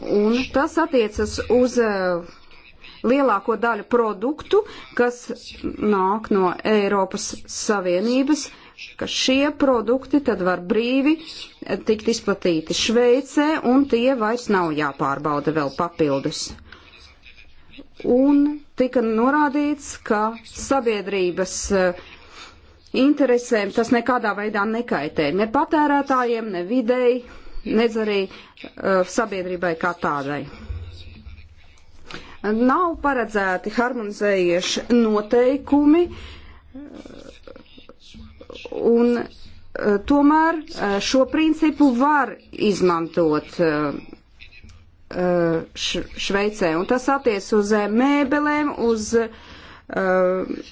un tas attiecas uz e, lielāko daļu produktu, kas nāk no Eiropas Savienības, ka šie produkti tad var brīvi e, tikt izplatīti Šveicē, un tie vairs nav jāpārbauda vēl papildus un tika norādīts, ka sabiedrības eh, interesēm tas nekādā veidā nekaitē ne patērētājiem, ne videi, nedz arī eh, sabiedrībai kā tādai. Nav paredzēti harmonizējuši noteikumi, eh, un tomēr šo principu var izmantot Uh, Šveicē. Un tas attiec uz uh, mēbelēm, uz, uh,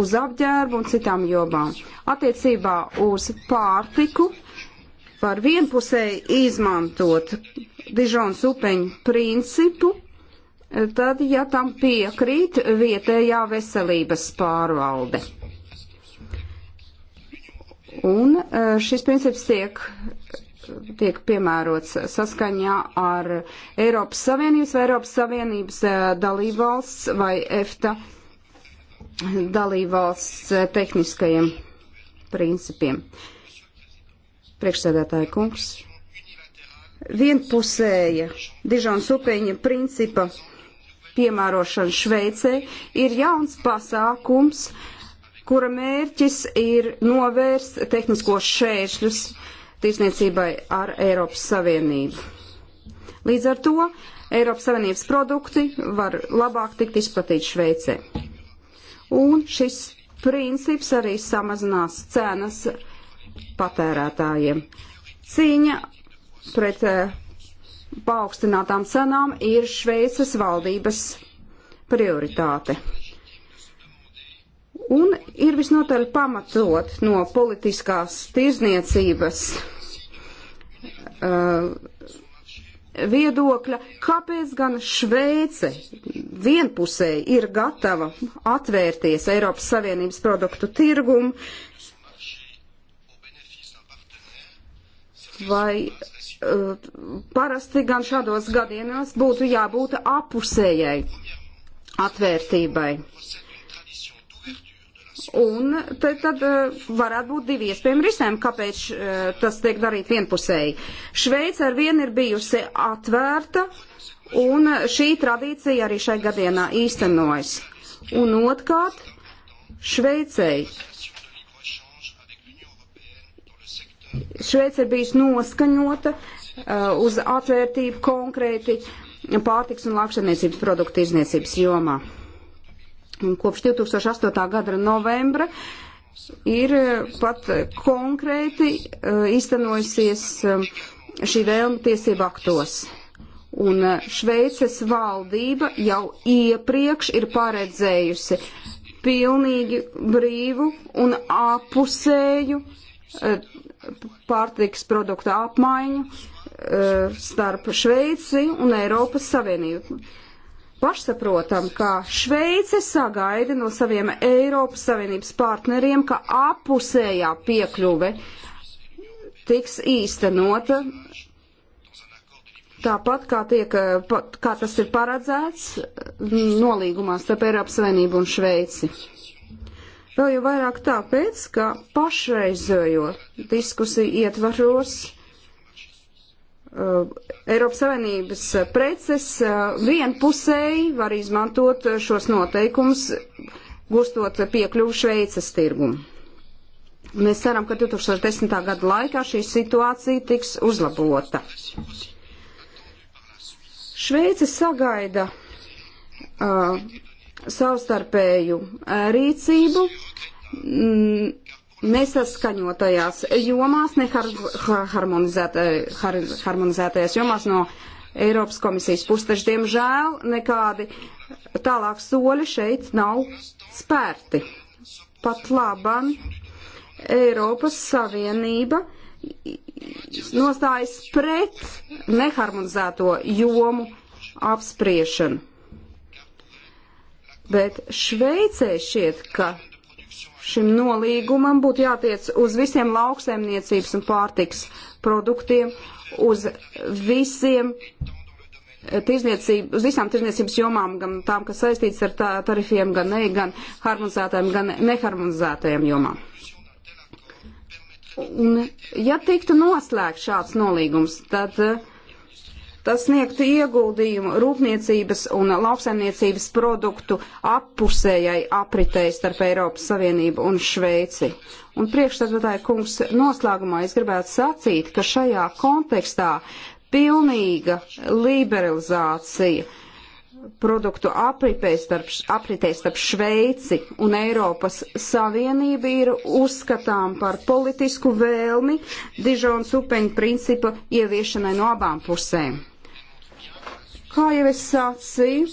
uz apģērbu un citām jomām. Attiecībā uz pārtiku var vienpusēji izmantot dižons upeņu principu, tad, ja tam piekrīt vietējā veselības pārvalde. Un šis princips tiek tiek piemērots saskaņā ar Eiropas Savienības vai Eiropas Savienības eh, dalībvalsts vai EFTA dalībvalsts eh, tehniskajiem principiem. Priekšsēdētāja kungs. Vienpusēja Dižona Supēņa principa piemērošana Šveicē ir jauns pasākums, kura mērķis ir novērst tehniskos šēršļus uh, tirsniecībai ar Eiropas Savienību. Līdz ar to Eiropas Savienības produkti var labāk tikt izplatīti Šveicē. Un šis princips arī samazinās cenas patērētājiem. Cīņa pret eh, paaugstinātām cenām ir Šveices valdības prioritāte un ir visnotaļ pamatot no politiskās tirzniecības uh, viedokļa, kāpēc gan Šveice vienpusēji ir gatava atvērties Eiropas Savienības produktu tirgumu, vai uh, parasti gan šādos gadījumos būtu jābūt apusējai atvērtībai. Uh, Un te tad eh, varētu būt divi iespējami risinājumi, kāpēc eh, tas tiek darīt vienpusēji. Šveica ar vienu ir bijusi atvērta, un šī tradīcija arī šai gadienā īstenojas. Un otrkārt, Šveicei. Šveice ir bijusi noskaņota uh, uz atvērtību konkrēti pārtiks un lakšanniecības produktu izniecības jomā kopš 2008. gada novembra ir pat konkrēti iztenojusies e, e, šī vēlme tiesību aktos. Un e, Šveices valdība jau iepriekš ir paredzējusi pilnīgi brīvu un apusēju pārtiks produktu apmaiņu starp Šveici un Eiropas Savienību. Pašsaprotam, ka Šveice sagaida no saviem Eiropas Savienības partneriem, ka apusējā piekļuve tiks īstenota tāpat, kā, tiek, eh, kā tas ir paredzēts mm, nolīgumā starp Eiropas Savienību un Šveici. Vēl jau vairāk tāpēc, ka pašreizējo diskusiju ietvaros Eh, Eiropas Savienības preces eh, vienpusēji var izmantot šos noteikumus, gustot piekļuvu Šveices tirgumu. Mēs ceram, ka 2010. gada laikā šī situācija tiks uzlabota. Šveice sagaida uh, savstarpēju uh, rīcību. Mm, nesaskaņotajās jomās, ne har, harmonizētā, har, harmonizētajās jomās no Eiropas komisijas puses. Taču, diemžēl, nekādi tālāk soļi šeit nav spērti. Pat labam Eiropas Savienība nostājas pret neharmonizēto jomu apspriešanu. Bet Šveicē šķiet, ka Šim nolīgumam būtu jātiec uz visiem lauksaimniecības un pārtiks produktiem, uz visiem tirzniecību, uz visām tirzniecības jomām, gan tām, kas saistīts ar tā, tarifiem, gan ne, gan harmonizētājiem, gan neharmonizētajiem jomām. Un, ja tiktu noslēgts šāds nolīgums, tad uh, Tas sniegtu ieguldījumu rūpniecības un lauksaimniecības produktu appusējai apritei starp Eiropas Savienību un Šveici. Un priekšstādātāja kungs noslēgumā es gribētu sacīt, ka šajā kontekstā pilnīga liberalizācija produktu apritē starp, apritē starp Šveici un Eiropas Savienību ir uzskatām par politisku vēlmi Dižons upeņu principu ieviešanai no abām pusēm. Kā jau es sacīju,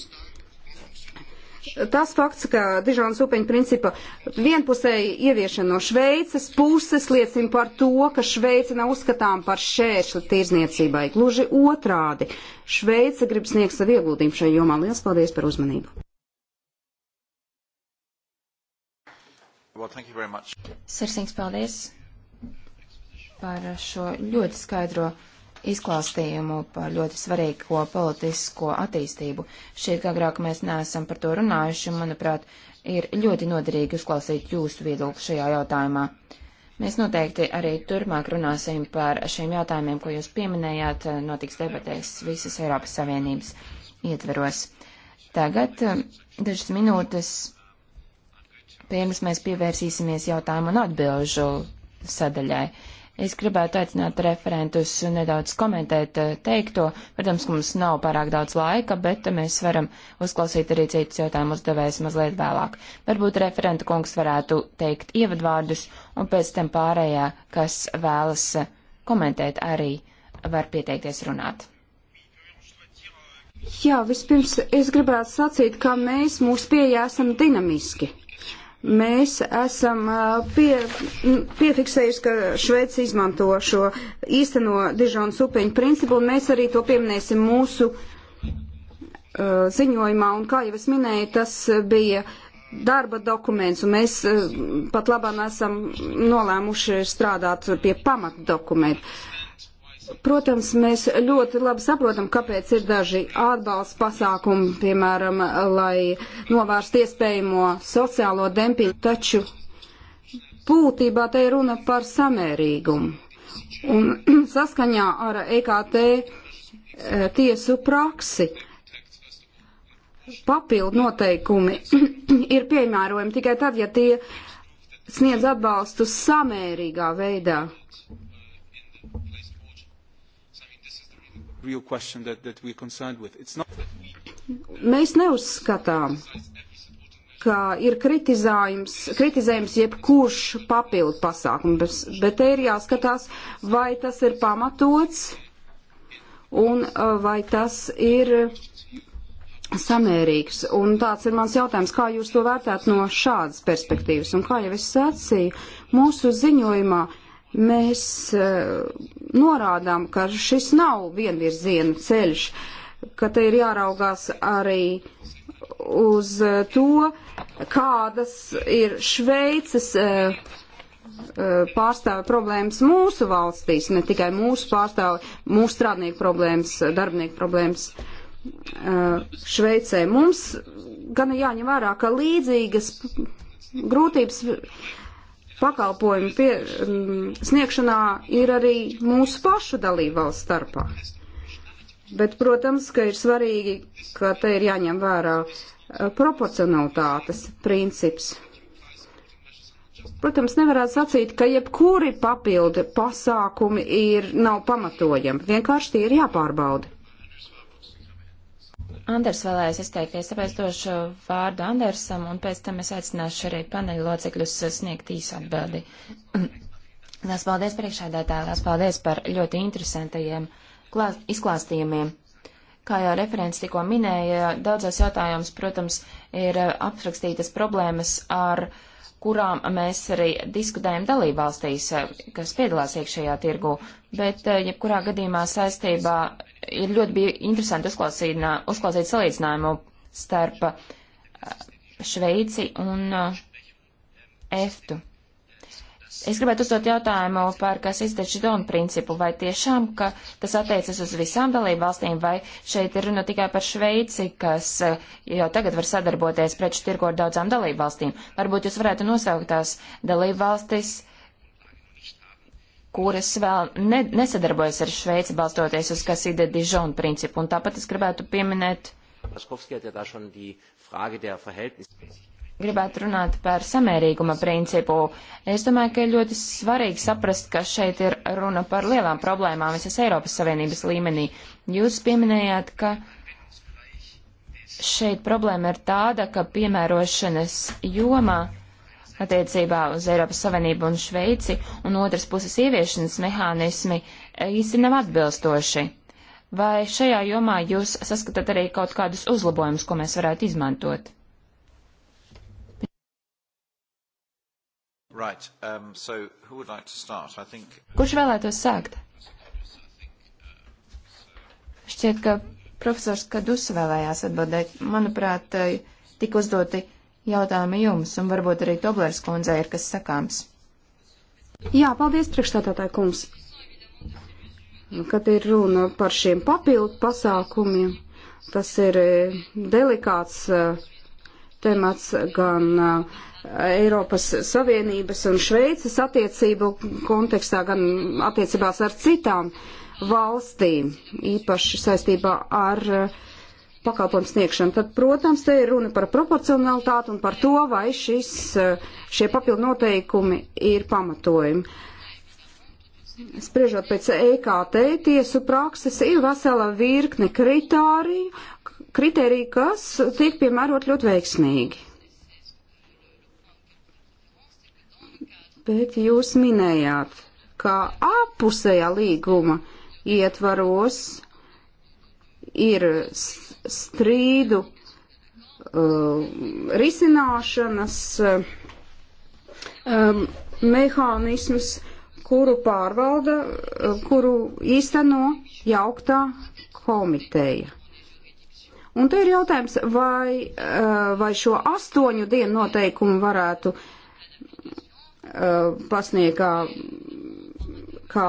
tas fakts, ka Dižānas upeņu principa vienpusēji ieviešana no Šveices puses liecina par to, ka Šveice nav uzskatām par šēršli tirzniecībai. Gluži otrādi, Šveice grib sniegt savu ieguldījumu šajā jomā. Lielas paldies par uzmanību! Well, Sirsnīgs paldies par šo ļoti skaidro izklāstījumu par ļoti svarīgo politisko attīstību. Šķiet, ka agrāk mēs neesam par to runājuši, un, manuprāt, ir ļoti noderīgi uzklausīt jūsu viedokli šajā jautājumā. Mēs noteikti arī turpmāk runāsim par šiem jautājumiem, ko jūs pieminējāt, notiks debatēs visas Eiropas Savienības ietveros. Tagad um, dažas minūtes pirms mēs pievērsīsimies jautājumu un atbilžu sadaļai. Uh, Es gribētu aicināt referentus nedaudz komentēt eh, teikto. Protams, ka mums nav pārāk daudz laika, bet mēs varam uzklausīt arī citus jautājumus devējus mazliet vēlāk. Varbūt referenta kungs varētu teikt ievadvārdus, un pēc tam pārējā, kas vēlas komentēt, arī var pieteikties runāt. Jā, vispirms es gribētu sacīt, ka mēs mūsu pieeja esam dinamiski. Mēs esam pie, piefiksējuši, ka Šveica izmanto šo īsteno dižonu supeņu principu, un mēs arī to pieminēsim mūsu ziņojumā, un kā jau es minēju, tas bija darba dokuments, un mēs pat labāk esam nolēmuši strādāt pie pamatdokumentu. Protams, mēs ļoti labi saprotam, kāpēc ir daži atbalsta pasākumi, piemēram, lai novērstu iespējamo sociālo dempingu, taču būtībā te ir runa par samērīgumu. Un saskaņā ar EKT eh, tiesu praksi papildu noteikumi ir piemērojami tikai tad, ja tie sniedz atbalstu samērīgā veidā. real question that, that we're concerned with. It's not... Mēs neuzskatām, ka ir kritizējums, kritizējums jebkurš papildu pasākums, bet te ir jāskatās, vai tas ir pamatots un uh, vai tas ir samērīgs. Un tāds ir mans jautājums, kā jūs to vērtētu no šādas perspektīvas. Un kā jau es sacīju, mūsu ziņojumā Mēs eh, norādām, ka šis nav vienvirziena ceļš, ka te ir jāraugās arī uz eh, to, kādas ir Šveices eh, pārstāvi problēmas mūsu valstīs, ne tikai mūsu pārstāvi, mūsu strādnieku problēmas, darbinieku problēmas Šveicē. Mums gan jāņem vērā, ka līdzīgas grūtības pakalpojumu pie, um, sniegšanā ir arī mūsu pašu dalībvalsts starpā. Bet, protams, ka ir svarīgi, ka te ir jāņem vērā uh, proporcionalitātes princips. Protams, nevarētu sacīt, ka jebkuri papildu pasākumi ir, nav pamatojami. Vienkārši tie ir jāpārbauda. Anders vēlējas izteikties, tāpēc došu vārdu Andersam, un pēc tam es aicināšu arī paneļa locekļus sniegt īsu atbildi. Lielas paldies priekšādētāji, lielas paldies par ļoti interesantajiem klās, izklāstījumiem. Kā jau referents tikko minēja, daudzos jautājums, protams, ir eh, aprakstītas problēmas ar uh, kurām mēs arī diskutējam dalībvalstīs, eh, kas piedalās iekšējā tirgu, bet eh, jebkurā gadījumā saistībā ir ļoti bija interesanti uzklausīt, uzklausīt salīdzinājumu starp eh, Šveici un EFTU. Es gribētu uzdot jautājumu par kas izteči donu principu, vai tiešām, ka tas attiecas uz visām dalību valstīm, vai šeit ir runa tikai par Šveici, kas eh, jau tagad var sadarboties preču tirgo ar daudzām dalību valstīm. Varbūt jūs varētu nosaukt tās dalību valstis, kuras vēl ne, nesadarbojas ar Šveici, balstoties uz kas ide dižonu principu. Un tāpat es gribētu pieminēt. Paskovskijā, tā šon die Frage der Verhältnismäßigkeit gribētu runāt par samērīguma principu. Es domāju, ka ir ļoti svarīgi saprast, ka šeit ir runa par lielām problēmām visas Eiropas Savienības līmenī. Jūs pieminējāt, ka šeit problēma ir tāda, ka piemērošanas jomā attiecībā uz Eiropas Savienību un Šveici un otras puses ieviešanas mehānismi īsti nav atbilstoši. Vai šajā jomā jūs saskatāt arī kaut kādus uzlabojumus, ko mēs varētu izmantot? Right. Um, so who would like to start? I think... Kurš vēlētos sākt? Šķiet, ka profesors Kadus vēlējās atbildēt. Manuprāt, eh, tik uzdoti jautājumi jums, un varbūt arī Toblers kundzē ir kas sakāms. Jā, paldies, priekšstādātāji kungs. Nu, kad ir runa par šiem papildu pasākumiem, tas ir eh, delikāts eh, temats gan uh, Eiropas Savienības un Šveices attiecību kontekstā, gan attiecībās ar citām valstīm, īpaši saistībā ar eh, pakalpojumu sniegšanu. Tad, protams, te ir runa par proporcionalitāti un par to, vai šis, eh, šie papildu noteikumi ir pamatojumi. Spriežot pēc EKT tiesu prakses, ir vesela virkne kritāriju, kritēriju, kas tiek piemērot ļoti veiksmīgi. bet jūs minējāt, ka ārpusējā līguma ietvaros ir strīdu uh, risināšanas uh, um, mehānisms, kuru pārvalda, uh, kuru īsteno jauktā komiteja. Un te ir jautājums, vai, uh, vai šo astoņu dienu noteikumu varētu uh, Uh, pasniegt kā, kā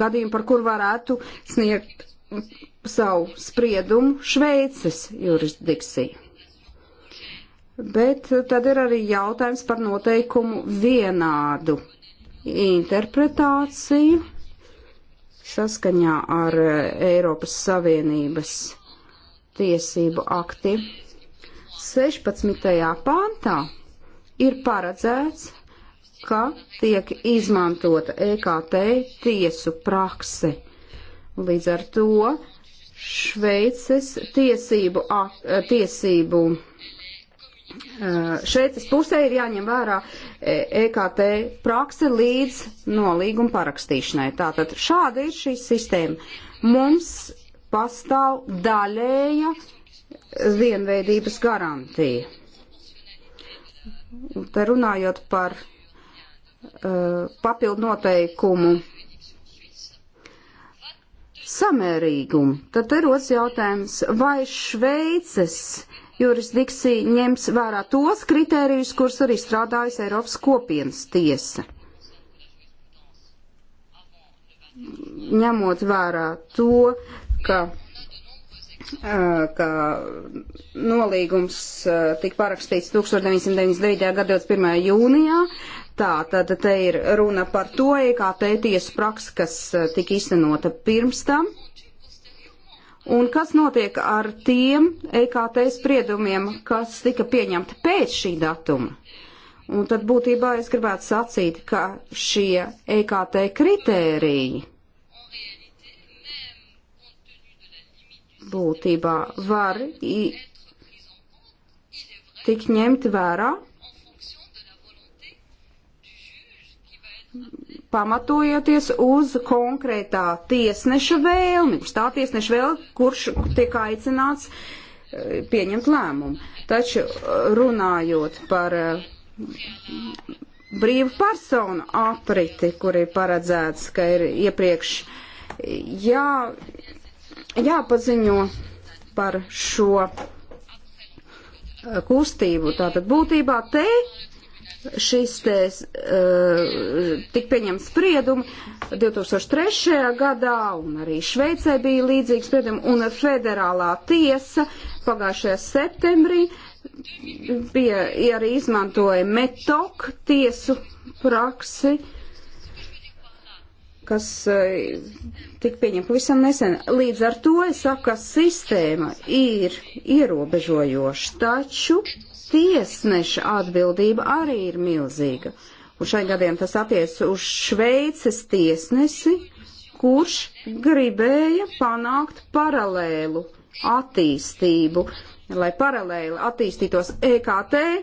gadījumu, par kur varētu sniegt savu spriedumu Šveices jurisdikcija. Bet tad ir arī jautājums par noteikumu vienādu interpretāciju saskaņā ar Eiropas Savienības tiesību akti. 16. pāntā ir paredzēts, ka tiek izmantota EKT tiesu prakse. Līdz ar to Šveices tiesību, eh, tiesību eh, Šveices pusē ir jāņem vērā EKT eh, e prakse līdz nolīguma parakstīšanai. Tātad šāda ir šī sistēma. Mums pastāv daļēja vienveidības garantija. Un te runājot par Uh, papildu noteikumu samērīgumu, tad te rodas jautājums, vai Šveices jurisdikcija ņems vērā tos kritērijus, kurus arī strādājas Eiropas kopienas tiesa. Ņemot vērā to, ka, uh, ka nolīgums uh, tika parakstīts 1999. gada 21. jūnijā, Tā tad te ir runa par to IKT e tiesu praksi, kas eh, tika iztenota pirms tam. Un kas notiek ar tiem EKT spriedumiem, kas tika pieņemti pēc šī datuma? Un tad būtībā es gribētu sacīt, ka šie EKT kritēriji būtībā var tikt ņemti vērā pamatojoties uz konkrētā tiesneša vēlmi, uz tā tiesneša vēlmi, kurš tiek aicināts eh, pieņemt lēmumu. Taču eh, runājot par eh, brīvu personu apriti, kur ir paredzēts, ka ir iepriekš jā, jāpaziņo par šo kustību. Tātad būtībā te šis te uh, tik pieņems spriedumi 2003. gadā, un arī Šveicē bija līdzīgs spriedumi, un federālā tiesa pagājušajā septembrī bija arī izmantoja metok tiesu praksi, kas uh, eh, tika pieņemta pavisam nesen. Līdz ar to es saku, ka sistēma ir ierobežojoša, taču tiesneša atbildība arī ir milzīga. Un šai gadiem tas attiec uz Šveices tiesnesi, kurš gribēja panākt paralēlu attīstību, lai paralēli attīstītos EKT e,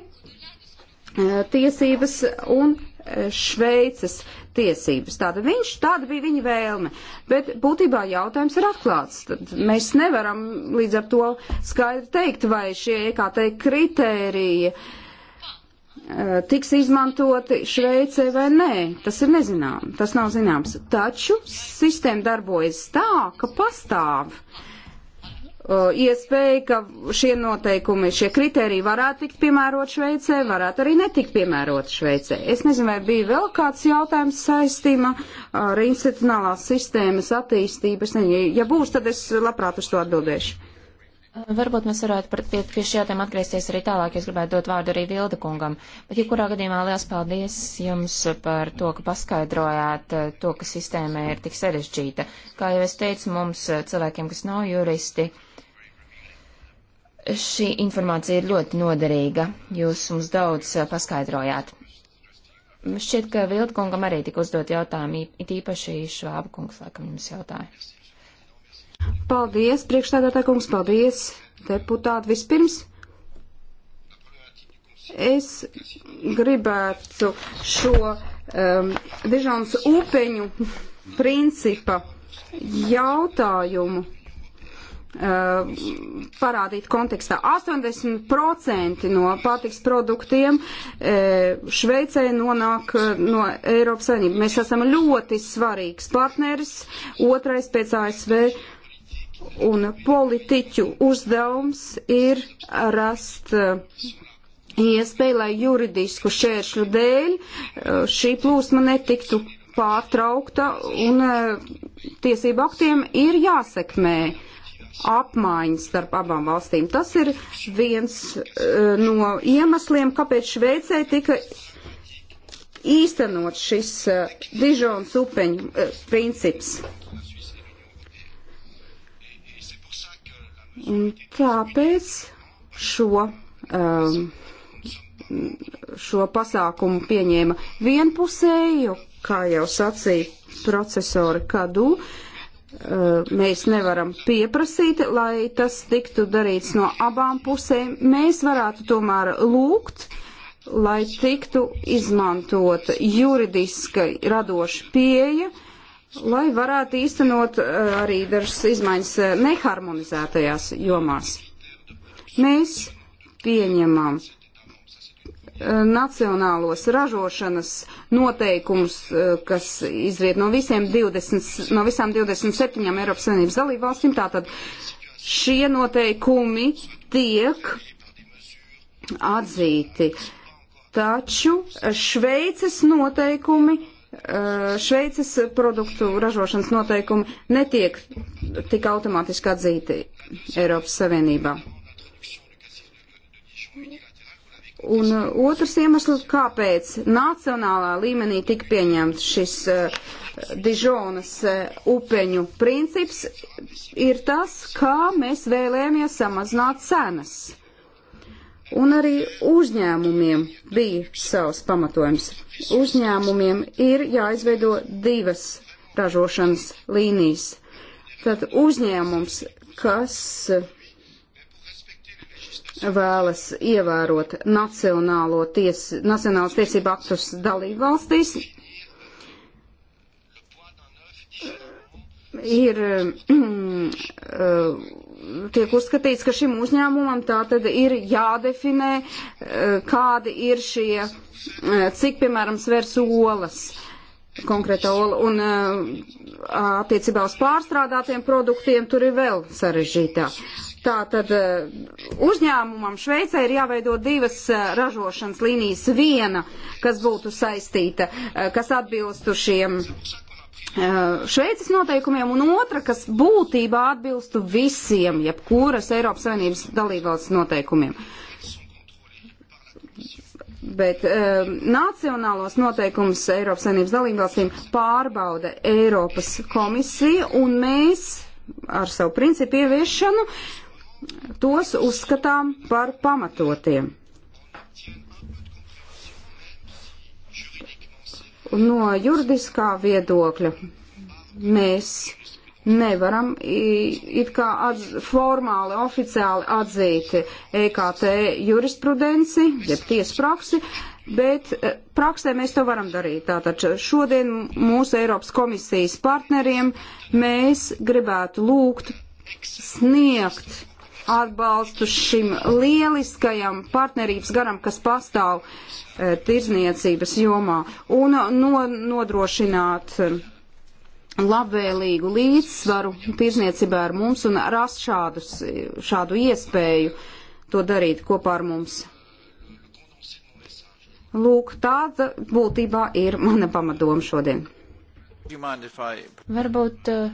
tiesības un e, Šveices tiesības. Tāda, viņš, tāda bija viņa vēlme. Bet būtībā jautājums ir atklāts. Tad mēs nevaram līdz ar to skaidri teikt, vai šie EKT kritēriji eh, tiks izmantoti Šveicē vai nē. Tas ir nezinām, tas nav zināms. Taču sistēma darbojas tā, ka pastāv uh, Uh, iespēja, ka šie noteikumi, šie kriteriji varētu tikt piemērot Šveicē, varētu arī netikt piemērot Šveicē. Es nezinu, vai bija vēl kāds jautājums saistīma ar institucionālās sistēmas attīstību. Es nezinu, ja būs, tad es labprāt uz to atbildēšu. Uh, varbūt mēs varētu pie, pie šī jautājuma atgriezties arī tālāk, ja es gribētu dot vārdu arī Vilda kungam. Bet, ja kurā gadījumā liels paldies jums par to, ka paskaidrojāt uh, to, ka sistēma ir tik sarežģīta. Kā jau es teicu, mums cilvēkiem, kas nav juristi, uh, Šī informācija ir ļoti noderīga. Jūs mums daudz eh, paskaidrojāt. Šķiet, ka Vildkungam arī tika uzdot jautājumi, it īpaši Švāba kungs laikam jums jautāja. Paldies, priekšstādātā kungs, paldies, deputāti vispirms. Es gribētu šo um, Dižons upeņu principa jautājumu Uh, parādīt kontekstā. 80% no pārtiks produktiem uh, Šveicē nonāk uh, no Eiropas Savienības. Mēs esam ļoti svarīgs partneris, otrais pēc ASV, un politiķu uzdevums ir rast iespēju, lai juridisku šēršļu dēļ šī plūsma netiktu pārtraukta, un tiesību aktiem ir jāsekmē apmaiņas starp abām valstīm. Tas ir viens uh, no iemesliem, kāpēc Šveicē tika īstenot šis uh, dižons upeņu uh, princips. Un tāpēc šo, um, šo pasākumu pieņēma vienpusēju, kā jau sacīja procesori Kadu, uh, Eh, mēs nevaram pieprasīt, lai tas tiktu darīts no abām pusēm. Mēs varētu tomēr lūgt, lai tiktu izmantot juridiska radoša pieeja, lai varētu īstenot eh, arī dažas izmaiņas eh, neharmonizētajās jomās. Mēs pieņemam nacionālos ražošanas noteikumus, eh, kas izriet no, visiem 20, no visām 27 Eiropas Savienības dalībvalstīm. Tātad šie noteikumi tiek atzīti. Taču Šveices noteikumi, eh, Šveices produktu ražošanas noteikumi netiek tik automātiski atzīti Eiropas Savienībā. Un uh, otrs iemesls, kāpēc nacionālā līmenī tika pieņemts šis uh, Dižonas uh, upeņu princips, ir tas, kā mēs vēlējāmies samazināt cenas. Un arī uzņēmumiem bija savs pamatojums. Uzņēmumiem ir jāizveido divas ražošanas līnijas. Tad uzņēmums, kas. Uh, vēlas ievērot nacionālo ties, nacionālas tiesību aktus dalību valstīs, ir, eh, tiek uzskatīts, ka šim uzņēmumam tā tad ir jādefinē, eh, kādi ir šie, eh, cik, piemēram, svers olas konkrēta ola, un attiecībā uz pārstrādātiem produktiem tur ir vēl sarežģītāk. Tātad eh, uzņēmumam Šveicē ir jāveido divas eh, ražošanas līnijas. Viena, kas būtu saistīta, eh, kas atbilstu šiem Šveices noteikumiem, un otra, kas būtībā atbilstu visiem, jebkuras Eiropas Savienības dalībvalsts noteikumiem. Bet um, nacionālos noteikumus Eiropas Savienības dalībvalstīm pārbauda Eiropas komisija, un mēs ar savu principu ieviešanu uh, tos uzskatām par pamatotiem. No juridiskā viedokļa mēs nevaram it kā atz, formāli, oficiāli atzīt EKT jurisprudenci, jeb tiespraksi, bet e, praksē mēs to varam darīt. Tātad šodien mūsu Eiropas komisijas partneriem mēs gribētu lūgt sniegt atbalstu šim lieliskajam partnerības garam, kas pastāv e, tirzniecības jomā, un e, no, nodrošināt e, labvēlīgu līdzsvaru tirzniecībā ar mums un rast šādus, e, šādu iespēju to darīt kopā ar mums. Lūk, tāda būtībā ir mana pamatoma šodien. Varbūt uh,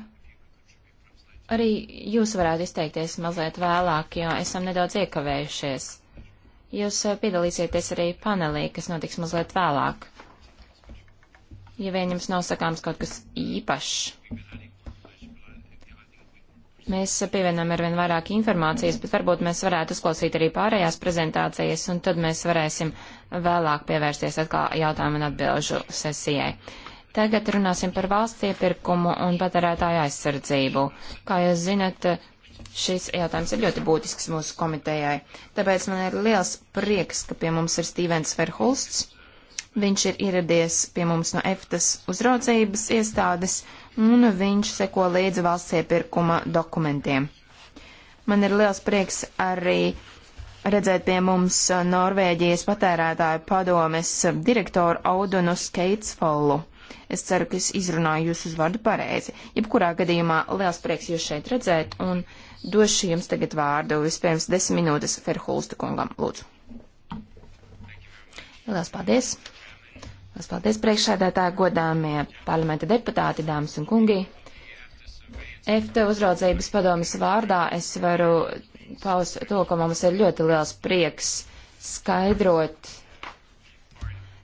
Arī jūs varētu izteikties mazliet vēlāk, jo esam nedaudz iekavējušies. Jūs eh, piedalīsieties arī panelī, kas notiks mazliet vēlāk. Ja vien jums nav sakāms kaut kas īpašs. Mēs eh, pievienam arvien vairāk informācijas, bet varbūt mēs varētu uzklausīt arī pārējās prezentācijas, un tad mēs varēsim vēlāk pievērsties atkal jautājumu un atbilžu sesijai. Tagad runāsim par valsts iepirkumu un patērētāju aizsardzību. Kā jūs zinat, šis jautājums ir ļoti būtisks mūsu komitejai. Tāpēc man ir liels prieks, ka pie mums ir Stīvens Verhulsts. Viņš ir ieradies pie mums no EFTAS uzraudzības iestādes, un viņš seko līdzi valsts iepirkuma dokumentiem. Man ir liels prieks arī redzēt pie mums uh, Norvēģijas patērētāju padomes uh, direktoru Audunu Skeitsfollu. Es ceru, ka es izrunāju jūsu uzvārdu pareizi. Jebkurā gadījumā liels prieks jūs šeit redzēt un došu jums tagad vārdu. Vispirms desmit minūtes Ferhulsta kungam, lūdzu. Liels paldies! Liels paldies priekšsēdētāji, godāmie parlamenta deputāti, dāmas un kungi! EFT uzraudzības padomjas vārdā es varu paust to, ka mums ir ļoti liels prieks skaidrot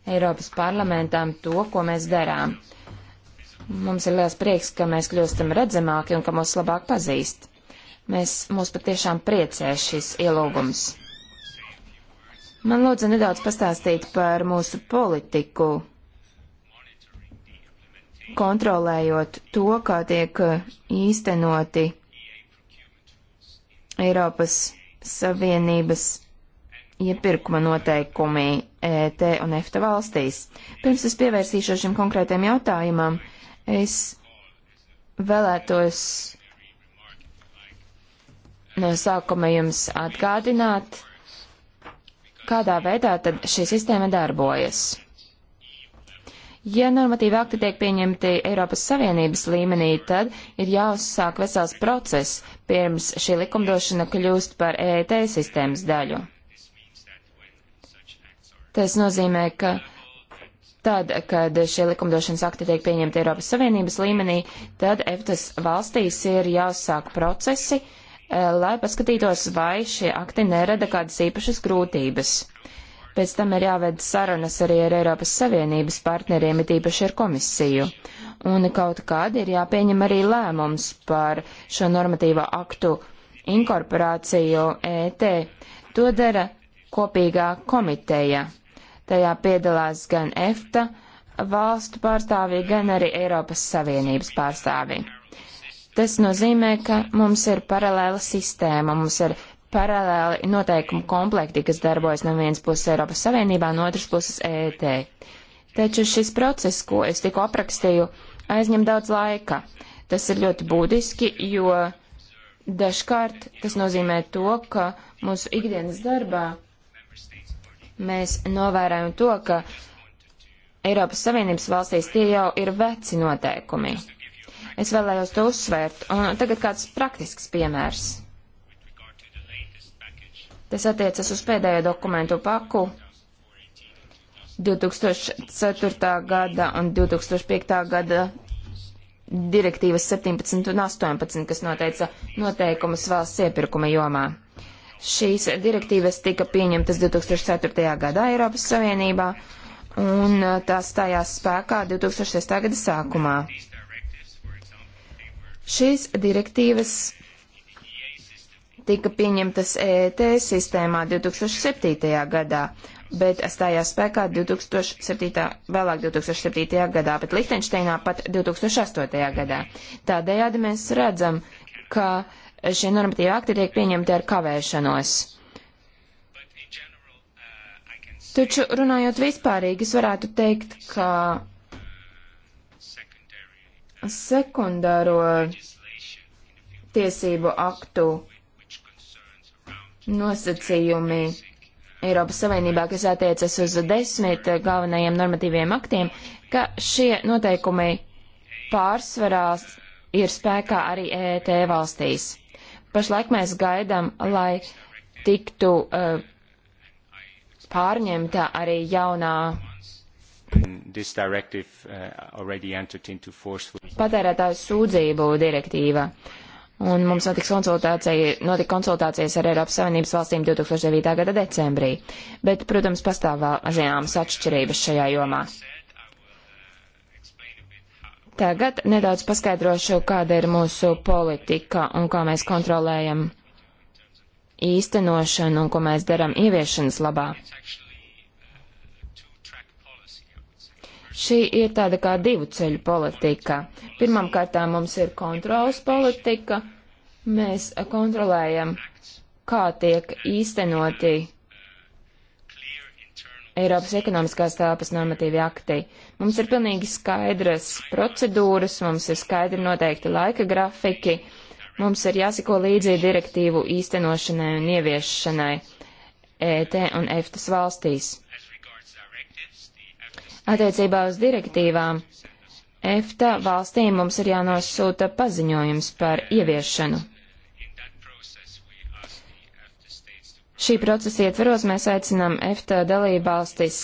Eiropas parlamentam to, ko mēs darām. Mums ir liels prieks, ka mēs kļūstam redzamāki un ka mūs labāk pazīst. Mēs mūs patiešām priecē šis ielūgums. Man lūdzu nedaudz pastāstīt par mūsu politiku, kontrolējot to, kā tiek īstenoti Eiropas Savienības iepirkuma noteikumi ET un EFTA valstīs. Pirms es pievērsīšos šim konkrētajam jautājumam, es vēlētos no sākuma jums atgādināt, kādā veidā tad šī sistēma darbojas. Ja normatīvi akti tiek pieņemti Eiropas Savienības līmenī, tad ir jāuzsāk vesels process, pirms šī likumdošana kļūst par EET sistēmas daļu. Tas nozīmē, ka tad, kad šie likumdošanas akti tiek pieņemti Eiropas Savienības līmenī, tad EFTAS valstīs ir jāsāk procesi, eh, lai paskatītos, vai šie akti nerada kādas īpašas grūtības. Pēc tam ir jāved sarunas arī ar Eiropas Savienības partneriem, it īpaši ar komisiju. Un kaut kādi ir jāpieņem arī lēmums par šo normatīvo aktu inkorporāciju ET. To dara kopīgā komiteja Tajā piedalās gan EFTA valstu pārstāvji, gan arī Eiropas Savienības pārstāvji. Tas nozīmē, ka mums ir paralēla sistēma, mums ir paralēli noteikumu komplekti, kas darbojas no vienas puses Eiropas Savienībā, no otras puses ET. Taču šis process, ko es tikko aprakstīju, aizņem daudz laika. Tas ir ļoti būtiski, jo dažkārt tas nozīmē to, ka mūsu ikdienas darbā mēs novērojam to, ka Eiropas Savienības valstīs tie jau ir veci noteikumi. Es vēlējos to uzsvērt, un tagad kāds praktisks piemērs. Tas attiecas uz pēdējo dokumentu paku 2004. gada un 2005. gada direktīvas 17 un 18, kas noteica noteikumus valsts iepirkuma jomā. Šīs direktīvas tika pieņemtas 2004. gadā Eiropas Savienībā, un uh, tās stājās spēkā 2006. gada sākumā. Šīs direktīvas tika pieņemtas EET sistēmā 2007. gadā, bet stājās spēkā 2007. vēlāk 2007. gadā, bet Lichtensteinā pat 2008. gadā. Tādējādi mēs redzam, ka uh, šie normatīvi akti tiek pieņemti ar kavēšanos. Taču runājot vispārīgi, es varētu teikt, ka sekundāro tiesību aktu nosacījumi Eiropas Savienībā, kas attiecas uz desmit galvenajiem normatīviem aktiem, ka šie noteikumi pārsvarās ir spēkā arī EET valstīs. Pašlaik mēs gaidām, lai tiktu uh, pārņemta arī jaunā eh, patērētāju sūdzību direktīva. Un mums notiks konsultācija, notika konsultācijas ar Eiropas Savienības valstīm 2009. gada decembrī, bet, protams, pastāv vēl zināmas atšķirības šajā jomā. Tagad nedaudz paskaidrošu, kāda ir mūsu politika un kā mēs kontrolējam īstenošanu un ko mēs darām ieviešanas labā. Šī ir tāda kā divu ceļu politika. Pirmkārt, mums ir kontrolas politika. Mēs kontrolējam, kā tiek īstenoti Eiropas ekonomiskās telpas normatīvi akti. Mums ir pilnīgi skaidras procedūras, mums ir skaidri noteikti laika grafiki, mums ir jāsiko līdzi direktīvu īstenošanai un ieviešanai ET un EFTAS valstīs. Attiecībā uz direktīvām EFTA valstīm mums ir jānosūta paziņojums par ieviešanu. Šī procesa ietveros mēs aicinām EFTA dalībvalstis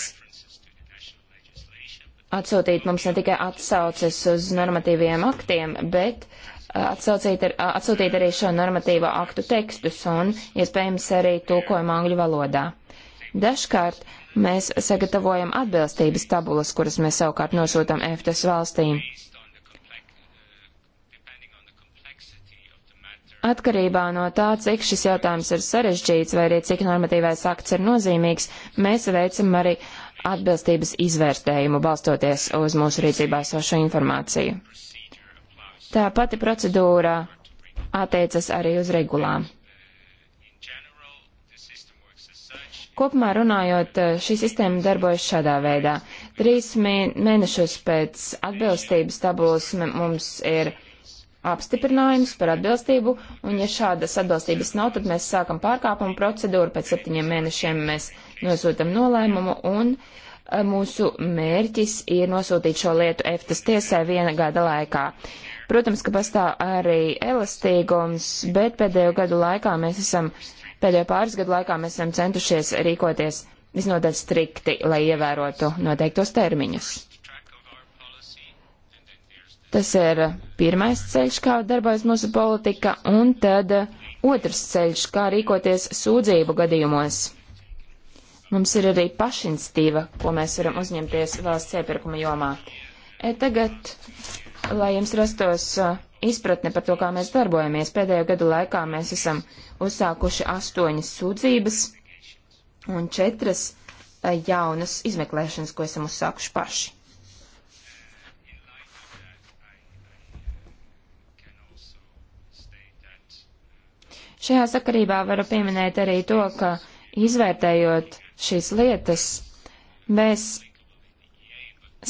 atsūtīt mums ne tikai atsauces uz normatīviem aktiem, bet uh, atsaucīt, ar, uh, atsūtīt arī šo normatīvo aktu tekstus un iespējams arī tulkojumu angļu valodā. Dažkārt mēs sagatavojam atbilstības tabulas, kuras mēs savukārt nosūtam EFTAS valstīm. Atkarībā no tā, cik šis jautājums ir sarežģīts vai arī cik normatīvais akts ir nozīmīgs, mēs veicam arī atbilstības izvērtējumu balstoties uz mūsu rīcībā sošo informāciju. Tā pati procedūra attiecas arī uz regulām. Kopumā runājot, šī sistēma darbojas šādā veidā. Trīs mēnešus pēc atbilstības tabulas mums ir apstiprinājumus par atbilstību, un ja šādas atbilstības nav, tad mēs sākam pārkāpumu procedūru, pēc septiņiem mēnešiem mēs nosūtam nolēmumu, un e, mūsu mērķis ir nosūtīt šo lietu EFTAS tiesai viena gada laikā. Protams, ka pastāv arī elastīgums, bet pēdējo gadu laikā mēs esam, pēdējo pāris gadu laikā mēs esam centušies rīkoties visnotaļ strikti, lai ievērotu noteiktos termiņus. Tas ir pirmais ceļš, kā darbojas mūsu politika, un tad otrs ceļš, kā rīkoties sūdzību gadījumos. Mums ir arī pašinstīva, ko mēs varam uzņemties valsts iepirkuma jomā. E, tagad, lai jums rastos e, izpratne par to, kā mēs darbojamies, pēdējo gadu laikā mēs esam uzsākuši astoņas sūdzības un četras e, jaunas izmeklēšanas, ko esam uzsākuši paši. Šajā sakarībā varu pieminēt arī to, ka izvērtējot šīs lietas, mēs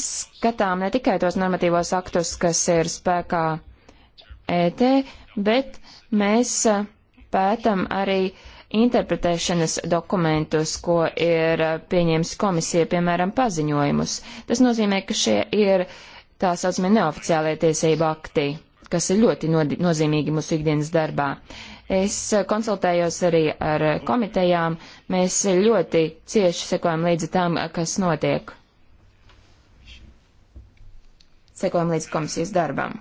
skatām ne tikai tos normatīvos aktus, kas ir spēkā ET, bet mēs uh, pētam arī interpretēšanas dokumentus, ko ir uh, pieņēmis komisija, piemēram, paziņojumus. Tas nozīmē, ka šie ir tā saucamie neoficiālie tiesība akti, kas ir ļoti nozīmīgi mūsu ikdienas darbā. Uh, Es konsultējos arī ar komitejām. Mēs ļoti cieši sekojam līdzi tam, kas notiek. Sekojam līdz komisijas darbam.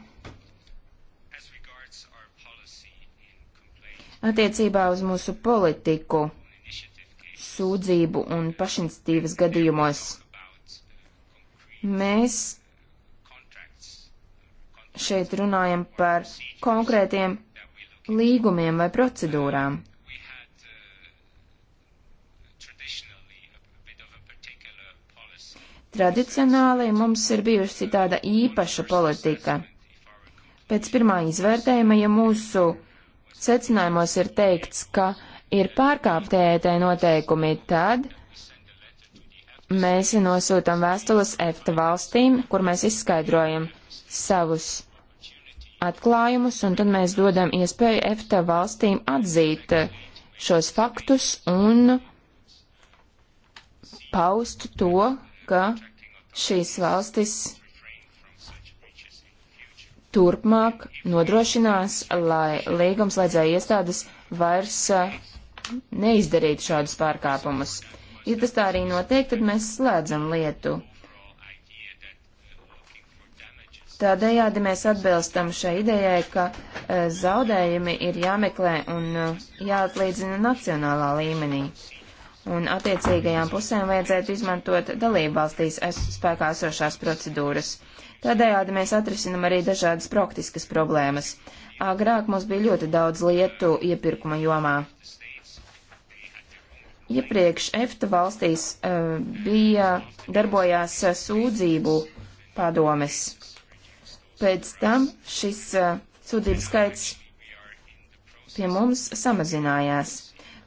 Attiecībā uz mūsu politiku, sūdzību un pašinstīvas gadījumos mēs šeit runājam par konkrētiem līgumiem vai procedūrām. Tradicionāli mums ir bijusi tāda īpaša politika. Pēc pirmā izvērtējuma, ja mūsu secinājumos ir teikts, ka ir pārkāpti ET noteikumi, tad mēs nosūtam vēstules EFTA valstīm, kur mēs izskaidrojam savus atklājumus, un tad mēs dodam iespēju EFTA valstīm atzīt eh, šos faktus un paust to, ka šīs valstis turpmāk nodrošinās, lai līgumslēdzēja iestādes vairs eh, neizdarītu šādus pārkāpumus. Ja tas tā arī notiek, tad mēs slēdzam lietu. Tādējādi mēs atbilstam šai idejai, ka e, zaudējumi ir jāmeklē un e, jāatlīdzina nacionālā līmenī. Un attiecīgajām pusēm vajadzētu izmantot dalībvalstīs es, spēkā esošās procedūras. Tādējādi mēs atrisinam arī dažādas praktiskas problēmas. Agrāk mums bija ļoti daudz lietu iepirkuma jomā. Iepriekš EFTA valstīs e, bija darbojās e, sūdzību padomes Pēc tam šis uh, sūdzību skaits pie mums samazinājās.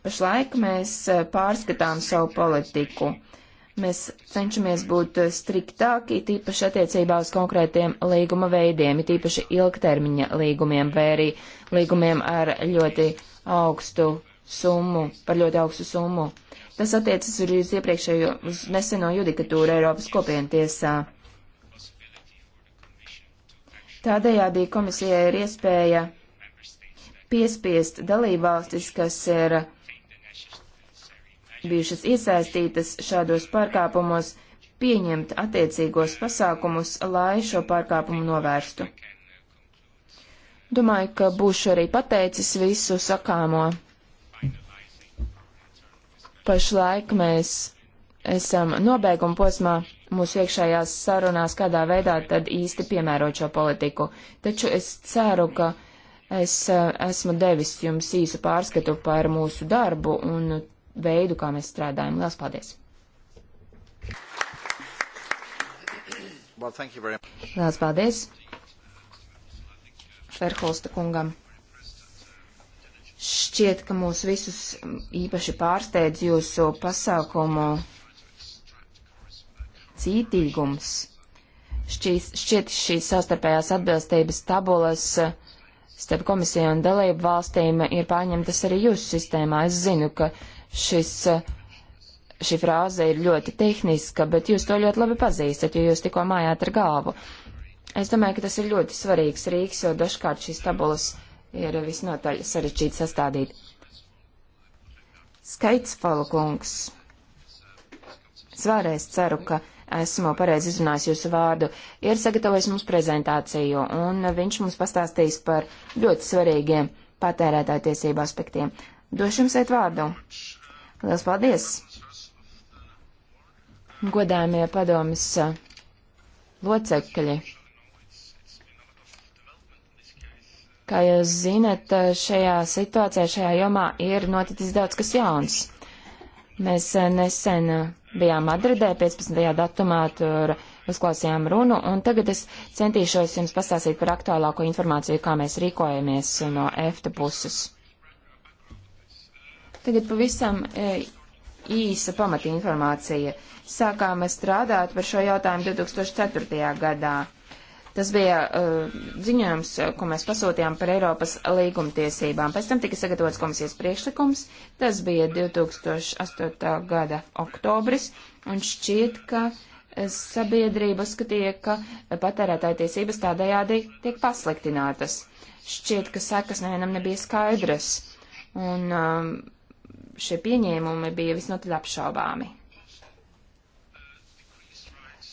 Pašlaik mēs uh, pārskatām savu politiku. Mēs cenšamies būt uh, striktāki, tīpaši attiecībā uz konkrētiem līguma veidiem, tīpaši ilgtermiņa līgumiem vai arī līgumiem ar ļoti augstu summu, par ļoti augstu summu. Tas attiecas arī uz iepriekšējo, uz neseno judikatūru Eiropas kopienu tiesā. Tādējādi komisijai ir iespēja piespiest dalībvalstis, kas ir bijušas iesaistītas šādos pārkāpumos, pieņemt attiecīgos pasākumus, lai šo pārkāpumu novērstu. Domāju, ka būšu arī pateicis visu sakāmo. Pašlaik mēs esam nobeiguma posmā mūsu iekšējās sarunās, kādā veidā tad īsti piemērot šo politiku. Taču es ceru, ka es eh, esmu devis jums īsu pārskatu par mūsu darbu un veidu, kā mēs strādājam. Lielas paldies! Well, Lielas paldies! Ferholsta kungam. Šķiet, ka mūs visus īpaši pārsteidz jūsu pasākumu cītīgums. Šķīs, šķiet šīs sastarpējās atbilstības tabulas eh, starp komisiju un dalību valstīm ir pārņemtas arī jūsu sistēmā. Es zinu, ka šis, eh, šī frāze ir ļoti tehniska, bet jūs to ļoti labi pazīstat, jo jūs tikko mājāt ar galvu. Es domāju, ka tas ir ļoti svarīgs rīks, jo dažkārt šīs tabulas ir visnotaļ sarežģīti sastādīt. Skaits, Falkungs. Es vēlreiz ceru, ka esmu pareizi izrunājis jūsu vārdu, ir sagatavojis mums prezentāciju, un viņš mums pastāstīs par ļoti svarīgiem patērētāju tiesību aspektiem. Došu jums iet vārdu. Lielas paldies! Godājumie padomis uh, locekļi. Kā jūs zinat, uh, šajā situācijā, šajā jomā ir noticis daudz kas jauns. Mēs uh, nesen bijām Madridē 15. datumā, tur uzklausījām runu, un tagad es centīšos jums pastāstīt par aktuālāko informāciju, kā mēs rīkojamies no EFTA puses. Tagad pavisam e, īsa pamata informācija. Sākām strādāt par šo jautājumu 2004. gadā. Tas bija uh, ziņojums, ko mēs pasūtījām par Eiropas līgumtiesībām. Pēc tam tika sagatavots komisijas priekšlikums. Tas bija 2008. gada oktobris, un šķiet, ka eh, sabiedrība uzskatīja, ka patērētāja tiesības tādējādi tiek pasliktinātas. Šķiet, ka sekas nevienam nebija skaidras, un um, šie pieņēmumi bija visnotaļ apšaubāmi.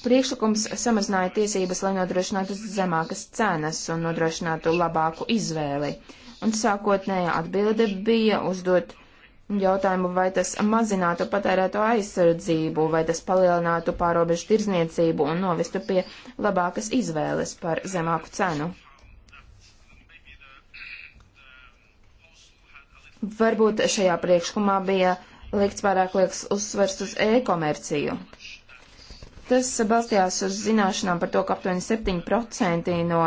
Priekšlikums samazināja tiesības, lai nodrošinātu zemākas cenas un nodrošinātu labāku izvēli. Un sākotnējā atbilde bija uzdot jautājumu, vai tas mazinātu patērēto aizsardzību, vai tas palielinātu pārobežu tirzniecību un novestu pie labākas izvēles par zemāku cenu. Varbūt šajā priekšlikumā bija liekts pārāk liekas uzsvers uz e-komerciju. Tas balstījās uz zināšanām par to, ka aptuveni 7% no,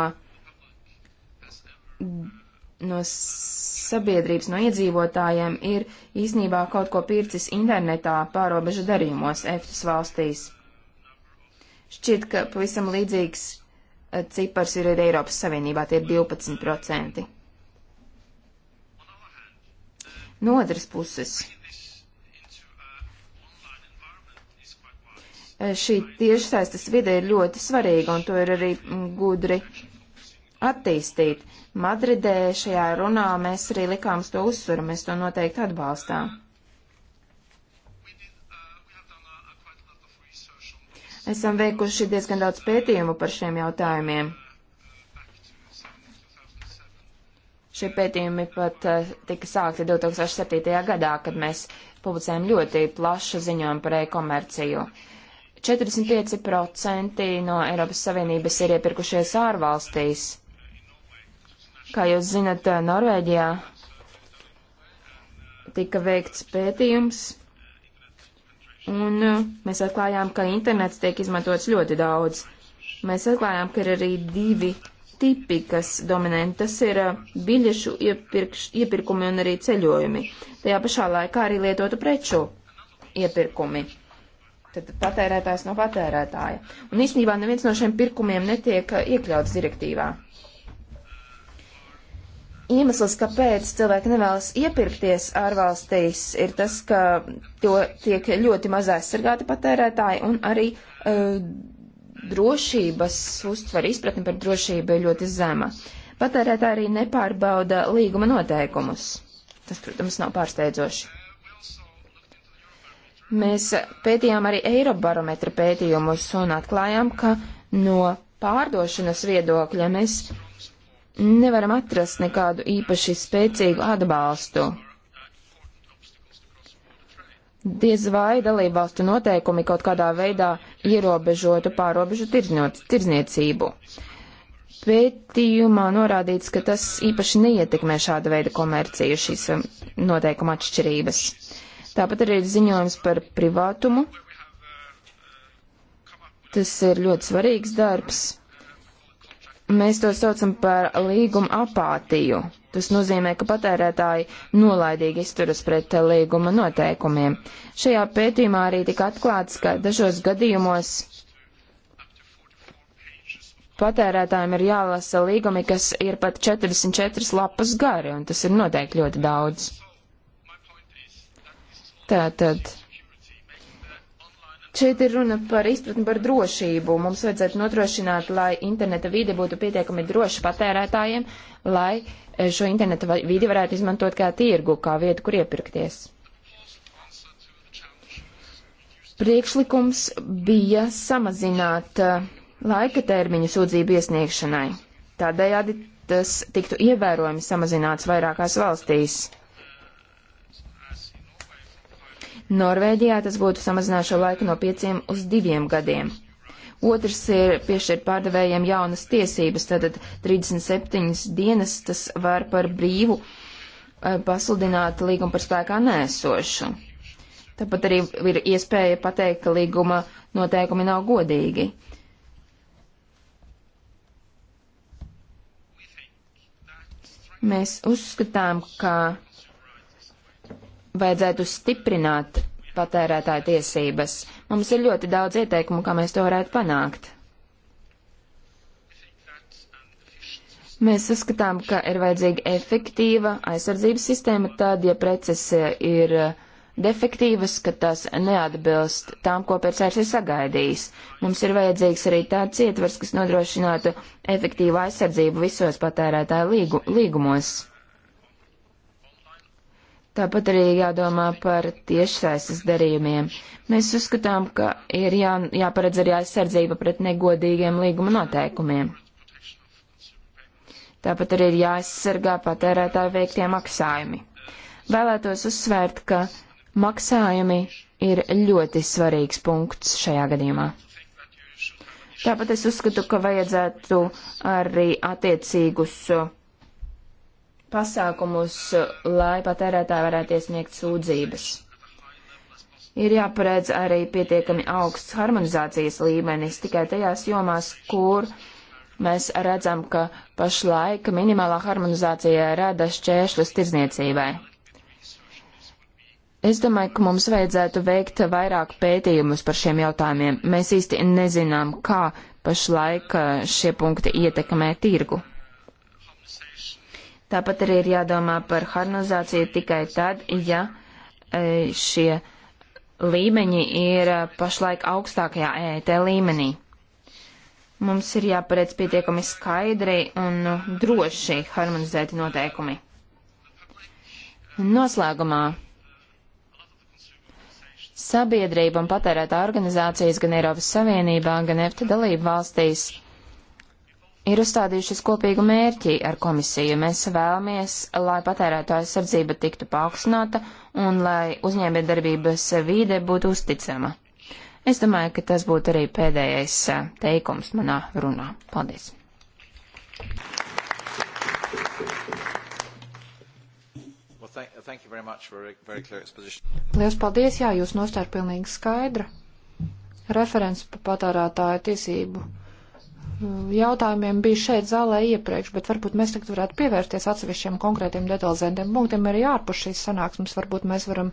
no sabiedrības, no iedzīvotājiem ir īsnībā kaut ko pircis internetā pārobežu darījumos EFTAS valstīs. Šķiet, ka pavisam līdzīgs eh, cipars ir arī Eiropas Savienībā, tie ir 12%. No otras puses Eh, šī tiešsaistes vide ir ļoti svarīga, un to ir arī mm, gudri attīstīt. Madridē šajā runā mēs arī likām to uzsvaru, mēs to noteikti atbalstām. Esam veikuši diezgan daudz pētījumu par šiem jautājumiem. Šie pētījumi pat eh, tika sākti 2007. gadā, kad mēs publicējam ļoti plašu ziņojumu par e-komerciju. Uh, 45% no Eiropas Savienības ir iepirkušies ārvalstīs. Kā jūs zinat, Norvēģijā tika veikts pētījums, un mēs atklājām, ka internets tiek izmantots ļoti daudz. Mēs atklājām, ka ir arī divi tipi, kas dominēni. Tas ir uh, biļešu iepirkš, iepirkumi un arī ceļojumi. Tajā pašā laikā arī lietotu preču iepirkumi tad patērētājs no patērētāja. Un īstenībā neviens no šiem pirkumiem netiek eh, iekļauts direktīvā. Iemesls, kāpēc cilvēki nevēlas iepirkties ārvalstīs, ir tas, ka to tiek ļoti maz aizsargāti patērētāji un arī uh, drošības uztver izpratni par drošību ir ļoti zema. Patērētāji arī nepārbauda līguma noteikumus. Tas, protams, nav pārsteidzoši. Mēs pētījām arī Eirobarometra pētījumus un atklājām, ka no pārdošanas viedokļa mēs nevaram atrast nekādu īpaši spēcīgu atbalstu. Diez vai dalībvalstu noteikumi kaut kādā veidā ierobežotu pārobežu tirzniecību. Pētījumā norādīts, ka tas īpaši neietekmē šāda veida komerciju šīs um, noteikuma atšķirības. Tāpat arī ir ziņojums par privātumu. Tas ir ļoti svarīgs darbs. Mēs to saucam par līguma apātiju. Tas nozīmē, ka patērētāji nolaidīgi izturas pret līguma noteikumiem. Šajā pētījumā arī tika atklāts, ka dažos gadījumos patērētājiem ir jālasa līgumi, kas ir pat 44 lapas gari, un tas ir noteikti ļoti daudz. Tātad. Šeit ir runa par izpratni par drošību. Mums vajadzētu nodrošināt, lai interneta vide būtu pietiekami droša patērētājiem, lai eh, šo interneta vidi varētu izmantot kā tirgu, kā vietu, kur iepirkties. Priekšlikums bija samazināt eh, laika termiņu sūdzību iesniegšanai. Tādējādi tas tiktu ievērojami samazināts vairākās valstīs. Norvēģijā tas būtu samazināt šo laiku no pieciem uz diviem gadiem. Otrs ir piešķirt pārdevējiem jaunas tiesības, tātad 37 dienas tas var par brīvu eh, pasludināt līgumu par spēkā nēsošu. Tāpat arī ir iespēja pateikt, ka līguma noteikumi nav godīgi. Mēs uzskatām, ka vajadzētu stiprināt patērētāju tiesības. Mums ir ļoti daudz ieteikumu, kā mēs to varētu panākt. Mēs uzskatām, ka ir vajadzīga efektīva aizsardzības sistēma tad, ja preces ir defektīvas, ka tās neatbilst tām, ko pērcērs ir sagaidījis. Mums ir vajadzīgs arī tāds ietvers, kas nodrošinātu efektīvu aizsardzību visos patērētāju līgu, līgumos. Tāpat arī jādomā par tiešsaistes darījumiem. Mēs uzskatām, ka ir jā, jāparedz arī aizsardzība pret negodīgiem līguma noteikumiem. Tāpat arī ir jāaizsargā patērētāju veiktie maksājumi. Vēlētos uzsvērt, ka maksājumi ir ļoti svarīgs punkts šajā gadījumā. Tāpat es uzskatu, ka vajadzētu arī attiecīgus uh, pasākumus, lai patērētāji varētu iesniegt sūdzības. Ir jāparedz arī pietiekami augsts harmonizācijas līmenis tikai tajās jomās, kur mēs redzam, ka pašlaik minimālā harmonizācija rada šķēršļus tirdzniecībai. Es domāju, ka mums vajadzētu veikt vairāk pētījumus par šiem jautājumiem. Mēs īsti nezinām, kā pašlaik eh, šie punkti ietekmē tirgu. Tāpat arī ir jādomā par harmonizāciju tikai tad, ja e, šie līmeņi ir e, pašlaik augstākajā EET līmenī. Mums ir jāparedz pietiekami skaidri un e, droši harmonizēti noteikumi. Noslēgumā sabiedrība un patērētā organizācijas gan Eiropas Savienībā, gan EFTA dalību valstīs ir uzstādījušas kopīgu mērķi ar komisiju. Mēs vēlamies, lai patērētāja sardzība tiktu paaugstināta un lai uzņēmējdarbības vīde būtu uzticama. Es domāju, ka tas būtu arī pēdējais eh, teikums manā runā. Paldies! Well, thank, thank very, very Lielas paldies, jā, jūs nostāja pilnīgi skaidra. Referents par patērētāju tiesību jautājumiem bija šeit zālē iepriekš, bet varbūt mēs tagad varētu pievērsties atsevišķiem konkrētiem detalizētiem punktiem arī ārpus šīs sanāksmes. Varbūt mēs varam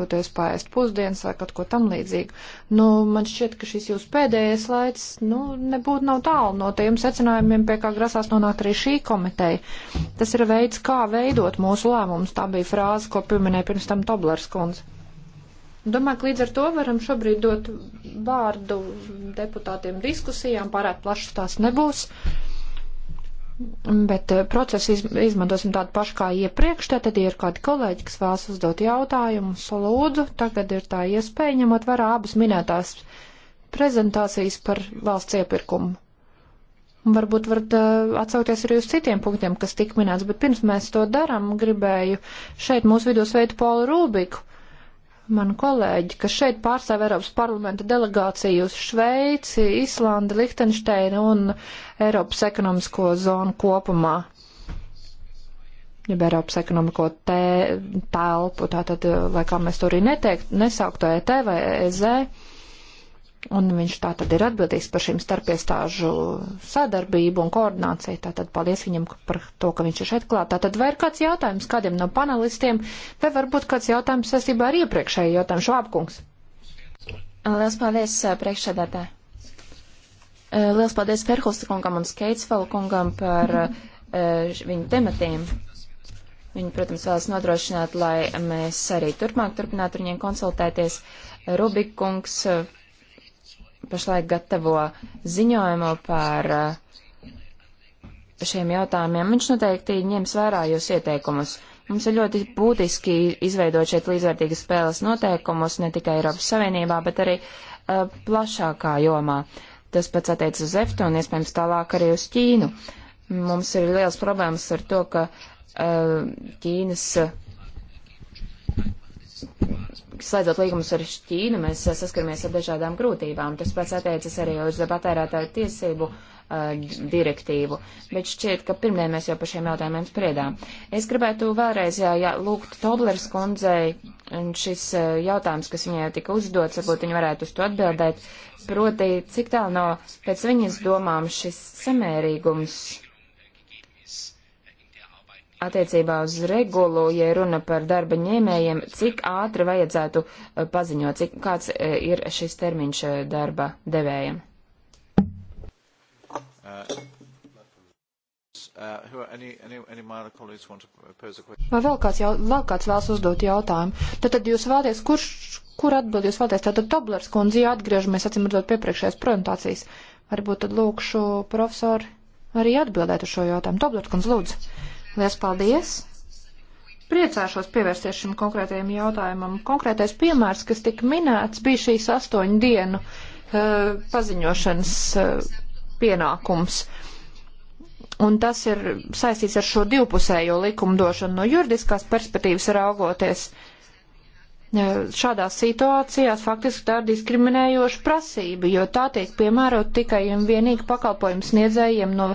doties pāriest pusdienas vai kaut ko tam līdzīgu. Nu, man šķiet, ka šis jūsu pēdējais laiks, nu, nebūtu nav tālu no tiem secinājumiem, pie kā grasās nonākt arī šī komiteja. Tas ir veids, kā veidot mūsu lēmumus. Tā bija frāze, ko pieminēja pirms tam Toblers kundze. Domāju, ka līdz ar to varam šobrīd dot vārdu deputātiem diskusijām, pārāk plašas tās nebūs. Bet eh, procesu izmantosim tādu pašu kā iepriekš. Tad, ja ir kādi kolēģi, kas vēlas uzdot jautājumus, lūdzu, tagad ir tā iespēja ņemot vērā abas minētās prezentācijas par valsts iepirkumu. Un varbūt varat eh, atsaukties arī uz citiem punktiem, kas tik minēts, bet pirms mēs to darām, gribēju šeit mūsu vidū sveitu Polu Rūbiku mani kolēģi, kas šeit pārstāv Eiropas parlamenta delegāciju uz Šveici, Islandi, Lihtenšteinu un Eiropas ekonomisko zonu kopumā. Jeb Eiropas ekonomiko tē, telpu, tātad, lai kā mēs to arī neteikt, nesauktu ET vai EZ Un viņš tā tad ir atbildīgs par šīm starpiestāžu sadarbību un koordināciju. Tātad paldies viņam par to, ka viņš ir šeit klāt. Tātad vai ir kāds jautājums kādiem no panelistiem, vai varbūt kāds jautājums saistībā ar iepriekšēju jautājumu švābkungs? Liels paldies priekšsēdētē. Liels paldies Ferhusta kungam un Skeitsfalu kungam par mm -hmm. viņu tematiem. Viņi, protams, vēlas nodrošināt, lai mēs arī turpmāk turpinātu ar viņiem konsultēties. Rubikungs pašlaik gatavo ziņojumu par eh, šiem jautājumiem. Viņš noteikti ņems vērā jūs ieteikumus. Mums ir ļoti būtiski izveidot šeit līdzvērtīgas spēles noteikumus ne tikai Eiropas Savienībā, bet arī uh, plašākā jomā. Tas pats attiecas uz EFTA un iespējams tālāk arī uz Ķīnu. Mums ir liels problēmas ar to, ka uh, Ķīnas uh, slēdzot līgumus ar Ķīnu, mēs eh, saskaramies ar dažādām grūtībām. Tas pats attiecas arī uz patērētāju tiesību uh, direktīvu, bet šķiet, ka pirmdien mēs jau par šiem jautājumiem spriedām. Es gribētu vēlreiz jā, eh, jā, lūgt Toblers kundzei, un šis uh, jautājums, kas viņai jau tika uzdots, varbūt viņa varētu uz to atbildēt, proti, cik tālu no pēc viņas domām šis samērīgums attiecībā uz regulu, ja runa par darba ņēmējiem, cik ātri vajadzētu eh, paziņot, cik, kāds eh, ir šis termiņš eh, darba devējiem? Uh, uh, Vai vēl kāds, jau, vēl kāds vēlas uzdot jautājumu? Tad, tad jūs vēlaties, kurš, kur atbild jūs vēlaties? Tātad Toblers kundze, jā, atgriežamies, acīm redzot, piepriekšējās prezentācijas. Varbūt tad lūkšu profesori arī atbildēt uz šo jautājumu. Toblers kundze, lūdzu. Lielas paldies! Priecāšos pievērsties šim konkrētajam jautājumam. Konkrētais piemērs, kas tika minēts, bija šīs astoņu dienu uh, paziņošanas uh, pienākums. Un tas ir saistīts ar šo divpusējo likumdošanu no juridiskās perspektīvas raugoties. Uh, šādās situācijās faktiski tā ir diskriminējoša prasība, jo tā tiek piemērot tikai un vienīgi pakalpojumu sniedzējiem no,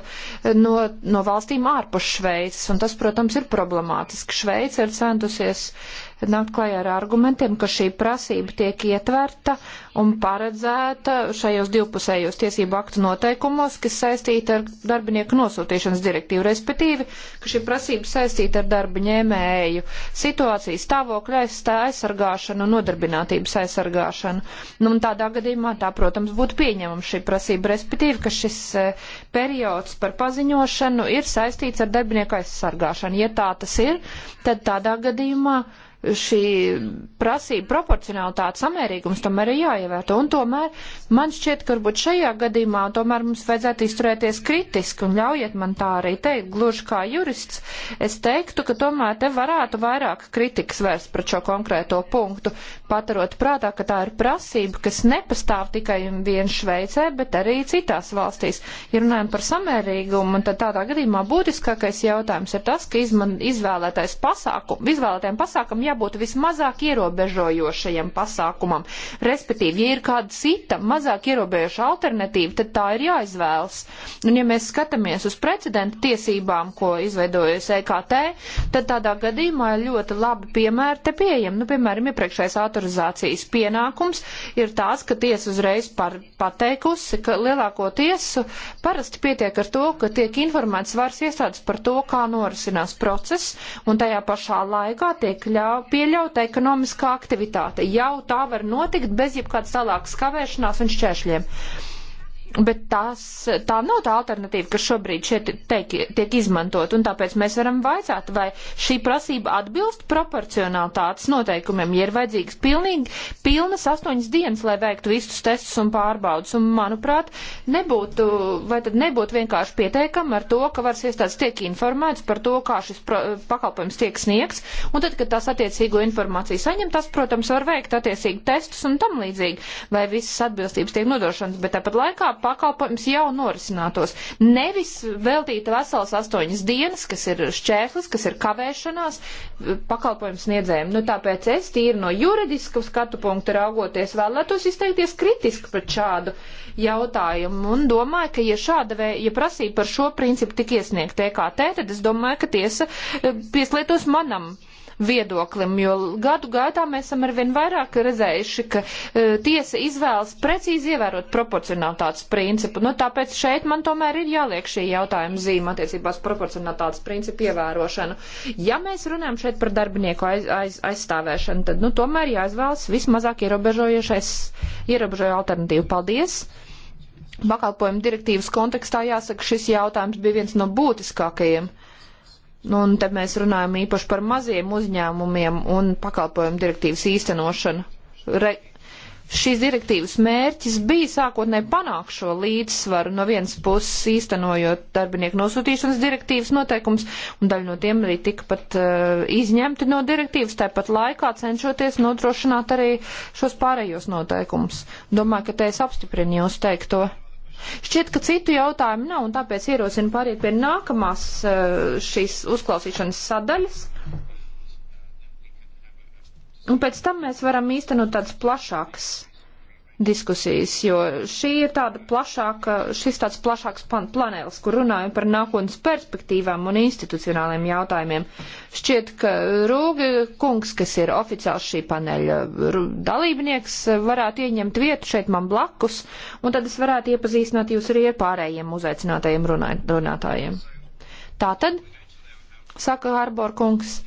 no, no valstīm ārpus Šveices, un tas, protams, ir problemātiski. Šveice ir centusies uh, nākt klajā ar argumentiem, ka šī prasība tiek ietverta un paredzēta šajos divpusējos tiesību aktu noteikumos, kas saistīta ar darbinieku nosūtīšanas direktīvu, respektīvi, ka šī prasība saistīta ar darba ņēmēju situāciju, stāvokļa aizsargāšanu un nodarbinātības aizsargāšanu. Nu, un tādā gadījumā tā, protams, būtu pieņemama šī prasība, respektīvi, ka šis e, periods par paziņošanu ir saistīts ar darbinieku aizsargāšanu. Ja tā tas ir, tad tādā gadījumā šī prasība proporcionalitāte samērīgums tomēr ir jāievērto. Un tomēr man šķiet, ka varbūt šajā gadījumā tomēr mums vajadzētu izturēties kritiski un ļaujiet man tā arī teikt, gluži kā jurists, es teiktu, ka tomēr te varētu vairāk kritikas vērst pret šo konkrēto punktu, paturot prātā, ka tā ir prasība, kas nepastāv tikai un vien Šveicē, bet arī citās valstīs. Ja runājam par samērīgumu, tad tādā gadījumā būtiskākais jautājums ir tas, ka izman, izvēlētais pasākum, izvēlētajam pasākumam jābūt vismazāk ierobežojošajam pasākumam. Respektīvi, ja ir kāda cita mazāk ierobežoša alternatīva, tad tā ir jāizvēlas. Un ja mēs skatāmies uz precedenta tiesībām, ko izveidojas EKT, tad tādā gadījumā ļoti labi piemēri te pieejam. Nu, piemēram, iepriekšējais autorizācijas pienākums ir tās, ka tiesa uzreiz par, pateikusi, ka lielāko tiesu parasti pietiek ar to, ka tiek informēts varas iestādes par to, kā norisinās process, un tajā pašā laikā tiek ļau, nav pieļauta ekonomiskā aktivitāte. Jau tā var notikt bez jebkādas tālākas kavēšanās un šķēršļiem. Bet tās, tā nav tā alternatīva, kas šobrīd šeit teik, tiek izmantot, un tāpēc mēs varam vaicāt, vai šī prasība atbilst proporcionalitātes noteikumiem, ja ir vajadzīgs pilnīgi, pilnas astoņas dienas, lai veiktu visus testus un pārbaudus, un manuprāt, nebūtu, vai tad nebūtu vienkārši pieteikam ar to, ka varas iestādes tiek informētas par to, kā šis pro, pakalpojums tiek sniegs, un tad, kad tās attiecīgo informāciju saņem, tas, protams, var veikt attiecīgi testus un tam līdzīgi, vai visas atbilstības tiek nodošanas, bet tāpat laikā pakalpojums jau norisinātos. Nevis veltīt veselas astoņas dienas, kas ir šķērslis, kas ir kavēšanās eh, pakalpojums sniedzējiem. Nu, tāpēc es tīri no juridiska skatu punkta raugoties vēlētos izteikties kritiski pret šādu jautājumu un domāju, ka ja šāda vē, ja prasība par šo principu tik iesniegt TKT, tad es domāju, ka tiesa eh, pieslietos manam viedoklim, jo gadu gaitā mēs esam arvien vairāk redzējuši, ka uh, tiesa izvēlas precīzi ievērot proporcionalitātes principu. Nu, tāpēc šeit man tomēr ir jāliek šī jautājuma zīme attiecībās proporcionalitātes principu ievērošanu. Ja mēs runājam šeit par darbinieku aiz, aiz, aizstāvēšanu, tad nu, tomēr jāizvēlas vismazāk ierobežojušais, ierobežoju alternatīvu. Paldies! Pakalpojumu direktīvas kontekstā jāsaka, šis jautājums bija viens no būtiskākajiem. Uh, Nu, un te mēs runājam īpaši par maziem uzņēmumiem un pakalpojumu direktīvas īstenošanu. Re šīs direktīvas mērķis bija sākotnēji panākt šo līdzsvaru no vienas puses īstenojot darbinieku nosūtīšanas direktīvas noteikums, un daļa no tiem arī tika pat uh, izņemti no direktīvas, tāpat laikā cenšoties nodrošināt arī šos pārējos noteikumus. Domāju, ka te es apstiprinu jūs teikto. Šķiet, ka citu jautājumu nav, un tāpēc ierosinu pāriet pie nākamās eh, šīs uzklausīšanas sadaļas. Un pēc tam mēs varam īstenot tādas plašākas diskusijas, jo šī ir tāda plašāka, šis tāds plašāks plan planēls, kur runājam par nākotnes perspektīvām un institucionāliem jautājumiem. Šķiet, ka Rūga kungs, kas ir oficiāls šī paneļa dalībnieks, varētu ieņemt vietu šeit man blakus, un tad es varētu iepazīstināt jūs arī ar pārējiem uzaicinātajiem runā runātājiem. Tātad, saka Harbor kungs,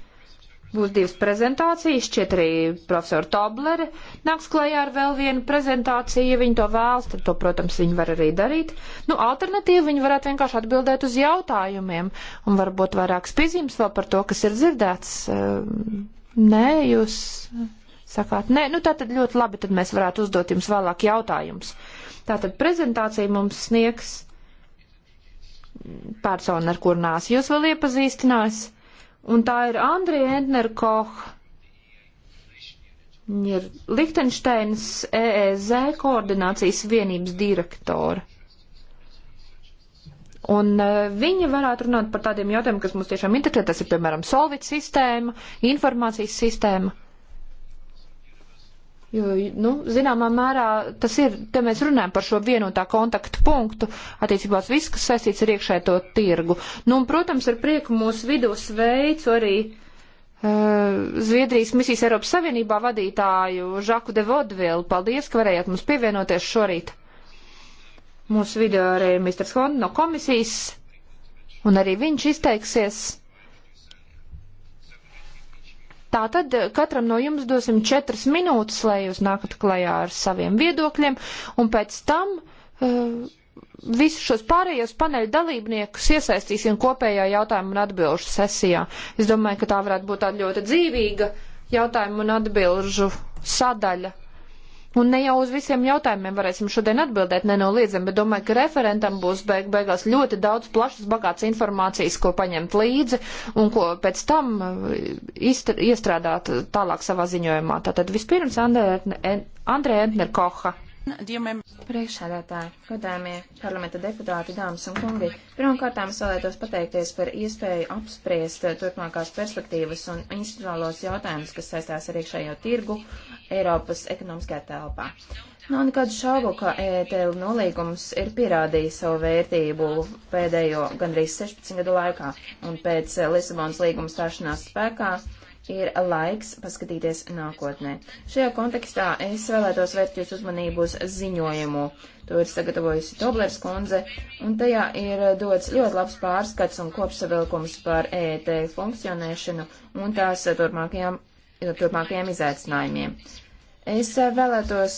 Būs divas prezentācijas, šķiet arī profesori Tobleri nāks klajā ar vēl vienu prezentāciju, ja viņi to vēlas, tad to, protams, viņi var arī darīt. Nu, alternatīvi viņi varētu vienkārši atbildēt uz jautājumiem un varbūt vairākas piezīmes vēl par to, kas ir dzirdēts. Ehm, nē, jūs sakāt, nē, nu tā tad ļoti labi, tad mēs varētu uzdot jums vēlāk jautājumus. Tātad prezentācija mums sniegs persona, ar kur nāsi jūs vēl iepazīstinās un tā ir Andrija Entner Koch. Viņa ir Lichtensteins EEZ koordinācijas vienības direktora. Un uh, e, viņi varētu runāt par tādiem jautājumiem, kas mums tiešām interesē. Tas ir, piemēram, solvit sistēma, informācijas sistēma. Jo, nu, zināmā mērā tas ir, te mēs runājam par šo vienotā kontaktu punktu attiecībā uz visu, kas saistīts ar iekšēto tirgu. Nu, un, protams, ar prieku mūsu vidū sveicu arī uh, Zviedrijas misijas Eiropas Savienībā vadītāju Žaku de Vodvilu. Paldies, ka varējāt mums pievienoties šorīt. Mūsu video arī Mr. Hond no komisijas, un arī viņš izteiksies Tātad eh, katram no jums dosim četras minūtes, lai jūs nākat klajā ar saviem viedokļiem, un pēc tam uh, eh, visus šos pārējos paneļu dalībniekus iesaistīsim kopējā jautājumu un atbilžu sesijā. Es domāju, ka tā varētu būt tāda ļoti dzīvīga jautājumu un atbilžu sadaļa Un ne jau uz visiem jautājumiem varēsim šodien atbildēt nenoliedzami, bet domāju, ka referentam būs beig beigās ļoti daudz plašas, bagāts informācijas, ko paņemt līdzi un ko pēc tam uh, iestrādāt tālāk savā ziņojumā. Tātad vispirms Andrē Entner Koha. Priekšsēdētāji, godājumie parlamenta deputāti, dāmas un kungi, pirmkārt es vēlētos pateikties par iespēju apspriest turpmākās perspektīvas un institucionālos jautājumus, kas saistās ar iekšējo tirgu Eiropas ekonomiskajā telpā. Nav nekādu šaubu, ka ETL nolīgums ir pierādījis savu vērtību pēdējo gandrīz 16 gadu laikā, un pēc Lisabonas līguma stāšanās spēkā ir laiks paskatīties nākotnē. Šajā kontekstā es vēlētos vērt jūs uzmanību uz ziņojumu. To ir sagatavojusi Toblers kundze, un tajā ir dots ļoti labs pārskats un kopsavilkums par EET funkcionēšanu un tās turpmākajām, turpmākajām izaicinājumiem. Es vēlētos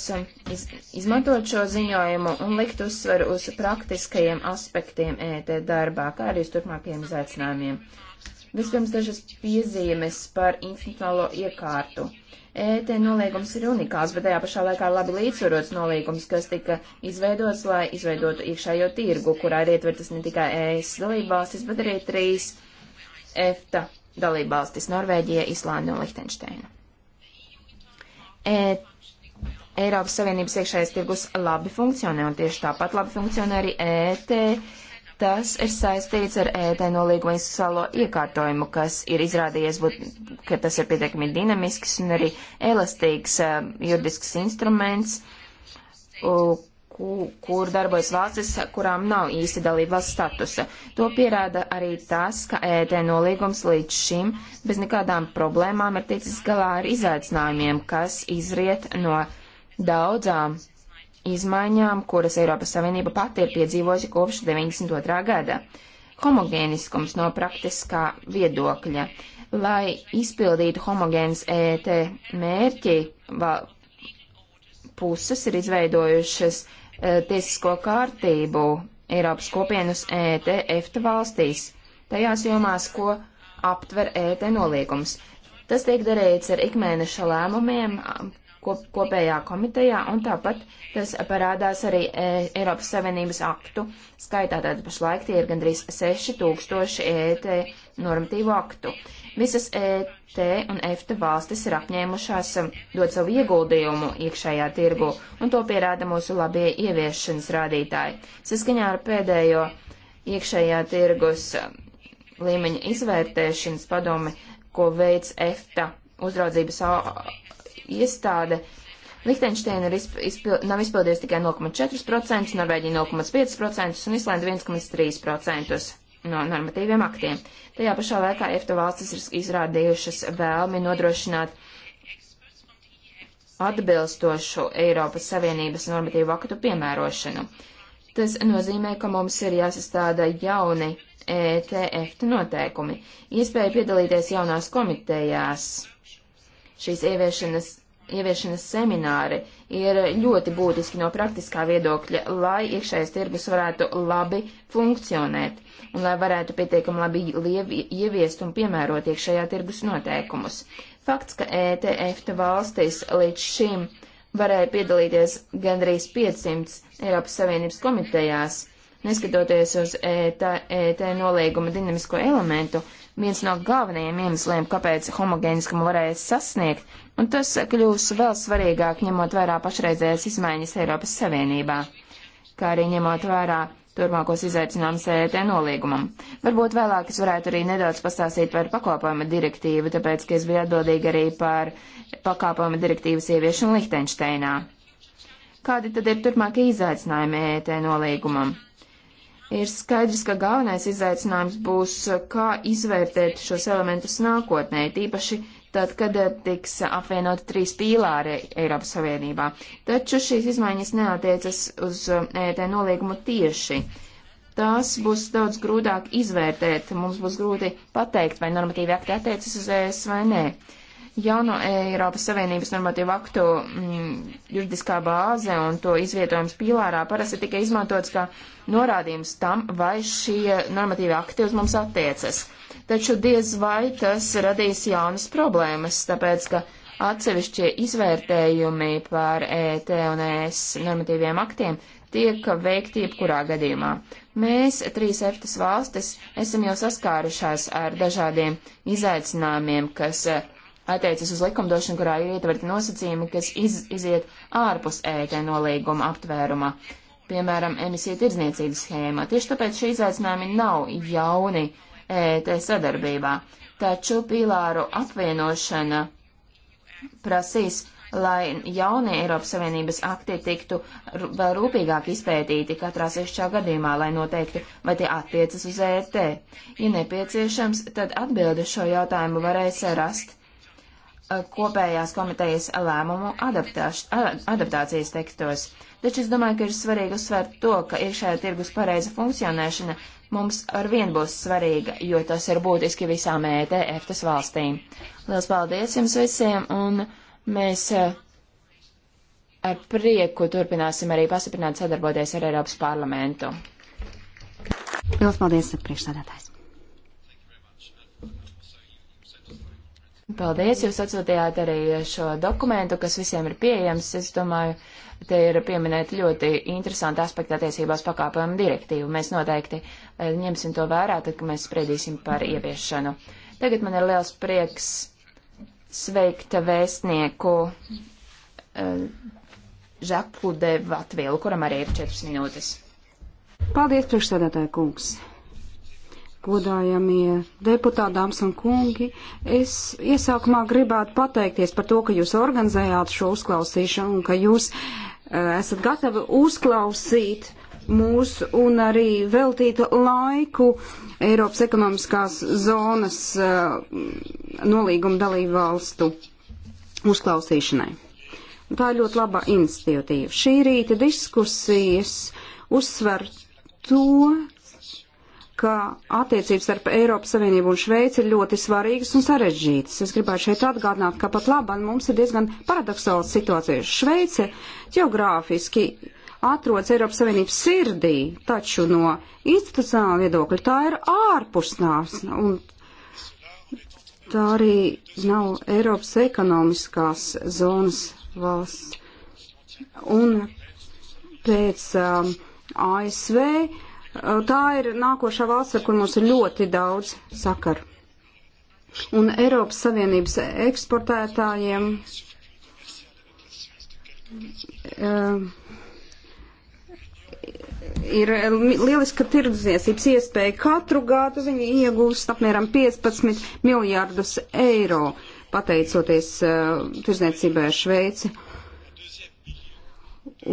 iz, izmantot šo ziņojumu un likt uzsveru uz praktiskajiem aspektiem EET darbā, kā arī uz turpmākajiem izaicinājumiem. Vispirms dažas piezīmes par institucionālo iekārtu. ET nolīgums ir unikāls, bet tajā pašā laikā labi līdzsvarots nolīgums, kas tika izveidots, lai izveidotu iekšējo tirgu, kurā ir ietvertas ne tikai ES dalībvalstis, bet arī trīs EFTA dalībvalstis - Norvēģija, Islāna un Lihtenšteina. E, Eiropas Savienības iekšējais tirgus labi funkcionē, un tieši tāpat labi funkcionē arī ET Tas ir saistīts ar ET nolīgumu institucionālo iekārtojumu, kas ir izrādījies, būt, ka tas ir pietiekami dinamisks un arī elastīgs uh, juridisks instruments, uh, kur, kur darbojas valstis, kurām nav īsti dalība valsts statusa. To pierāda arī tas, ka ET nolīgums līdz šim bez nekādām problēmām ir ticis galā ar izaicinājumiem, kas izriet no daudzām izmaiņām, kuras Eiropas Savienība pati ir piedzīvojusi kopš 92. gada. Homogēniskums no praktiskā viedokļa. Lai izpildītu homogēnas ET mērķi, puses ir izveidojušas e, tiesisko kārtību Eiropas kopienas ET EFTA valstīs, tajās jomās, ko aptver ET noliegums. Tas tiek darīts ar ikmēneša lēmumiem, kop, kopējā komitejā, un tāpat tas parādās arī e, Eiropas Savienības aktu skaitā. Tātad pašlaik tie ir gandrīz 6000 ET normatīvu aktu. Visas ET un EFTA valstis ir apņēmušās um, dot savu ieguldījumu iekšējā tirgu, un to pierāda mūsu labie ieviešanas rādītāji. Saskaņā ar pēdējo iekšējā tirgus um, līmeņa izvērtēšanas padomi, ko veids EFTA uzraudzības iestāde. Lihtenšteina izpil, nav izpildījusi tikai 0,4%, Norvēģija 0,5% un Islanda 1,3% no normatīviem aktiem. Tajā pašā laikā EFTA valstis ir izrādījušas vēlmi nodrošināt atbilstošu Eiropas Savienības normatīvu aktu piemērošanu. Tas nozīmē, ka mums ir jāsastāda jauni ETF noteikumi, iespēja piedalīties jaunās komitejās šīs ieviešanas, ieviešanas semināri ir ļoti būtiski no praktiskā viedokļa, lai iekšējais tirgus varētu labi funkcionēt un lai varētu pietiekami labi lievi, ieviest un piemērot iekšējā tirgus noteikumus. Fakts, ka ETF valstis līdz šim varēja piedalīties gandrīz 500 Eiropas Savienības komitejās, neskatoties uz ET, ET nolīguma dinamisko elementu, viens no galvenajiem iemesliem, kāpēc homogēniskumu varēs sasniegt, un tas kļūs vēl svarīgāk, ņemot vērā pašreizējās izmaiņas Eiropas Savienībā, kā arī ņemot vērā turpmākos izaicinājumus ET nolīgumam. Varbūt vēlāk es varētu arī nedaudz pastāstīt par pakāpojuma direktīvu, tāpēc, ka es biju atbildīga arī par pakāpojuma direktīvas ieviešanu Lihtenšteinā. Kādi tad ir turpmākie izaicinājumi ET nolīgumam? Ir skaidrs, ka galvenais izaicinājums būs, kā izvērtēt šos elementus nākotnē, tīpaši tad, kad eh, tiks apvienoti trīs pīlāri Eiropas Savienībā. Taču šīs izmaiņas neatiecas uz ET eh, e nolīgumu tieši. Tās būs daudz grūtāk izvērtēt, mums būs grūti pateikt, vai normatīvi akti attiecas uz ES vai nē jauno Eiropas Savienības normatīvu aktu mm, juridiskā bāze un to izvietojums pīlārā parasti tika izmantots kā norādījums tam, vai šie normatīvi akti uz mums attiecas. Taču diez vai tas radīs jaunas problēmas, tāpēc ka atsevišķie izvērtējumi par ET un ES normatīviem aktiem tiek veikti jebkurā gadījumā. Mēs, trīs EFTAS valstis, esam jau saskārušās ar dažādiem izaicinājumiem, kas attiecas uz likumdošanu, kurā ir ietverti nosacījumi, kas iz, iziet ārpus ētē e nolīguma aptvēruma, piemēram, emisiju tirdzniecības schēma. Tieši tāpēc šī izaicinājumi nav jauni ētē e sadarbībā, taču pīlāru apvienošana prasīs lai jaunie Eiropas Savienības akti tiktu vēl rūpīgāk izpētīti katrā sešķā gadījumā, lai noteikti, vai tie attiecas uz ET. Ja nepieciešams, tad atbildi šo jautājumu varēs rast Uh, kopējās komitejas lēmumu adaptāš, adaptācijas tekstos. Taču es domāju, ka ir svarīgi uzsvērt to, ka iekšējā tirgus pareiza funkcionēšana mums arvien būs svarīga, jo tas ir būtiski visām ETFTS valstīm. Lielas paldies jums visiem, un mēs uh, ar prieku turpināsim arī pasiprināt sadarboties ar Eiropas parlamentu. Lielas paldies, priekšsādātājs! Paldies, jūs atsūtījāt arī šo dokumentu, kas visiem ir pieejams. Es domāju, te ir pieminēti ļoti interesanti aspekti attiecībās pakāpojumu direktīvu. Mēs noteikti eh, ņemsim to vērā, tad, kad mēs spriedīsim par ieviešanu. Tagad man ir liels prieks sveikt vēstnieku eh, Žaku de Vatvielu, kuram arī ir četras minūtes. Paldies, priekšsēdētāja kungs! godājamie deputāti, dāmas un kungi. Es iesākumā gribētu pateikties par to, ka jūs organizējāt šo uzklausīšanu un ka jūs eh, esat gatavi uzklausīt mūs un arī veltīt laiku Eiropas ekonomiskās zonas eh, nolīguma dalību valstu uzklausīšanai. Tā ir ļoti laba iniciatīva. Šī rīta diskusijas uzsver to, ka attiecības starp Eiropas Savienību un Šveici ir ļoti svarīgas un sarežģītas. Es gribētu šeit atgādināt, ka pat labam mums ir diezgan paradoxāla situācija. Šveice geogrāfiski atrodas Eiropas Savienības sirdī, taču no institucionāla viedokļa tā ir ārpusnās. Un tā arī nav Eiropas ekonomiskās zonas valsts. Un pēc um, ASV Tā ir nākošā valsts, ar kur mums ir ļoti daudz sakaru. Un Eiropas Savienības eksportētājiem uh, ir lieliska tirdzniecības iespēja. Katru gadu viņi iegūst apmēram 15 miljārdus eiro, pateicoties uh, tirdzniecībai ar Šveici.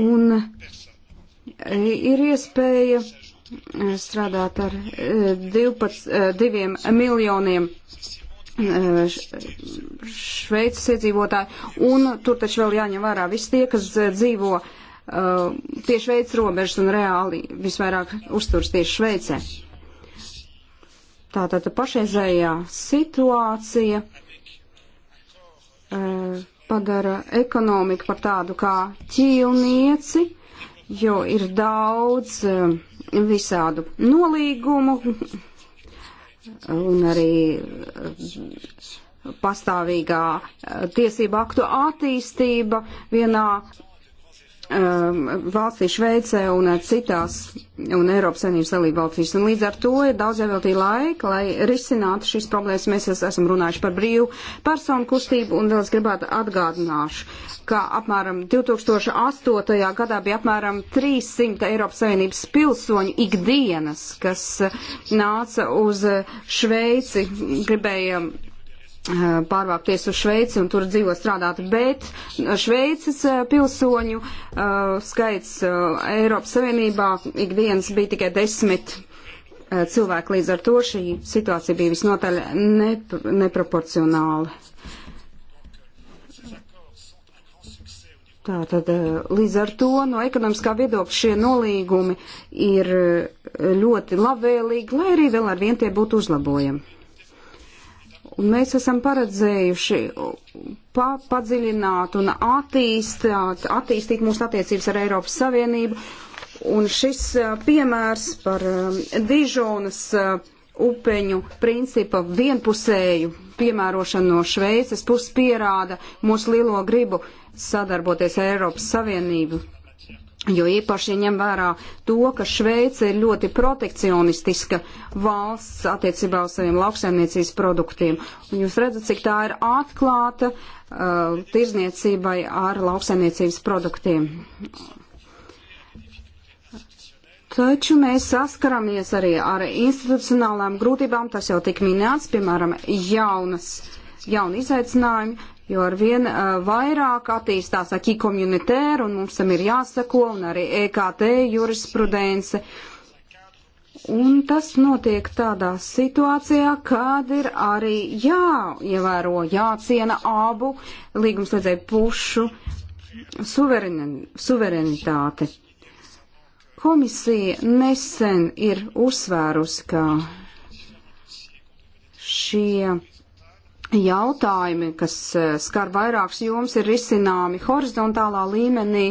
Un uh, ir iespēja strādāt ar 12, e, 2 e, miljoniem e, Šveices iedzīvotāji, un tur taču vēl jāņem vērā visi tie, kas dzīvo pie Šveices robežas un reāli visvairāk uzturs tieši Šveicē. Tātad pašreizējā situācija padara ekonomiku par tādu kā ķīlnieci, jo ir daudz uh, visādu nolīgumu un arī pastāvīgā tiesība aktu attīstība vienā Um, valstī Šveicē un uh, citās un Eiropas Savienības dalība valstīs. Un līdz ar to ir daudz ievēltīja laika, lai risinātu šīs problēmas. Mēs esam runājuši par brīvu personu kustību un vēl es gribētu atgādināšu, ka apmēram 2008. gadā bija apmēram 300 Eiropas Savienības pilsoņu ikdienas, kas uh, nāca uz uh, Šveici, gribēja Eh, pārvākties uz Šveici un tur dzīvo strādāt, bet Šveices eh, pilsoņu uh, skaits uh, Eiropas Savienībā ikdienas bija tikai desmit uh, cilvēki, līdz ar to šī situācija bija visnotaļ nep neproporcionāla. Tātad līdz ar to no ekonomiskā viedokļa šie nolīgumi ir ļoti labvēlīgi, lai arī vēl ar vien tie būtu uzlabojami. Un mēs esam paredzējuši pa, padziļināt un attīstāt, attīstīt mūsu attiecības ar Eiropas Savienību. Un šis uh, piemērs par um, Dižonas uh, upeņu principa vienpusēju piemērošanu no Šveices puses pierāda mūsu lielo gribu sadarboties ar Eiropas Savienību Jo īpaši ņem vērā to, ka Šveice ir ļoti protekcionistiska valsts attiecībā uz saviem lauksaimniecības produktiem. Un jūs redzat, cik tā ir atklāta uh, tirzniecībai ar lauksaimniecības produktiem. Taču mēs saskaramies arī ar institucionālām grūtībām, tas jau tik minēts, piemēram, jaunas, jauni izaicinājumi, jo ar vien uh, vairāk attīstās akī komunitēra un mums tam ir jāsako un arī EKT jurisprudence. Un tas notiek tādā situācijā, kad ir arī jāievēro, jāciena abu līgumslēdzēju pušu suveren, suverenitāte. Komisija nesen ir uzsvērusi, ka šie jautājumi, kas eh, skar vairākas jomas, ir risināmi horizontālā līmenī.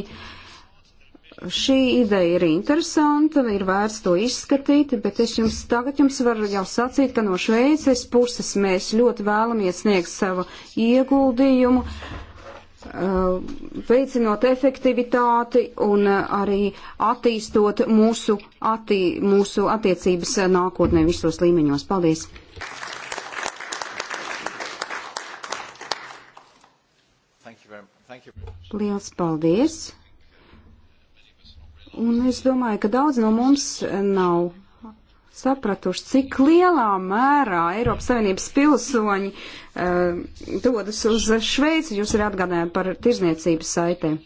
Šī ideja ir interesanta, ir vērts to izskatīt, bet es jums tagad jums varu jau sacīt, ka no Šveices puses mēs ļoti vēlamies sniegt savu ieguldījumu, eh, veicinot efektivitāti un eh, arī attīstot mūsu, attī, mūsu attiecības nākotnē visos līmeņos. Paldies! Liels paldies! Un es domāju, ka daudz no mums nav sapratuši, cik lielā mērā Eiropas Savienības pilsoņi uh, dodas uz Šveici. Jūs arī atgādājāt par tirzniecības saitēm.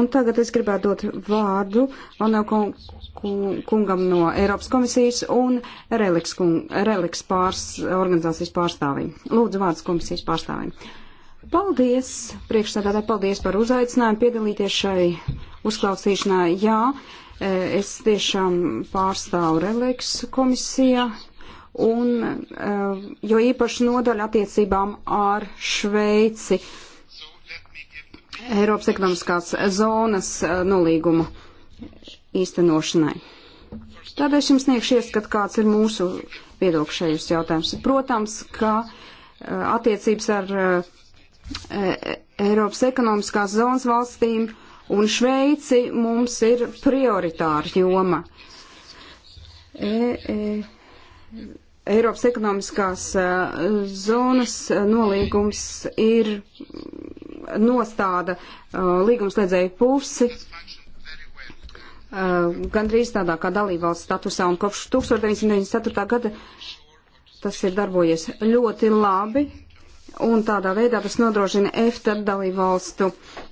Un tagad es gribētu dot vārdu Vanel kungam no Eiropas komisijas un Reliks, kung, Reliks pārs, organizācijas pārstāvim. Lūdzu, vārds komisijas pārstāvim. Uh, Paldies, priekšstādātāji, paldies par uzaicinājumu piedalīties šai uzklausīšanā. Jā, e, es tiešām pārstāvu Releks komisijā, un, e, jo īpaši nodaļa attiecībām ar Šveici Eiropas ekonomiskās zonas e, nolīguma īstenošanai. Tādēļ es jums sniegšu ieskatu, kāds ir mūsu viedokšējus jautājums. Protams, ka attiecības ar E, Eiropas ekonomiskās zonas valstīm un Šveici mums ir prioritāra joma. E, e, Eiropas ekonomiskās e, zonas nolīgums ir nostāda e, līgumslēdzēju pusi gandrīz tādā kā dalībvalsts statusā, un kopš 1994. gada tas ir darbojies ļoti labi, un tādā veidā tas nodrošina EFTA dalībvalstu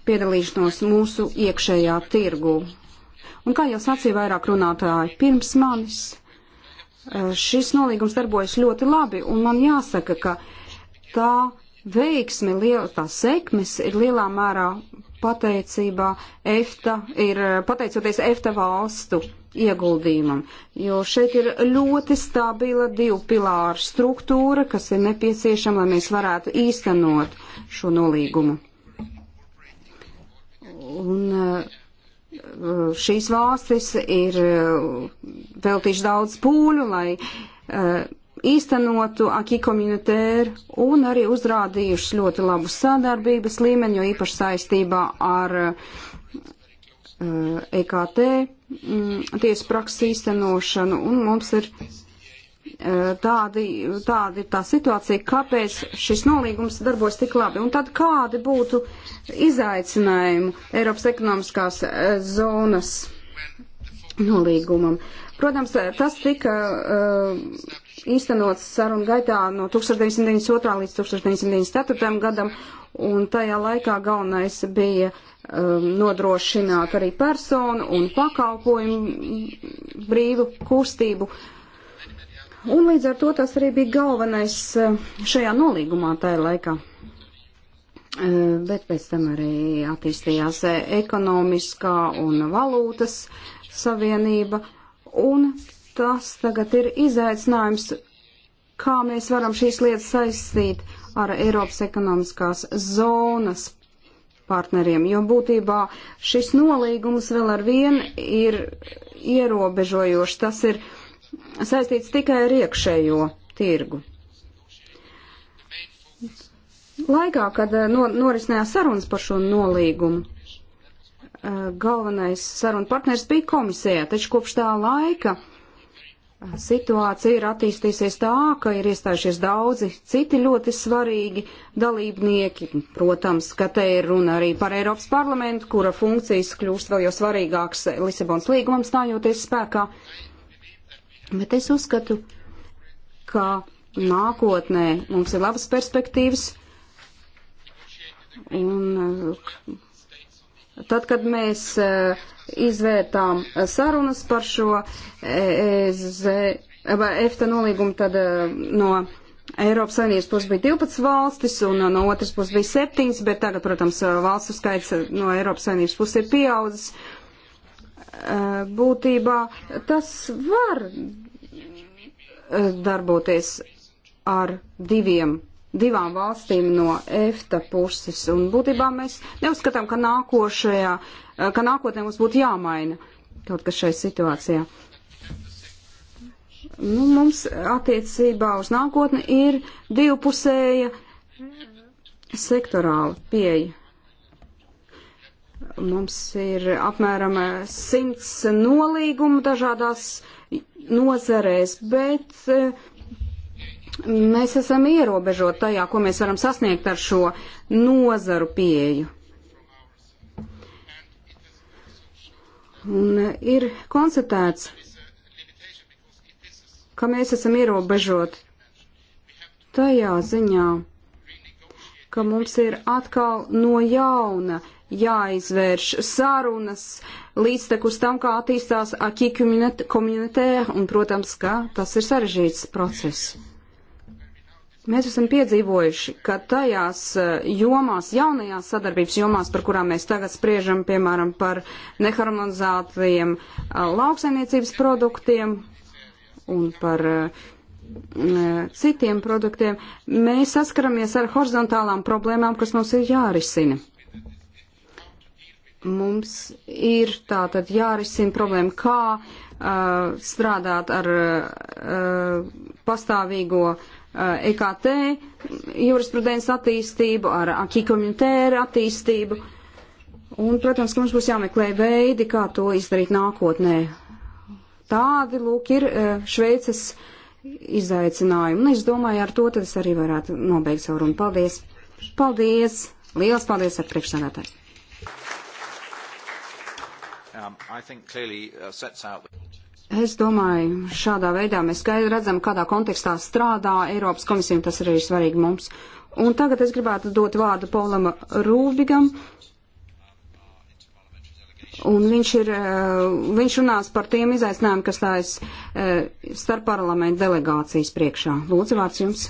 piedalīšanos mūsu iekšējā tirgu. Un kā jau sacīja vairāk runātāji pirms manis, eh, šis nolīgums darbojas ļoti labi, un man jāsaka, ka tā veiksme, liela, tā sekmes ir lielā mērā pateicībā EFTA, ir pateicoties EFTA valstu ieguldījumam, jo šeit ir ļoti stabila divu pilāru struktūra, kas ir nepieciešama, lai mēs varētu īstenot šo nolīgumu. Un uh, šīs valstis ir uh, veltījuši daudz pūļu, lai uh, īstenotu aki komunitēru un arī uzrādījušas ļoti labu sadarbības līmeni, jo īpaši saistībā ar EKT mm, tiesu prakses īstenošanu, un mums ir e, tādi, tāda ir tā situācija, kāpēc šis nolīgums darbojas tik labi. Un tad kādi būtu izaicinājumi Eiropas ekonomiskās e, zonas nolīgumam? Protams, e, tas tika uh, īstenots sarunu gaitā no 1992. līdz 1994. gadam, un tajā laikā galvenais bija uh, Um, nodrošināt arī personu un pakalpojumu brīvu kustību. Un līdz ar to tas arī bija galvenais uh, šajā nolīgumā tajā laikā. Uh, bet pēc tam arī attīstījās uh, ekonomiskā un valūtas savienība. Un tas tagad ir izaicinājums, kā mēs varam šīs lietas saistīt ar Eiropas ekonomiskās zonas partneriem, jo būtībā šis nolīgums vēl ar vienu ir ierobežojošs. Tas ir saistīts tikai ar iekšējo tirgu. Laikā, kad eh, no, norisinājās sarunas par šo nolīgumu, eh, galvenais sarunu partners bija komisija, taču kopš tā laika situācija ir attīstījusies tā, ka ir iestājušies daudzi citi ļoti svarīgi dalībnieki. Protams, ka te ir runa arī par Eiropas parlamentu, kura funkcijas kļūst vēl jau svarīgāks Lisabons līgumam stājoties spēkā. Bet es uzskatu, ka nākotnē mums ir labas perspektīvas. Un eh, tad, kad mēs uh, izvērtām sarunas par šo EZ, e vai EFTA nolīgumu, tad eh, no Eiropas Savienības puses bija 12 valstis un no otras puses bija 7, bet tagad, protams, valstu skaits no Eiropas Savienības puses ir pieaudzis. Eh, būtībā tas var eh, darboties ar diviem divām valstīm no EFTA puses, un būtībā mēs neuzskatām, ka nākošajā, ka nākotnē mums būtu jāmaina kaut kas šai situācijā. Nu, mums attiecībā uz nākotni ir divpusēja sektorāla pieeja. Mums ir apmēram simts nolīgumu dažādās nozarēs, bet Mēs esam ierobežot tajā, ko mēs varam sasniegt ar šo nozaru pieeju. Un eh, ir konstatēts, ka mēs esam ierobežot tajā ziņā, ka mums ir atkal no jauna jāizvērš sarunas līdztekus tam, kā attīstās aki komunitē, un, protams, ka tas ir sarežģīts process. Mēs esam piedzīvojuši, ka tajās eh, jomās, jaunajās sadarbības jomās, par kurām mēs tagad spriežam, piemēram, par neharmonizētajiem eh, lauksaimniecības produktiem un par eh, citiem produktiem, mēs saskaramies ar horizontālām problēmām, kas mums ir jārisina. Mums ir tātad jārisina problēma, kā uh, strādāt ar uh, pastāvīgo uh, EKT eh, e jurisprudences attīstību, ar akī komunitēra attīstību. Un, protams, ka mums būs jāmeklē veidi, kā to izdarīt nākotnē. Tādi, lūk, ir eh, Šveices izaicinājumi. Un es domāju, ar to tad es arī varētu nobeigt savu runu. Paldies! Paldies! Lielas paldies ar priekšsēdētāju! Um, uh, out... Es domāju, šādā veidā mēs skaidri redzam, kādā kontekstā strādā Eiropas komisija, un tas arī ir svarīgi mums. Un tagad es gribētu dot vārdu Polam Rūbigam. Un viņš, ir, eh, viņš runās par tiem izaicinājumiem, kas stājas eh, starp parlamentu delegācijas priekšā. Lūdzu, vārds jums.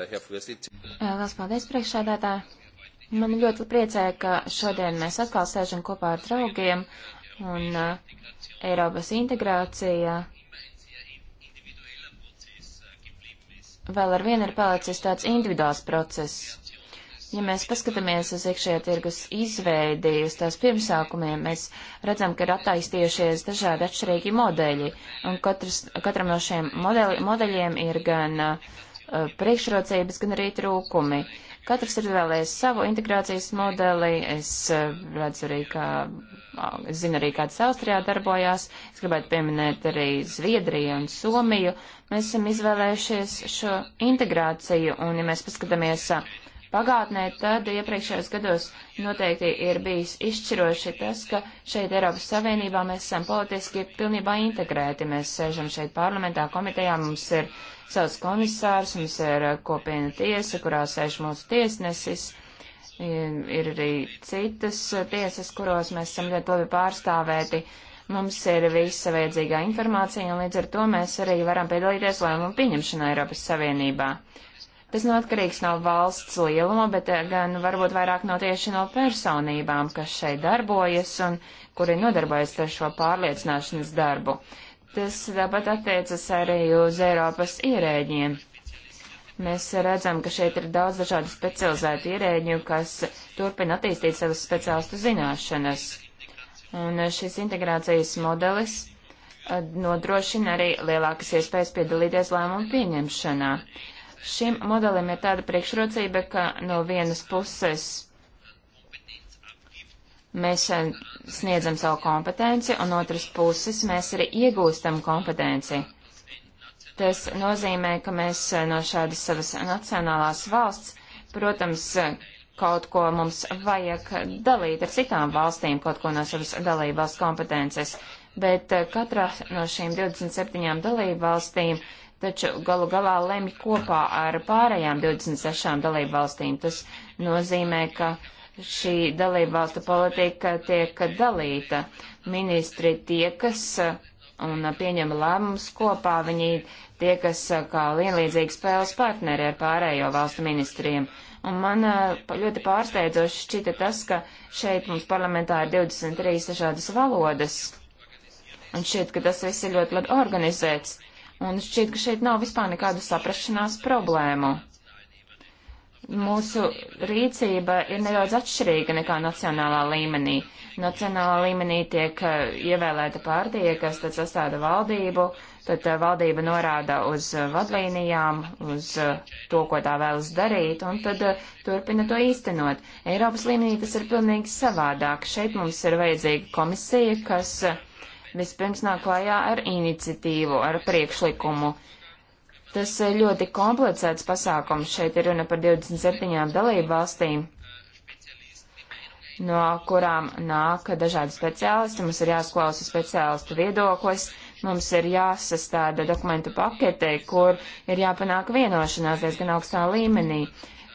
Lielas paldies, priekšsēdētāji. Man ļoti priecēja, ka šodien mēs atkal sēžam kopā ar draugiem. Un uh, Eiropas integrācija vēl ar vienu ir palicis tāds individuāls process. Ja mēs paskatāmies uz iekšējā tirgus izveidi, uz tās pirmsākumiem, mēs redzam, ka ir attaistījušies dažādi atšķirīgi modeļi, un katrs, katram no šiem modeļi, modeļiem ir gan uh, priekšrocības, gan arī trūkumi. Katrs ir vēlējis savu integrācijas modeli, es uh, redzu arī, ka Um, es zinu arī, kādas Austrijā darbojās. Es gribētu pieminēt arī Zviedriju un Somiju. Mēs esam izvēlējušies šo integrāciju, un ja mēs paskatāmies uh, pagātnē, tad iepriekšējos gados noteikti ir bijis izšķiroši tas, ka šeit Eiropas Savienībā mēs esam politiski pilnībā integrēti. Mēs sēžam šeit parlamentā komitejā, mums ir savs komisārs, mums ir uh, kopiena tiesa, kurā sēž mūsu tiesnesis ir arī citas tiesas, kuros mēs esam ļoti labi pārstāvēti. Mums ir visa vajadzīgā informācija, un līdz ar to mēs arī varam piedalīties lēmumu pieņemšanā Eiropas Savienībā. Tas nav atkarīgs no valsts lieluma, bet eh, gan varbūt vairāk no tieši no personībām, kas šeit darbojas un kuri nodarbojas ar šo pārliecināšanas darbu. Tas tāpat attiecas arī uz Eiropas ierēģiem. Mēs redzam, ka šeit ir daudz dažādu specializētu ierēģu, kas turpina attīstīt savas speciālistu zināšanas. Un šis integrācijas modelis nodrošina arī lielākas iespējas piedalīties lēmumu pieņemšanā. Šim modelim ir tāda priekšrocība, ka no vienas puses mēs sniedzam savu kompetenci, un otras puses mēs arī iegūstam kompetenci. Tas nozīmē, ka mēs eh, no šādas savas nacionālās valsts, protams, eh, kaut ko mums vajag dalīt ar citām valstīm, kaut ko no savas dalībvalsts kompetences, bet eh, katrā no šīm 27 dalībvalstīm taču galu galā lemj kopā ar pārējām 26 dalībvalstīm. Tas nozīmē, ka šī dalībvalstu politika tiek dalīta. Ministri tie, kas un pieņem lēmumus kopā, viņi tie, kas kā vienlīdzīgi spēles partneri ar pārējo valstu ministriem. Un man ļoti pārsteidzoši šķita tas, ka šeit mums parlamentā ir 23 dažādas valodas. Un šķiet, ka tas viss ir ļoti labi organizēts. Un šķiet, ka šeit nav vispār nekādu saprašanās problēmu. Mūsu rīcība ir nedaudz atšķirīga nekā nacionālā līmenī. Nacionālā līmenī tiek ievēlēta pārtie, kas tad sastāda valdību, uh, Tad eh, valdība norāda uz eh, vadlīnijām, uz eh, to, ko tā vēlas darīt, un tad turpina to īstenot. Eiropas līmenī tas ir pilnīgi savādāk. Šeit mums ir vajadzīga komisija, kas vispirms nāk klājā ar iniciatīvu, ar priekšlikumu. Tas ir ļoti komplicēts pasākums. Šeit ir runa par 27 dalību valstīm, no kurām nāk dažādi speciālisti. Mums ir jāsklausa speciālistu viedoklis. Mums ir jāsastāda dokumentu paketē, kur ir jāpanāk vienošanās diezgan augstā līmenī.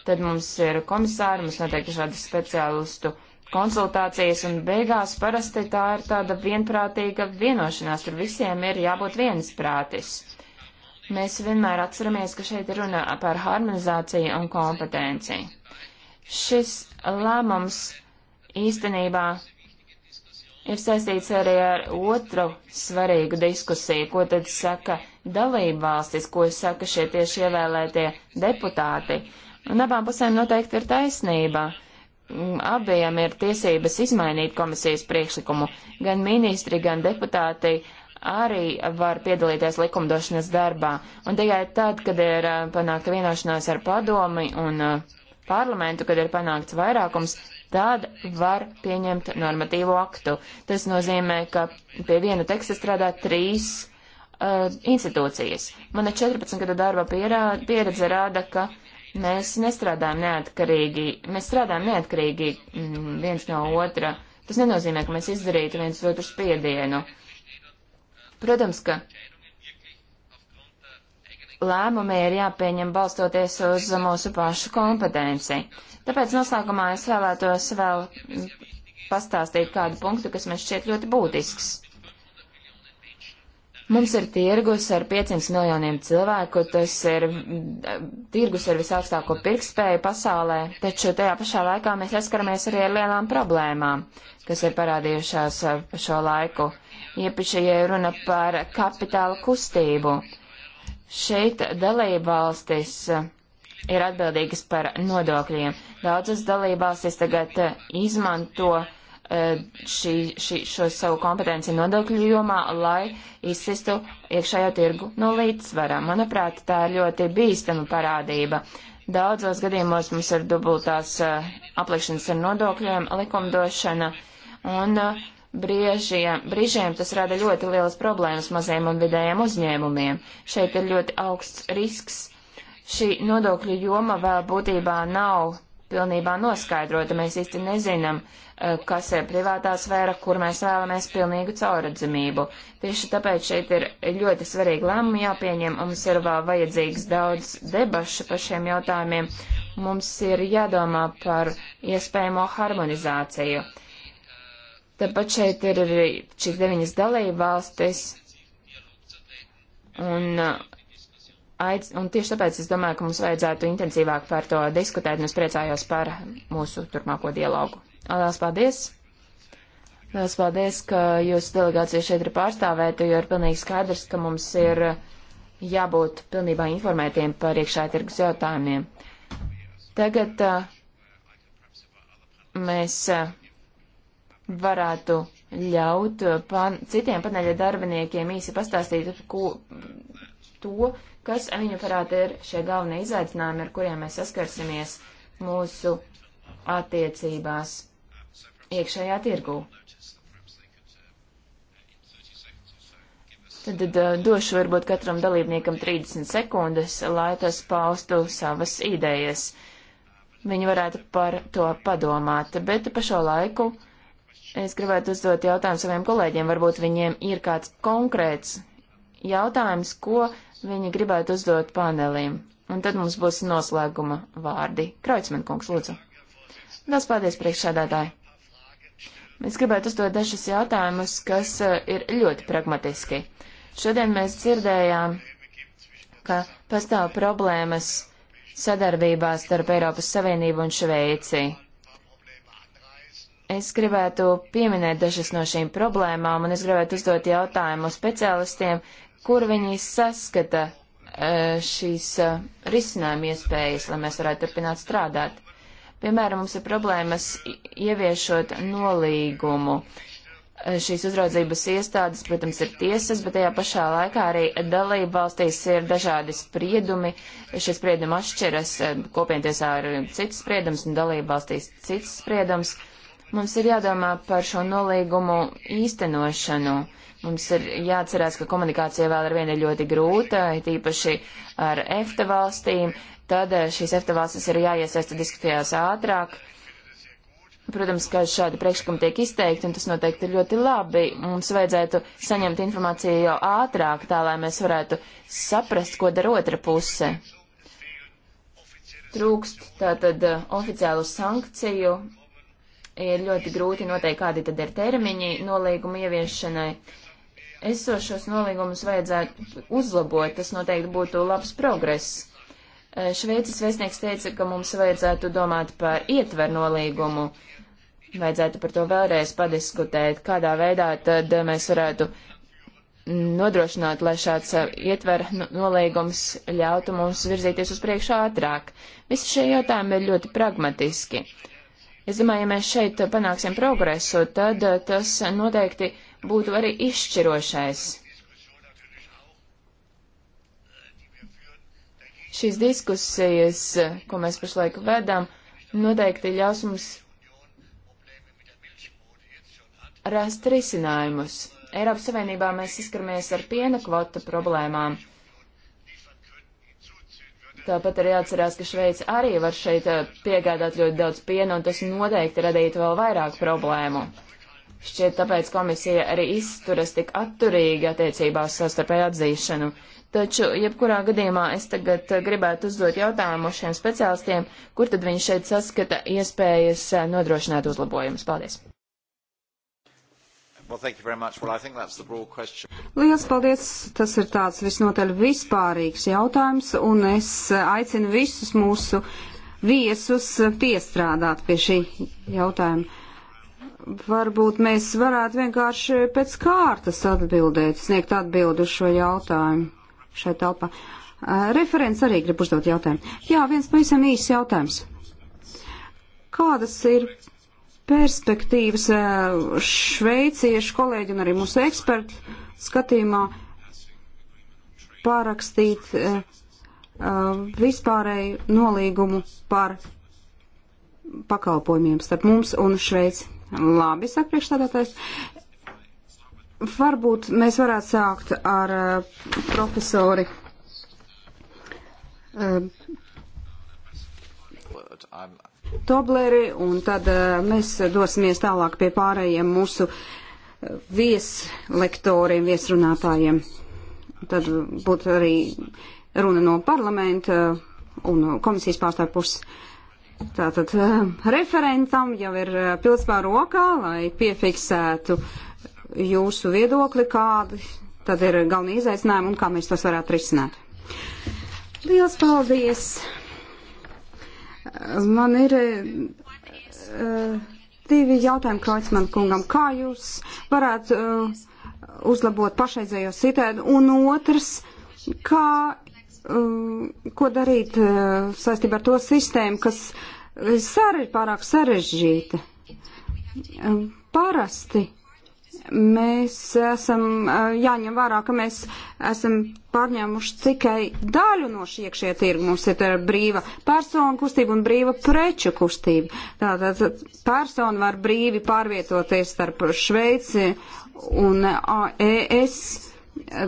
Tad mums ir komisāri, mums noteikti šādi speciālistu konsultācijas, un beigās parasti tā ir tāda vienprātīga vienošanās, tur visiem ir jābūt viensprātis. Mēs vienmēr atceramies, ka šeit ir runa par harmonizāciju un kompetenci. Šis lēmums īstenībā ir saistīts arī ar otru svarīgu diskusiju, ko tad saka dalībvalstis, ko saka šie tieši ievēlētie deputāti. Un abām pusēm noteikti ir taisnība. Mm, abiem ir tiesības izmainīt komisijas priekšlikumu. Gan ministri, gan deputāti arī var piedalīties likumdošanas darbā. Un tikai tad, kad ir uh, panākta vienošanās ar padomi un uh, parlamentu, kad ir panākts vairākums, tad var pieņemt normatīvo aktu. Tas nozīmē, ka pie viena teksta strādā trīs uh, institūcijas. Mana 14 gada darba pieredze rāda, ka mēs nestrādājam neatkarīgi, mēs strādājam neatkarīgi mm, viens no otra. Tas nenozīmē, ka mēs izdarītu viens otru spiedienu. Protams, ka lēmumi ir jāpieņem balstoties uz mūsu pašu kompetenci. Tāpēc noslēgumā es vēlētos vēl pastāstīt kādu punktu, kas man šķiet ļoti būtisks. Mums ir tirgus ar 500 miljoniem cilvēku, tas ir tirgus ar visaugstāko pirkspēju pasaulē, taču tajā pašā laikā mēs saskaramies arī ar lielām problēmām, kas ir parādījušās pa šo laiku. Iepriekšējie runa par kapitāla kustību. Šeit dalībvalstis eh, ir atbildīgas par nodokļiem. Daudzas dalībvalstis tagad eh, izmanto eh, šī, šī, šo savu kompetenci nodokļu jomā, lai izsistu iekšējo tirgu no līdzsvara. Manuprāt, tā ir ļoti bīstama parādība. Daudzos gadījumos mums ir dubultās aplikšanas ar nodokļiem likumdošana, un uh, briežiem, brīžiem tas rada ļoti lielas problēmas maziem un vidējiem uzņēmumiem. Šeit ir ļoti augsts risks. Šī nodokļu joma vēl būtībā nav pilnībā noskaidrota. Mēs īsti nezinām, eh, kas ir privātā sfēra, kur mēs vēlamies pilnīgu caurredzamību. Tieši tāpēc šeit ir ļoti svarīgi lēmumi jāpieņem, un mums ir vēl vajadzīgs daudz debašu par šiem jautājumiem. Mums ir jādomā par iespējamo harmonizāciju. Tāpat šeit ir arī šīs deviņas dalība valstis. Un, uh, aic, un tieši tāpēc es domāju, ka mums vajadzētu intensīvāk par to diskutēt, un es priecājos par mūsu turpmāko dialogu. Lielas paldies! Lielas paldies, ka jūsu delegācija šeit ir pārstāvēta, jo ir pilnīgi skaidrs, ka mums ir jābūt pilnībā informētiem par iekšā tirgus jautājumiem. Tagad uh, mēs uh, varētu ļaut pan, citiem paneļa darbiniekiem īsi pastāstīt, ko, to, kas viņu parāda ir šie galvenie izaicinājumi, ar kuriem mēs saskarsimies mūsu attiecībās iekšējā tirgū. Tad, tad eh, došu varbūt katram dalībniekam 30 sekundes, lai tas paustu savas idejas. Viņi varētu par to padomāt, bet pa šo laiku Es gribētu uzdot jautājumu saviem kolēģiem, varbūt viņiem ir kāds konkrēts jautājums, ko viņi gribētu uzdot panelim. Un tad mums būs noslēguma vārdi. Kreutzmann kungs, lūdzu. Liels paldies, priekšsādātāji. Es gribētu uzdot dažus jautājumus, kas eh, ir ļoti pragmatiski. Šodien mēs dzirdējām, ka pastāv problēmas sadarbībā starp Eiropas Savienību un Šveici. Es gribētu pieminēt dažas no šīm problēmām, un es gribētu uzdot jautājumu speciālistiem, kur viņi saskata e, šīs e, risinājuma iespējas, lai mēs varētu turpināt strādāt. Piemēram, mums ir problēmas ieviešot nolīgumu. E, šīs uzraudzības iestādes, protams, ir tiesas, bet tajā pašā laikā arī dalība valstīs ir dažādi spriedumi. Šie spriedumi atšķiras, kopientiesā ir cits spriedums un dalība valstīs cits spriedums. Uh, Mums ir jādomā par šo nolīgumu īstenošanu. Mums ir jāatcerās, ka komunikācija vēl ar vienu ir ļoti grūta, tīpaši ar EFTA valstīm. Tad eh, šīs EFTA valstis ir jāiesaista diskusijās ātrāk. Protams, ka šādi priekšlikumi tiek izteikti, un tas noteikti ir ļoti labi. Mums vajadzētu saņemt informāciju jau ātrāk, tā lai mēs varētu saprast, ko dara otra puse. Trūkst tātad eh, oficiālu sankciju, ir ļoti grūti noteikt, kādi tad ir termiņi nolīguma ieviešanai. Esošos nolīgumus vajadzētu uzlabot, tas noteikti būtu labs progress. Eh, Šveicis vēstnieks teica, ka mums vajadzētu domāt par ietver nolīgumu. Vajadzētu par to vēlreiz padiskutēt, kādā veidā tad mēs varētu nodrošināt, lai šāds eh, ietver nolīgums ļautu mums virzīties uz priekšu ātrāk. Visi šie jautājumi ir ļoti pragmatiski. Uh, Es domāju, ja mēs šeit panāksim progresu, tad eh, tas noteikti būtu arī izšķirošais. Šīs diskusijas, eh, ko mēs pašlaik vedam, noteikti ļaus mums rast risinājumus. Eiropas Savienībā mēs saskaramies ar piena kvota problēmām. Tāpat arī jāatcerās, ka Šveica arī var šeit piegādāt ļoti daudz piena, un tas noteikti radītu vēl vairāk problēmu. Šķiet, tāpēc komisija arī izturas tik atturīgi attiecībā uz savstarpēju atzīšanu. Taču, jebkurā gadījumā, es tagad gribētu uzdot jautājumu šiem speciālistiem, kur tad viņi šeit saskata iespējas nodrošināt uzlabojumus. Paldies! Well, well, Lielas paldies! Tas ir tāds visnotaļ vispārīgs jautājums, un es aicinu visus mūsu viesus piestrādāt pie šī jautājuma. Varbūt mēs varētu vienkārši pēc kārtas atbildēt, sniegt atbildu šo jautājumu šai telpā. Eh, referents arī grib uzdot jautājumu. Jā, viens pavisam īsts jautājums. Kādas ir perspektīvas šveiciešu kolēģi un arī mūsu eksperti skatījumā pārakstīt vispārēju nolīgumu par pakalpojumiem starp mums un Šveici. Labi, saka priekšstādātais. Varbūt mēs varētu sākt ar profesori. Um, Tobleri, un tad eh, mēs dosimies tālāk pie pārējiem mūsu eh, vieslektoriem, viesrunātājiem. Tad būtu arī runa no parlamenta eh, un komisijas pārstāvju puses. Tātad referentam jau ir pilspāra rokā, lai piefiksētu jūsu viedokli, kādi tad ir galvenie izaicinājumi un kā mēs tos varētu risināt. Lielas paldies! Man ir e, e, divi jautājumi Kreutzmann kungam. Kā jūs varētu e, uzlabot pašreizējo sitēdu? Un otrs, kā, ko darīt saistībā ar to sistēmu, kas sarež, pārāk sarežģīta? Parasti mēs esam eh, jāņem vērā, ka mēs esam pārņēmuši tikai daļu no šī iekšē tirgu. Mums ir brīva persona kustība un brīva preču kustība. Tātad persona var brīvi pārvietoties starp Šveici un AES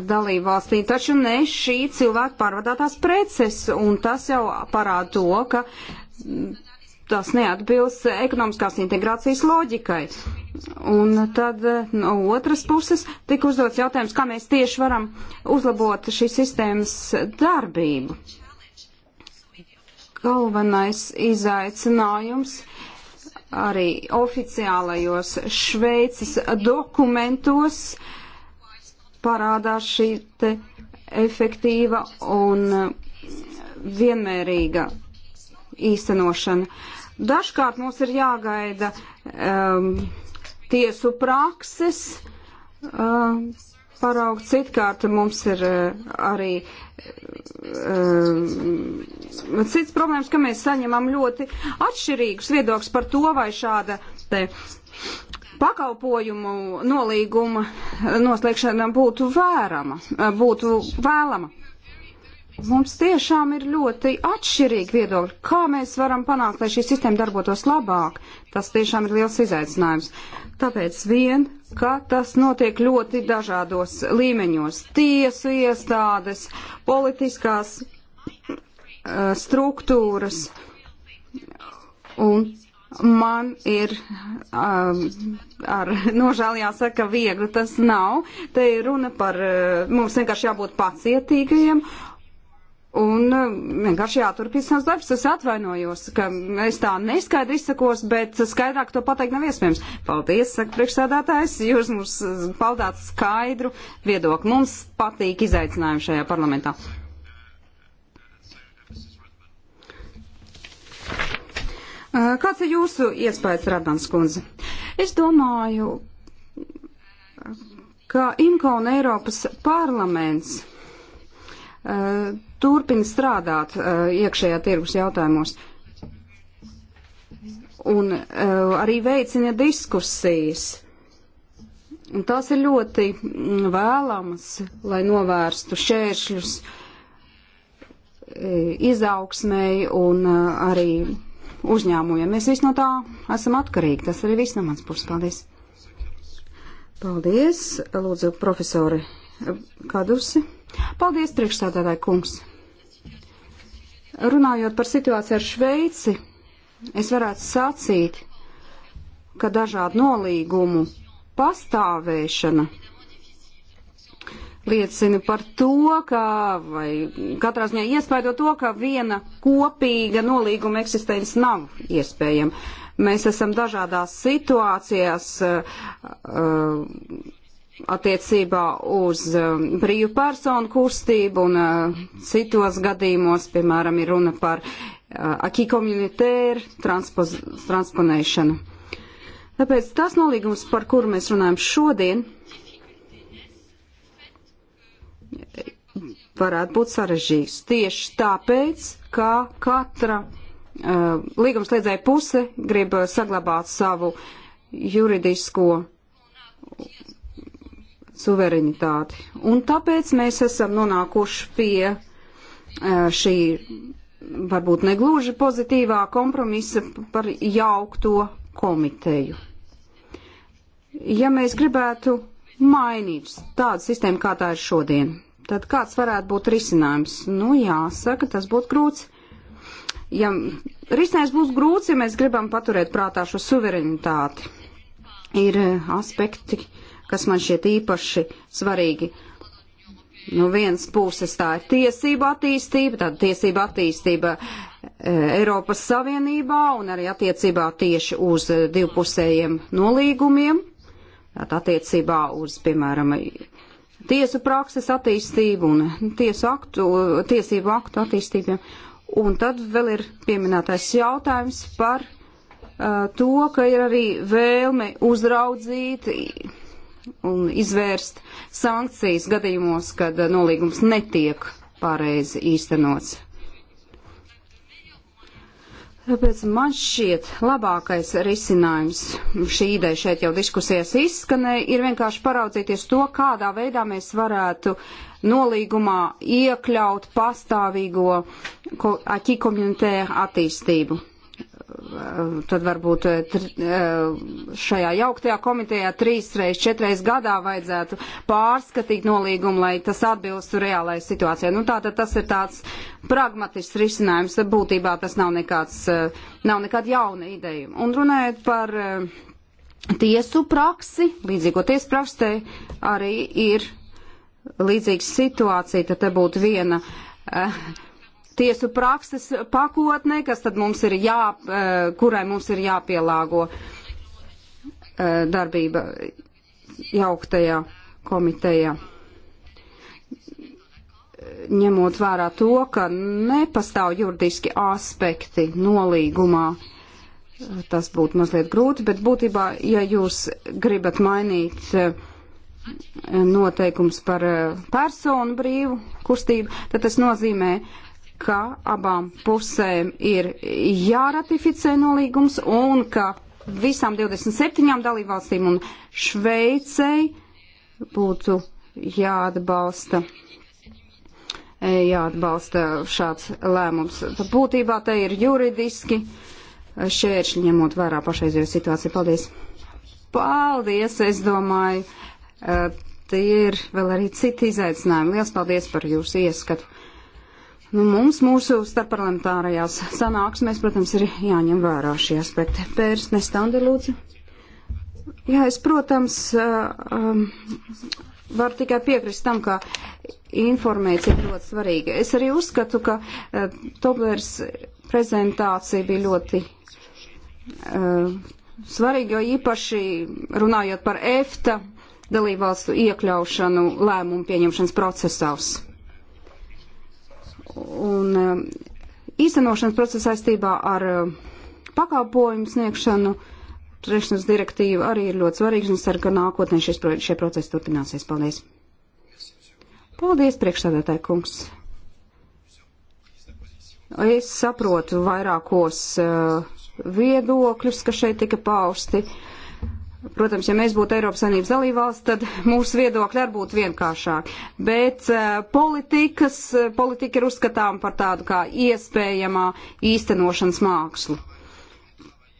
dalību valstī, taču ne šī cilvēka pārvadātās preces, un tas jau parāda to, ka tas neatbilst ekonomiskās integrācijas loģikai. Un tad no otras puses tika uzdots jautājums, kā mēs tieši varam uzlabot šīs sistēmas darbību. Galvenais izaicinājums arī oficiālajos Šveices dokumentos parādās šī te efektīva un vienmērīga īstenošana. Dažkārt mums ir jāgaida um, tiesu prakses. Um, paraugs. Citkārt mums ir uh, arī um, cits problēmas, ka mēs saņemam ļoti atšķirīgus viedokļus par to, vai šāda te pakalpojumu nolīguma noslēgšana būtu vērama, būtu vēlama. Mums tiešām ir ļoti atšķirīgi viedokļi, kā mēs varam panākt, lai šī sistēma darbotos labāk. Tas tiešām ir liels izaicinājums. Tāpēc vien, ka tas notiek ļoti dažādos līmeņos - tiesu iestādes, politiskās eh, struktūras. Un man ir um, ar nožēlu jāsaka, viegli tas nav. Te ir runa par, eh, mums vienkārši jābūt pacietīgajiem Un uh, vienkārši jāturpina savs darbs. Es atvainojos, ka es tā neskaidri izsakos, bet skaidrāk to pateikt nav iespējams. Paldies, saka priekšsēdētājs, jūs mums uh, paldāt skaidru viedokli. Mums patīk izaicinājumi šajā parlamentā. Uh, kāds ir jūsu iespējas, Radans kundze? Es domāju, ka Imko un Eiropas parlaments. Uh, turpina strādāt uh, iekšējā tirgus jautājumos. Un uh, arī veicina diskusijas. Un tās ir ļoti mm, vēlamas, lai novērstu šēršļus uh, izaugsmēji un arī uzņēmumiem. Mēs visi no tā esam atkarīgi. Tas arī viss no mans puses. Paldies! Paldies, lūdzu, profesori Kadusi. Paldies, priekšstādātāji kungs. Runājot par situāciju ar Šveici, es varētu sacīt, ka dažādu nolīgumu pastāvēšana liecina par to, ka, vai katrā ziņā iespaido to, ka viena kopīga nolīguma eksistence nav iespējama. Mēs esam dažādās situācijās, uh, uh, attiecībā uz um, brīvu personu kustību un uh, citos gadījumos, piemēram, ir runa par uh, aki komunitēru transponēšanu. Tāpēc tas nolīgums, par kuru mēs runājam šodien, varētu būt sarežģīts. Tieši tāpēc, ka katra uh, līgumslēdzēja puse grib saglabāt savu juridisko suverenitāti. Un tāpēc mēs esam nonākuši pie eh, šī varbūt negluži pozitīvā kompromisa par jaukto komiteju. Ja mēs gribētu mainīt tādu sistēmu, kā tā ir šodien, tad kāds varētu būt risinājums? Nu, jāsaka, tas būtu grūts. Ja risinājums būs grūts, ja mēs gribam paturēt prātā šo suverenitāti. Ir aspekti, uh, kas man šķiet īpaši svarīgi. No nu, vienas puses tā ir tiesība attīstība, tad tiesība attīstība e, Eiropas Savienībā un arī attiecībā tieši uz e, divpusējiem nolīgumiem, tad attiecībā uz, piemēram, tiesu prakses attīstību un tiesu aktu, tiesību aktu attīstībiem. Un tad vēl ir pieminētais jautājums par uh, to, ka ir arī vēlme uzraudzīt un izvērst sankcijas gadījumos, kad uh, nolīgums netiek pareizi īstenots. Tāpēc man šķiet labākais risinājums šī ideja šeit jau diskusijās izskanēja, ir vienkārši paraudzīties to, kādā veidā mēs varētu nolīgumā iekļaut pastāvīgo aķikomunitē attīstību tad varbūt eh, eh, šajā jauktajā komitejā trīsreiz, četreiz gadā vajadzētu pārskatīt nolīgumu, lai tas atbilstu reālajai situācijai. Nu, tātad tas ir tāds pragmatisks risinājums, būtībā tas nav nekāds, eh, nav nekāda jauna ideja. Un runājot par tiesu praksi, līdzīgo tiesu praksē arī ir līdzīga situācija, tad te būtu viena. Uh, tiesu prakses pakotnē, kas tad mums ir jā, eh, kurai mums ir jāpielāgo eh, darbība jauktajā komitejā. Ņemot vērā to, ka nepastāv juridiski aspekti nolīgumā, tas būtu mazliet grūti, bet būtībā, ja jūs gribat mainīt eh, noteikums par personu brīvu kustību, tad tas nozīmē, ka abām pusēm ir jāratificē nolīgums un ka visām 27 dalībvalstīm un Šveicei būtu jāatbalsta, jāatbalsta šāds lēmums. Tad būtībā te ir juridiski šķēršļi ņemot vērā pašreizējo situāciju. Paldies! Paldies, es domāju, eh, tie ir vēl arī citi izaicinājumi. Liels paldies par jūsu ieskatu! Nu, mums mūsu starpparlamentārajās sanāksmēs, protams, ir jāņem vērā šie aspekti. Pērs Nestandi, lūdzu. Jā, es, protams, um, varu tikai piekrist tam, ka informēcija ir ļoti svarīga. Es arī uzskatu, ka uh, Toblers prezentācija bija ļoti uh, svarīga, jo īpaši runājot par EFTA dalībvalstu iekļaušanu lēmumu pieņemšanas procesos un um, īstenošanas process saistībā ar um, pakalpojumu sniegšanu trešdienas direktīva arī ir ļoti svarīgs un ceru, ka nākotnē šis, šie procesi turpināsies. Paldies! Paldies, priekšsādātāji kungs! Es saprotu vairākos uh, viedokļus, kas šeit tika pausti. Uh, Protams, ja mēs būtu Eiropas Savienības dalībvalsts, tad mūsu viedokļi arī būtu vienkāršāk. Bet eh, politikas, eh, politika ir uzskatām par tādu kā iespējamā īstenošanas mākslu.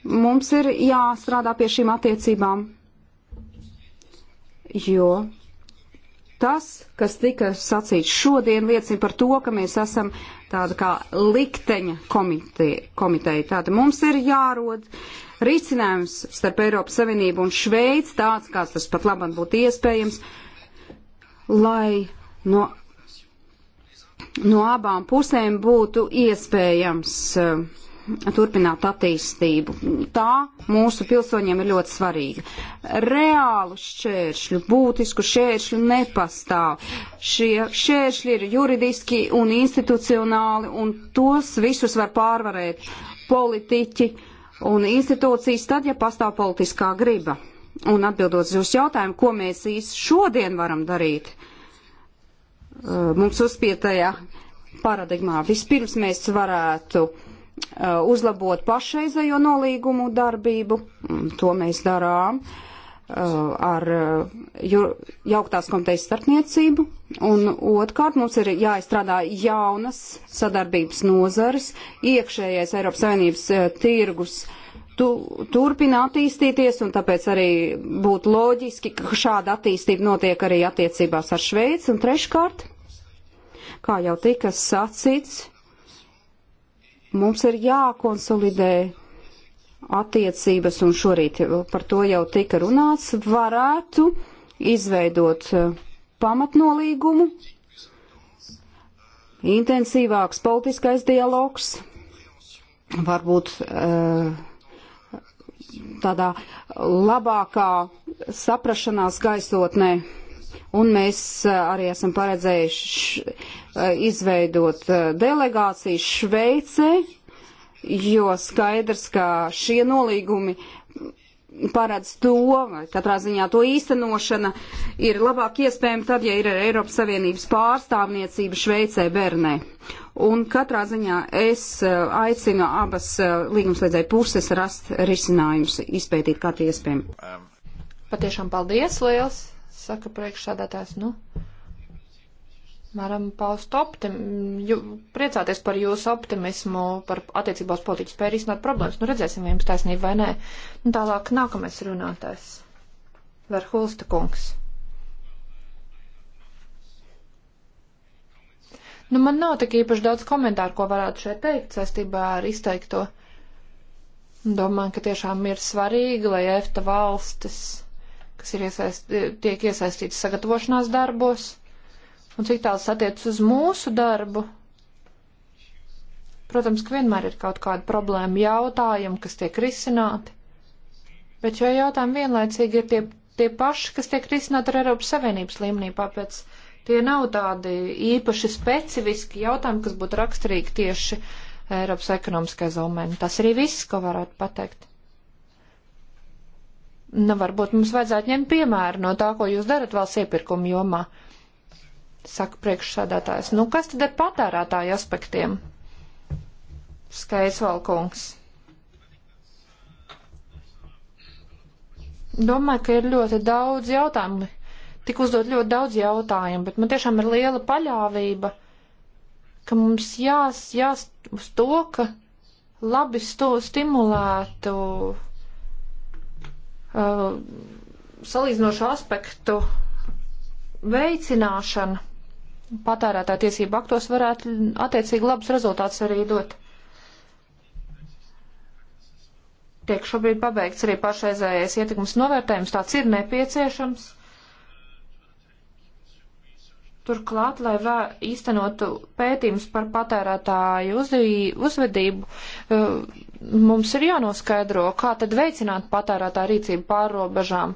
Mums ir jāstrādā pie šīm attiecībām, jo tas, kas tika sacīts šodien, liecina par to, ka mēs esam tāda kā likteņa komiteja. komiteja. Tātad mums ir jārod risinājums starp Eiropas Savienību un Šveici, tāds kāds tas pat labam būtu iespējams, lai no, no abām pusēm būtu iespējams uh, turpināt attīstību. Tā mūsu pilsoņiem ir ļoti svarīga. Reālu šķēršļu, būtisku šķēršļu nepastāv. Šie šķēršļi ir juridiski un institucionāli, un tos visus var pārvarēt politiķi un institūcijas tad, ja pastāv politiskā griba. Un atbildot uz jūsu jautājumu, ko mēs īsti šodien varam darīt, uh, mums uzspietajā paradigmā. Vispirms mēs varētu uh, Uh, uzlabot pašreizējo nolīgumu darbību, mm, to mēs darām uh, ar uh, jauktās komitejas starpniecību, un otrkārt mums ir jāizstrādā jaunas sadarbības nozares, iekšējais Eiropas Savienības tirgus tu, turpina attīstīties, un tāpēc arī būtu loģiski, ka šāda attīstība notiek arī attiecībās ar Šveici, un treškārt, kā jau tika sacīts, Mums ir jākonsolidē attiecības, un šorīt par to jau tika runāts, varētu izveidot eh, pamatnolīgumu, intensīvāks politiskais dialogs, varbūt eh, tādā labākā saprašanās gaisotnē un mēs eh, arī esam paredzējuši eh, izveidot eh, delegāciju Šveicē, jo skaidrs, ka šie nolīgumi paredz to, vai katrā ziņā to īstenošana ir labāk iespējama tad, ja ir Eiropas Savienības pārstāvniecība Šveicē Bernē. Un katrā ziņā es aicinu abas līgumslēdzēju puses rast risinājumus, izpētīt kā tie iespējami. Patiešām paldies liels! saka priekšsādātājs, nu, varam paust optim, jū, priecāties par jūsu optimismu, par attiecībās politiķu spēju risināt problēmas. Nu, redzēsim, vai jums taisnība vai nē. Nu, tālāk nākamais runātājs. Verhulsta kungs. Nu, man nav tik īpaši daudz komentāru, ko varētu šeit teikt saistībā ar izteikto. Domāju, ka tiešām ir svarīgi, lai EFTA valstis kas ir iesaist, tiek iesaistīts sagatavošanās darbos, un cik tāls attiecas uz mūsu darbu. Protams, ka vienmēr ir kaut kāda problēma jautājumi, kas tiek risināti, bet šie jautājumi vienlaicīgi ir tie, tie paši, kas tiek risināti ar Eiropas Savienības līmenī, tāpēc tie nav tādi īpaši specifiski jautājumi, kas būtu raksturīgi tieši Eiropas ekonomiskajai zonai. Tas arī viss, ko varētu pateikt. Nu, varbūt mums vajadzētu ņemt piemēru no tā, ko jūs darat valsts iepirkuma jomā, saka priekšsādātājs. Nu, kas tad ir patērētāju aspektiem? Skaidrs Valkungs. Domāju, ka ir ļoti daudz jautājumu. Tik uzdot ļoti daudz jautājumu, bet man tiešām ir liela paļāvība, ka mums jās, jās uz to, ka labi to stimulētu uh, salīdzinošu aspektu veicināšana patērētā tiesību aktos varētu attiecīgi labus rezultātus arī dot. Tiek šobrīd pabeigts arī pašreizējais ietekmes novērtējums, tāds ir nepieciešams. Turklāt, lai vē, īstenotu pētījums par patērētāju uzvedību, uh, mums ir jānoskaidro, kā tad veicināt patērētā rīcību pārrobežām.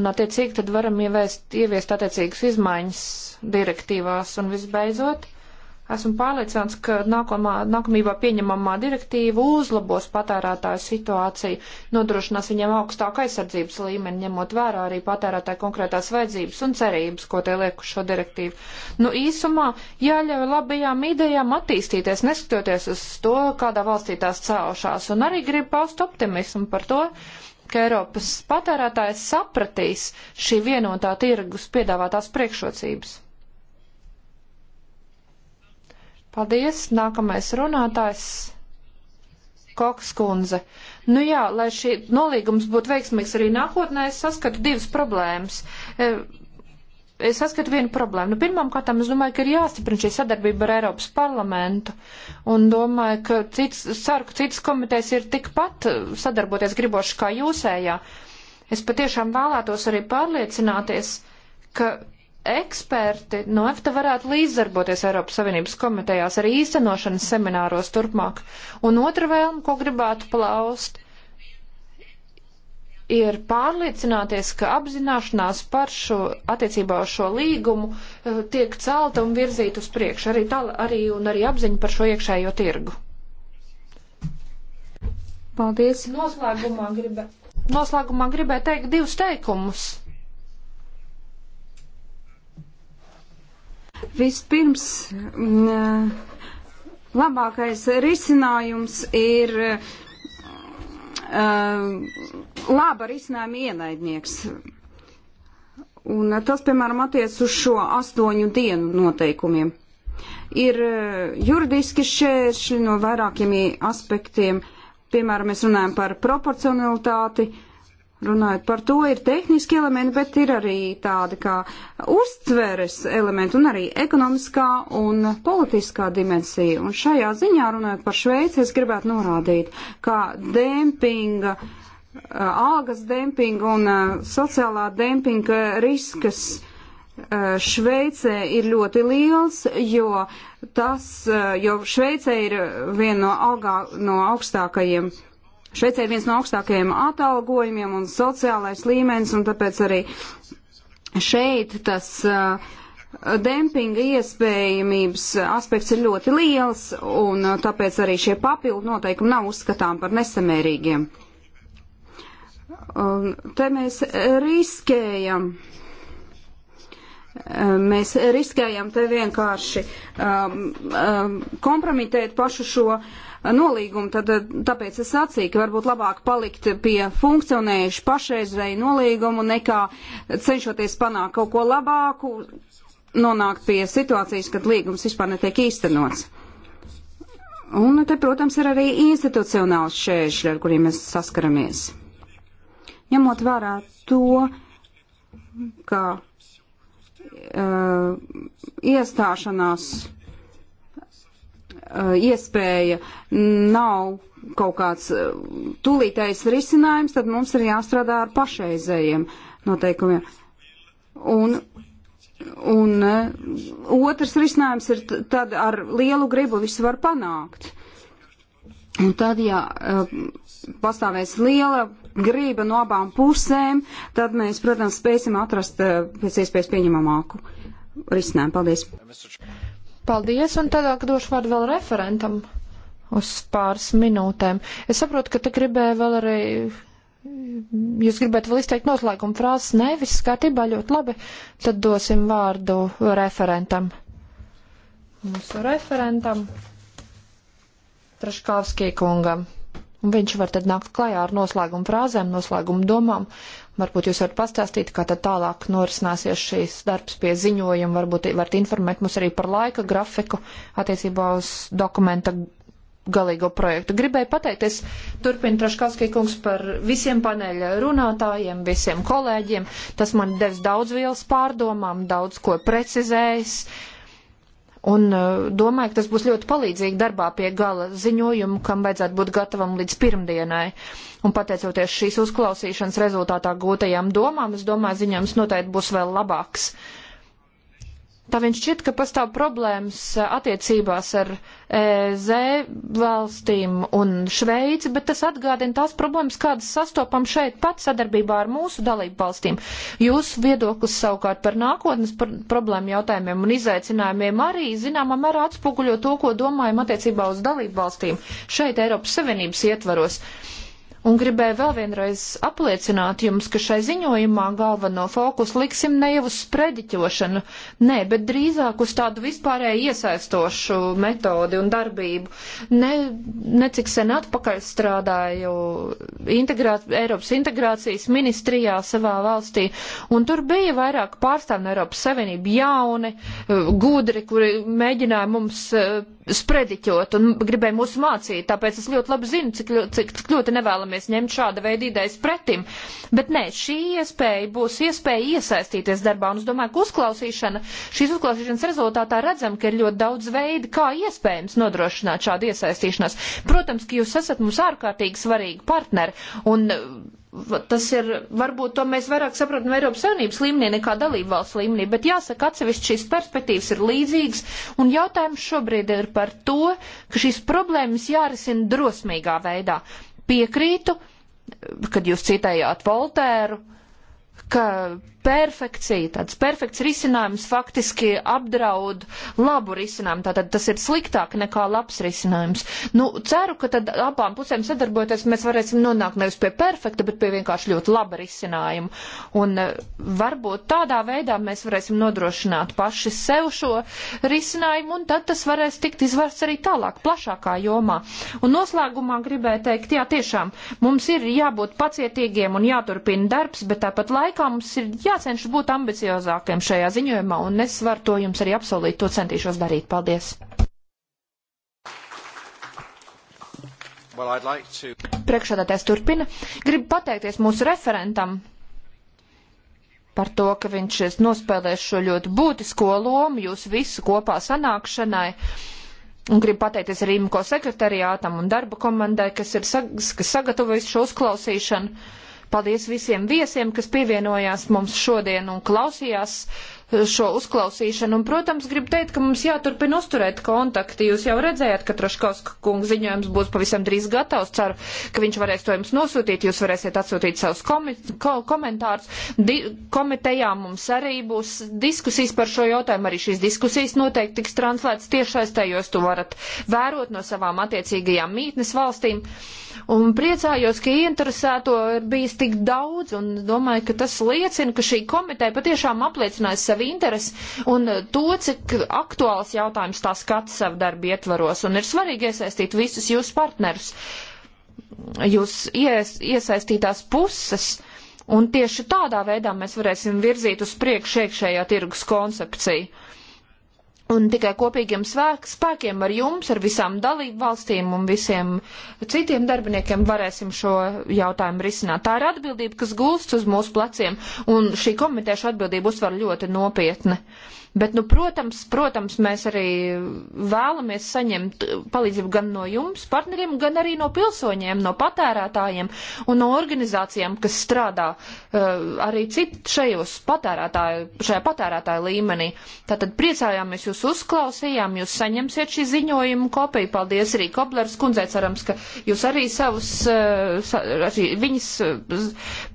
Un attiecīgi tad varam ieviest, ieviest attiecīgas izmaiņas direktīvās. Un visbeidzot, uh, Esmu pārliecināts, ka nākamā, nākamībā pieņemamā direktīva uzlabos patērētāju situāciju, nodrošinās viņiem augstāku aizsardzības līmeni, ņemot vērā arī patērētāju konkrētās vajadzības un cerības, ko te liek uz šo direktīvu. Nu, īsumā jāļauj labajām idejām attīstīties, neskatoties uz to, kādā valstī tās cēlušās, un arī grib paust optimismu par to, ka Eiropas patērētājs sapratīs šī vienotā tirgus piedāvātās priekšrocības. Paldies. Nākamais runātājs. Koks kundze. Nu jā, lai šī nolīgums būtu veiksmīgs arī nākotnē, es saskatu divas problēmas. E, es saskatu vienu problēmu. Nu, pirmām kārtām es domāju, ka ir jāstiprina šī sadarbība ar Eiropas parlamentu. Un domāju, ka cits, ceru, ka citas komitejas ir tikpat e, sadarboties griboši kā jūsējā. Es patiešām vēlētos arī pārliecināties, ka eksperti no EFTA varētu līdzdarboties Eiropas Savienības komitejās arī īstenošanas semināros turpmāk. Un otra vēlme, ko gribētu plaust, ir pārliecināties, ka apzināšanās par šo attiecībā uz šo līgumu eh, tiek celta un virzīta uz priekšu, arī, tā, arī, un arī apziņa par šo iekšējo tirgu. Paldies. Noslēgumā gribētu. Noslēgumā gribēju teikt divus teikumus Vispirms mm, labākais risinājums ir mm, laba risinājuma ienaidnieks. Un tas, piemēram, attiec uz šo astoņu dienu noteikumiem. Ir juridiski šķēršļi no vairākiem aspektiem. Piemēram, mēs runājam par proporcionalitāti, uh, runājot par to, ir tehniski elementi, bet ir arī tādi kā uztveres elementi un arī ekonomiskā un politiskā dimensija. Un šajā ziņā runājot par Šveici, es gribētu norādīt, ka dempinga, algas dempinga un sociālā dempinga riskas. Šveicē ir ļoti liels, jo, tas, jo Šveicē ir viena no, algā, no augstākajiem uh, Šveicē ir viens no augstākajiem atalgojumiem un sociālais līmenis, un tāpēc arī šeit tas uh, dempinga iespējamības aspekts ir ļoti liels, un uh, tāpēc arī šie papildu noteikumi nav uzskatām par nesamērīgiem. Un te mēs riskējam. Uh, mēs riskējam te vienkārši um, um, kompromitēt pašu šo uh, nolīgumu, tad eh, tāpēc es sacīju, ka varbūt labāk palikt pie funkcionējuši pašreizēju nolīgumu, nekā cenšoties panākt kaut ko labāku, nonākt pie situācijas, kad līgums vispār netiek īstenots. Un te, protams, ir arī institucionāls šķēršļi, ar kuriem mēs saskaramies. Ņemot vērā to, ka uh, iestāšanās uh, Uh, iespēja nav kaut kāds uh, tūlītējs risinājums, tad mums ir jāstrādā ar pašreizējiem noteikumiem. Un, un uh, otrs risinājums ir tad ar lielu gribu visu var panākt. Un tad, ja pastāvēs liela grība no abām pusēm, tad mēs, protams, spēsim atrast pēc iespējas pieņemamāku risinājumu. Paldies! Paldies, un tālāk došu vārdu vēl referentam uz pāris minūtēm. Es saprotu, ka te gribēju vēl arī Jūs gribētu vēl izteikt noslēgumu frāzi? Nē, viss kārtībā ļoti labi. Tad dosim vārdu referentam. Mūsu referentam Traškāvskī kungam un viņš var tad nākt klajā ar noslēgumu frāzēm, noslēgumu domām. Varbūt jūs varat pastāstīt, kā tad tālāk norisināsies šīs darbs pie ziņojuma, varbūt varat informēt mums arī par laika grafiku attiecībā uz dokumenta galīgo projektu. Gribēju pateikties, turpina Traškovskij kungs par visiem paneļa runātājiem, visiem kolēģiem. Tas man devis daudz vielas pārdomām, daudz ko precizējis. Uh, Un uh, domāju, ka tas būs ļoti palīdzīgi darbā pie gala ziņojumu, kam vajadzētu būt gatavam līdz pirmdienai. Un pateicoties šīs uzklausīšanas rezultātā gūtajām domām, es domāju, ziņojums noteikti būs vēl labāks Tā viņš šķiet, ka pastāv problēmas eh, attiecībās ar EZ eh, valstīm un Šveici, bet tas atgādina tās problēmas, kādas sastopam šeit pat sadarbībā ar mūsu dalību valstīm. Jūsu viedoklis savukārt par nākotnes par problēmu jautājumiem un izaicinājumiem arī, zināmā mērā, atspoguļo to, ko domājam attiecībā uz dalību valstīm šeit Eiropas Savienības ietvaros. Uh, Un gribēju vēl vienreiz apliecināt jums, ka šai ziņojumā galveno fokusu liksim ne jau uz sprediķošanu, nē, bet drīzāk uz tādu vispārēju iesaistošu metodi un darbību. Ne, necik sen atpakaļ strādāju integrā, Eiropas integrācijas ministrijā savā valstī, un tur bija vairāk pārstāvni Eiropas Savienību jauni, gudri, kuri mēģināja mums sprediķot un gribēja mūs mācīt, tāpēc es ļoti labi zinu, cik, cik, cik ļoti nevēlamies ņemt šāda veida idejas pretim. Bet nē, šī iespēja būs iespēja iesaistīties darbā, un es domāju, ka uzklausīšana, šīs uzklausīšanas rezultātā redzam, ka ir ļoti daudz veidi, kā iespējams nodrošināt šādu iesaistīšanos. Protams, ka jūs esat mums ārkārtīgi svarīgi partneri, un tas ir, varbūt to mēs vairāk saprotam Eiropas Savienības līmenī nekā dalību valsts līmenī, bet jāsaka, atsevišķi šīs perspektīvas ir līdzīgas, un jautājums šobrīd ir par to, ka šīs problēmas jārisina drosmīgā veidā. Piekrītu, kad jūs citējāt Voltēru, ka perfekcija, tāds perfekts risinājums faktiski apdraud labu risinājumu. Tātad tas ir sliktāk nekā labs risinājums. Nu, ceru, ka tad abām pusēm sadarbojoties mēs varēsim nonākt nevis pie perfekta, bet pie vienkārši ļoti laba risinājuma. Un eh, varbūt tādā veidā mēs varēsim nodrošināt paši sev šo risinājumu, un tad tas varēs tikt izvērsts arī tālāk, plašākā jomā. Un noslēgumā gribēju teikt, jā, tiešām mums ir jābūt pacietīgiem un jāturpina darbs, bet tāpat laikā mums ir jā jācenšas būt ambiciozākiem šajā ziņojumā, un es varu to jums arī apsolīt, to centīšos darīt. Paldies! Well, like to... Priekšādātais turpina. Gribu pateikties mūsu referentam par to, ka viņš nospēlēs šo ļoti būtisko lomu jūsu visu kopā sanākšanai. Un gribu pateikties arī Imko sekretariātam un darba komandai, kas ir sag kas sagatavojis šo uzklausīšanu. Paldies visiem viesiem, kas pievienojās mums šodien un klausījās šo uzklausīšanu. Un, protams, gribu teikt, ka mums jāturpina uzturēt kontakti. Jūs jau redzējāt, ka Traškovska kunga ziņojums būs pavisam drīz gatavs. Ceru, ka viņš varēs to jums nosūtīt. Jūs varēsiet atsūtīt savus komi ko komentārus. Di komitejā mums arī būs diskusijas par šo jautājumu. Arī šīs diskusijas noteikti tiks translētas tiešsaistē, jo jūs to varat vērot no savām attiecīgajām mītnes valstīm. Un priecājos, ka ieinteresēto ir bijis tik daudz un domāju, ka tas liecina, ka šī komiteja patiešām apliecināja savu savu interesi un to, cik aktuāls jautājums tā skats savu darbu ietvaros. Un ir svarīgi iesaistīt visus jūsu partnerus, jūs ies, iesaistītās puses. Un tieši tādā veidā mēs varēsim virzīt uz priekšu iekšējā tirgus koncepciju Un tikai kopīgiem svēk, spēkiem ar jums, ar visām dalību valstīm un visiem citiem darbiniekiem varēsim šo jautājumu risināt. Tā ir atbildība, kas gulst uz mūsu pleciem, un šī komiteša atbildība uzvar ļoti nopietni. Uh, Bet, nu, protams, protams, mēs arī vēlamies saņemt palīdzību gan no jums, partneriem, gan arī no pilsoņiem, no patērētājiem un no organizācijām, kas strādā uh, arī cit šajos patērētāju, šajā patērētāju līmenī. Tātad priecājāmies jūs uzklausījām, jūs saņemsiet šī ziņojuma kopiju. Paldies arī Koblers kundzei, cerams, ka jūs arī savus, uh, sa, arī viņas uh,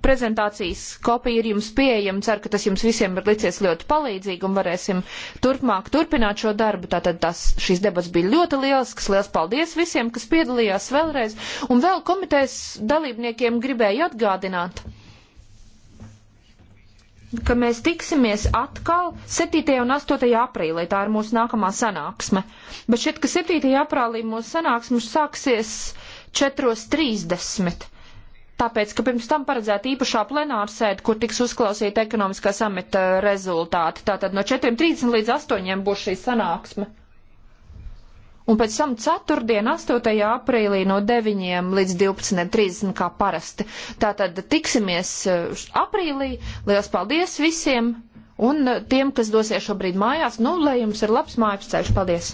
prezentācijas kopija ir jums pieejama. Ceru, ka tas jums visiem ir licies ļoti palīdzīgi un varēs varēsim turpmāk turpināt šo darbu. Tātad tas, šīs debats bija ļoti liels, kas liels paldies visiem, kas piedalījās vēlreiz. Un vēl komitejas dalībniekiem gribēju atgādināt, ka mēs tiksimies atkal 7. un 8. aprīlī. Tā ir mūsu nākamā sanāksme. Bet šeit, ka 7. aprīlī mūsu sanāksme sāksies 4.30 tāpēc, ka pirms tam paredzēta īpašā plenārsēde, kur tiks uzklausīta ekonomiskā samita eh, rezultāti. Tātad no 4.30 līdz 8.00 būs šī sanāksme. Un pēc tam ceturtdien, 8. aprīlī no 9 līdz 12.30 kā parasti. Tātad tiksimies eh, aprīlī. Lielas paldies visiem! Un eh, tiem, kas dosies šobrīd mājās, nu, lai jums ir labs mājas ceļš. Paldies!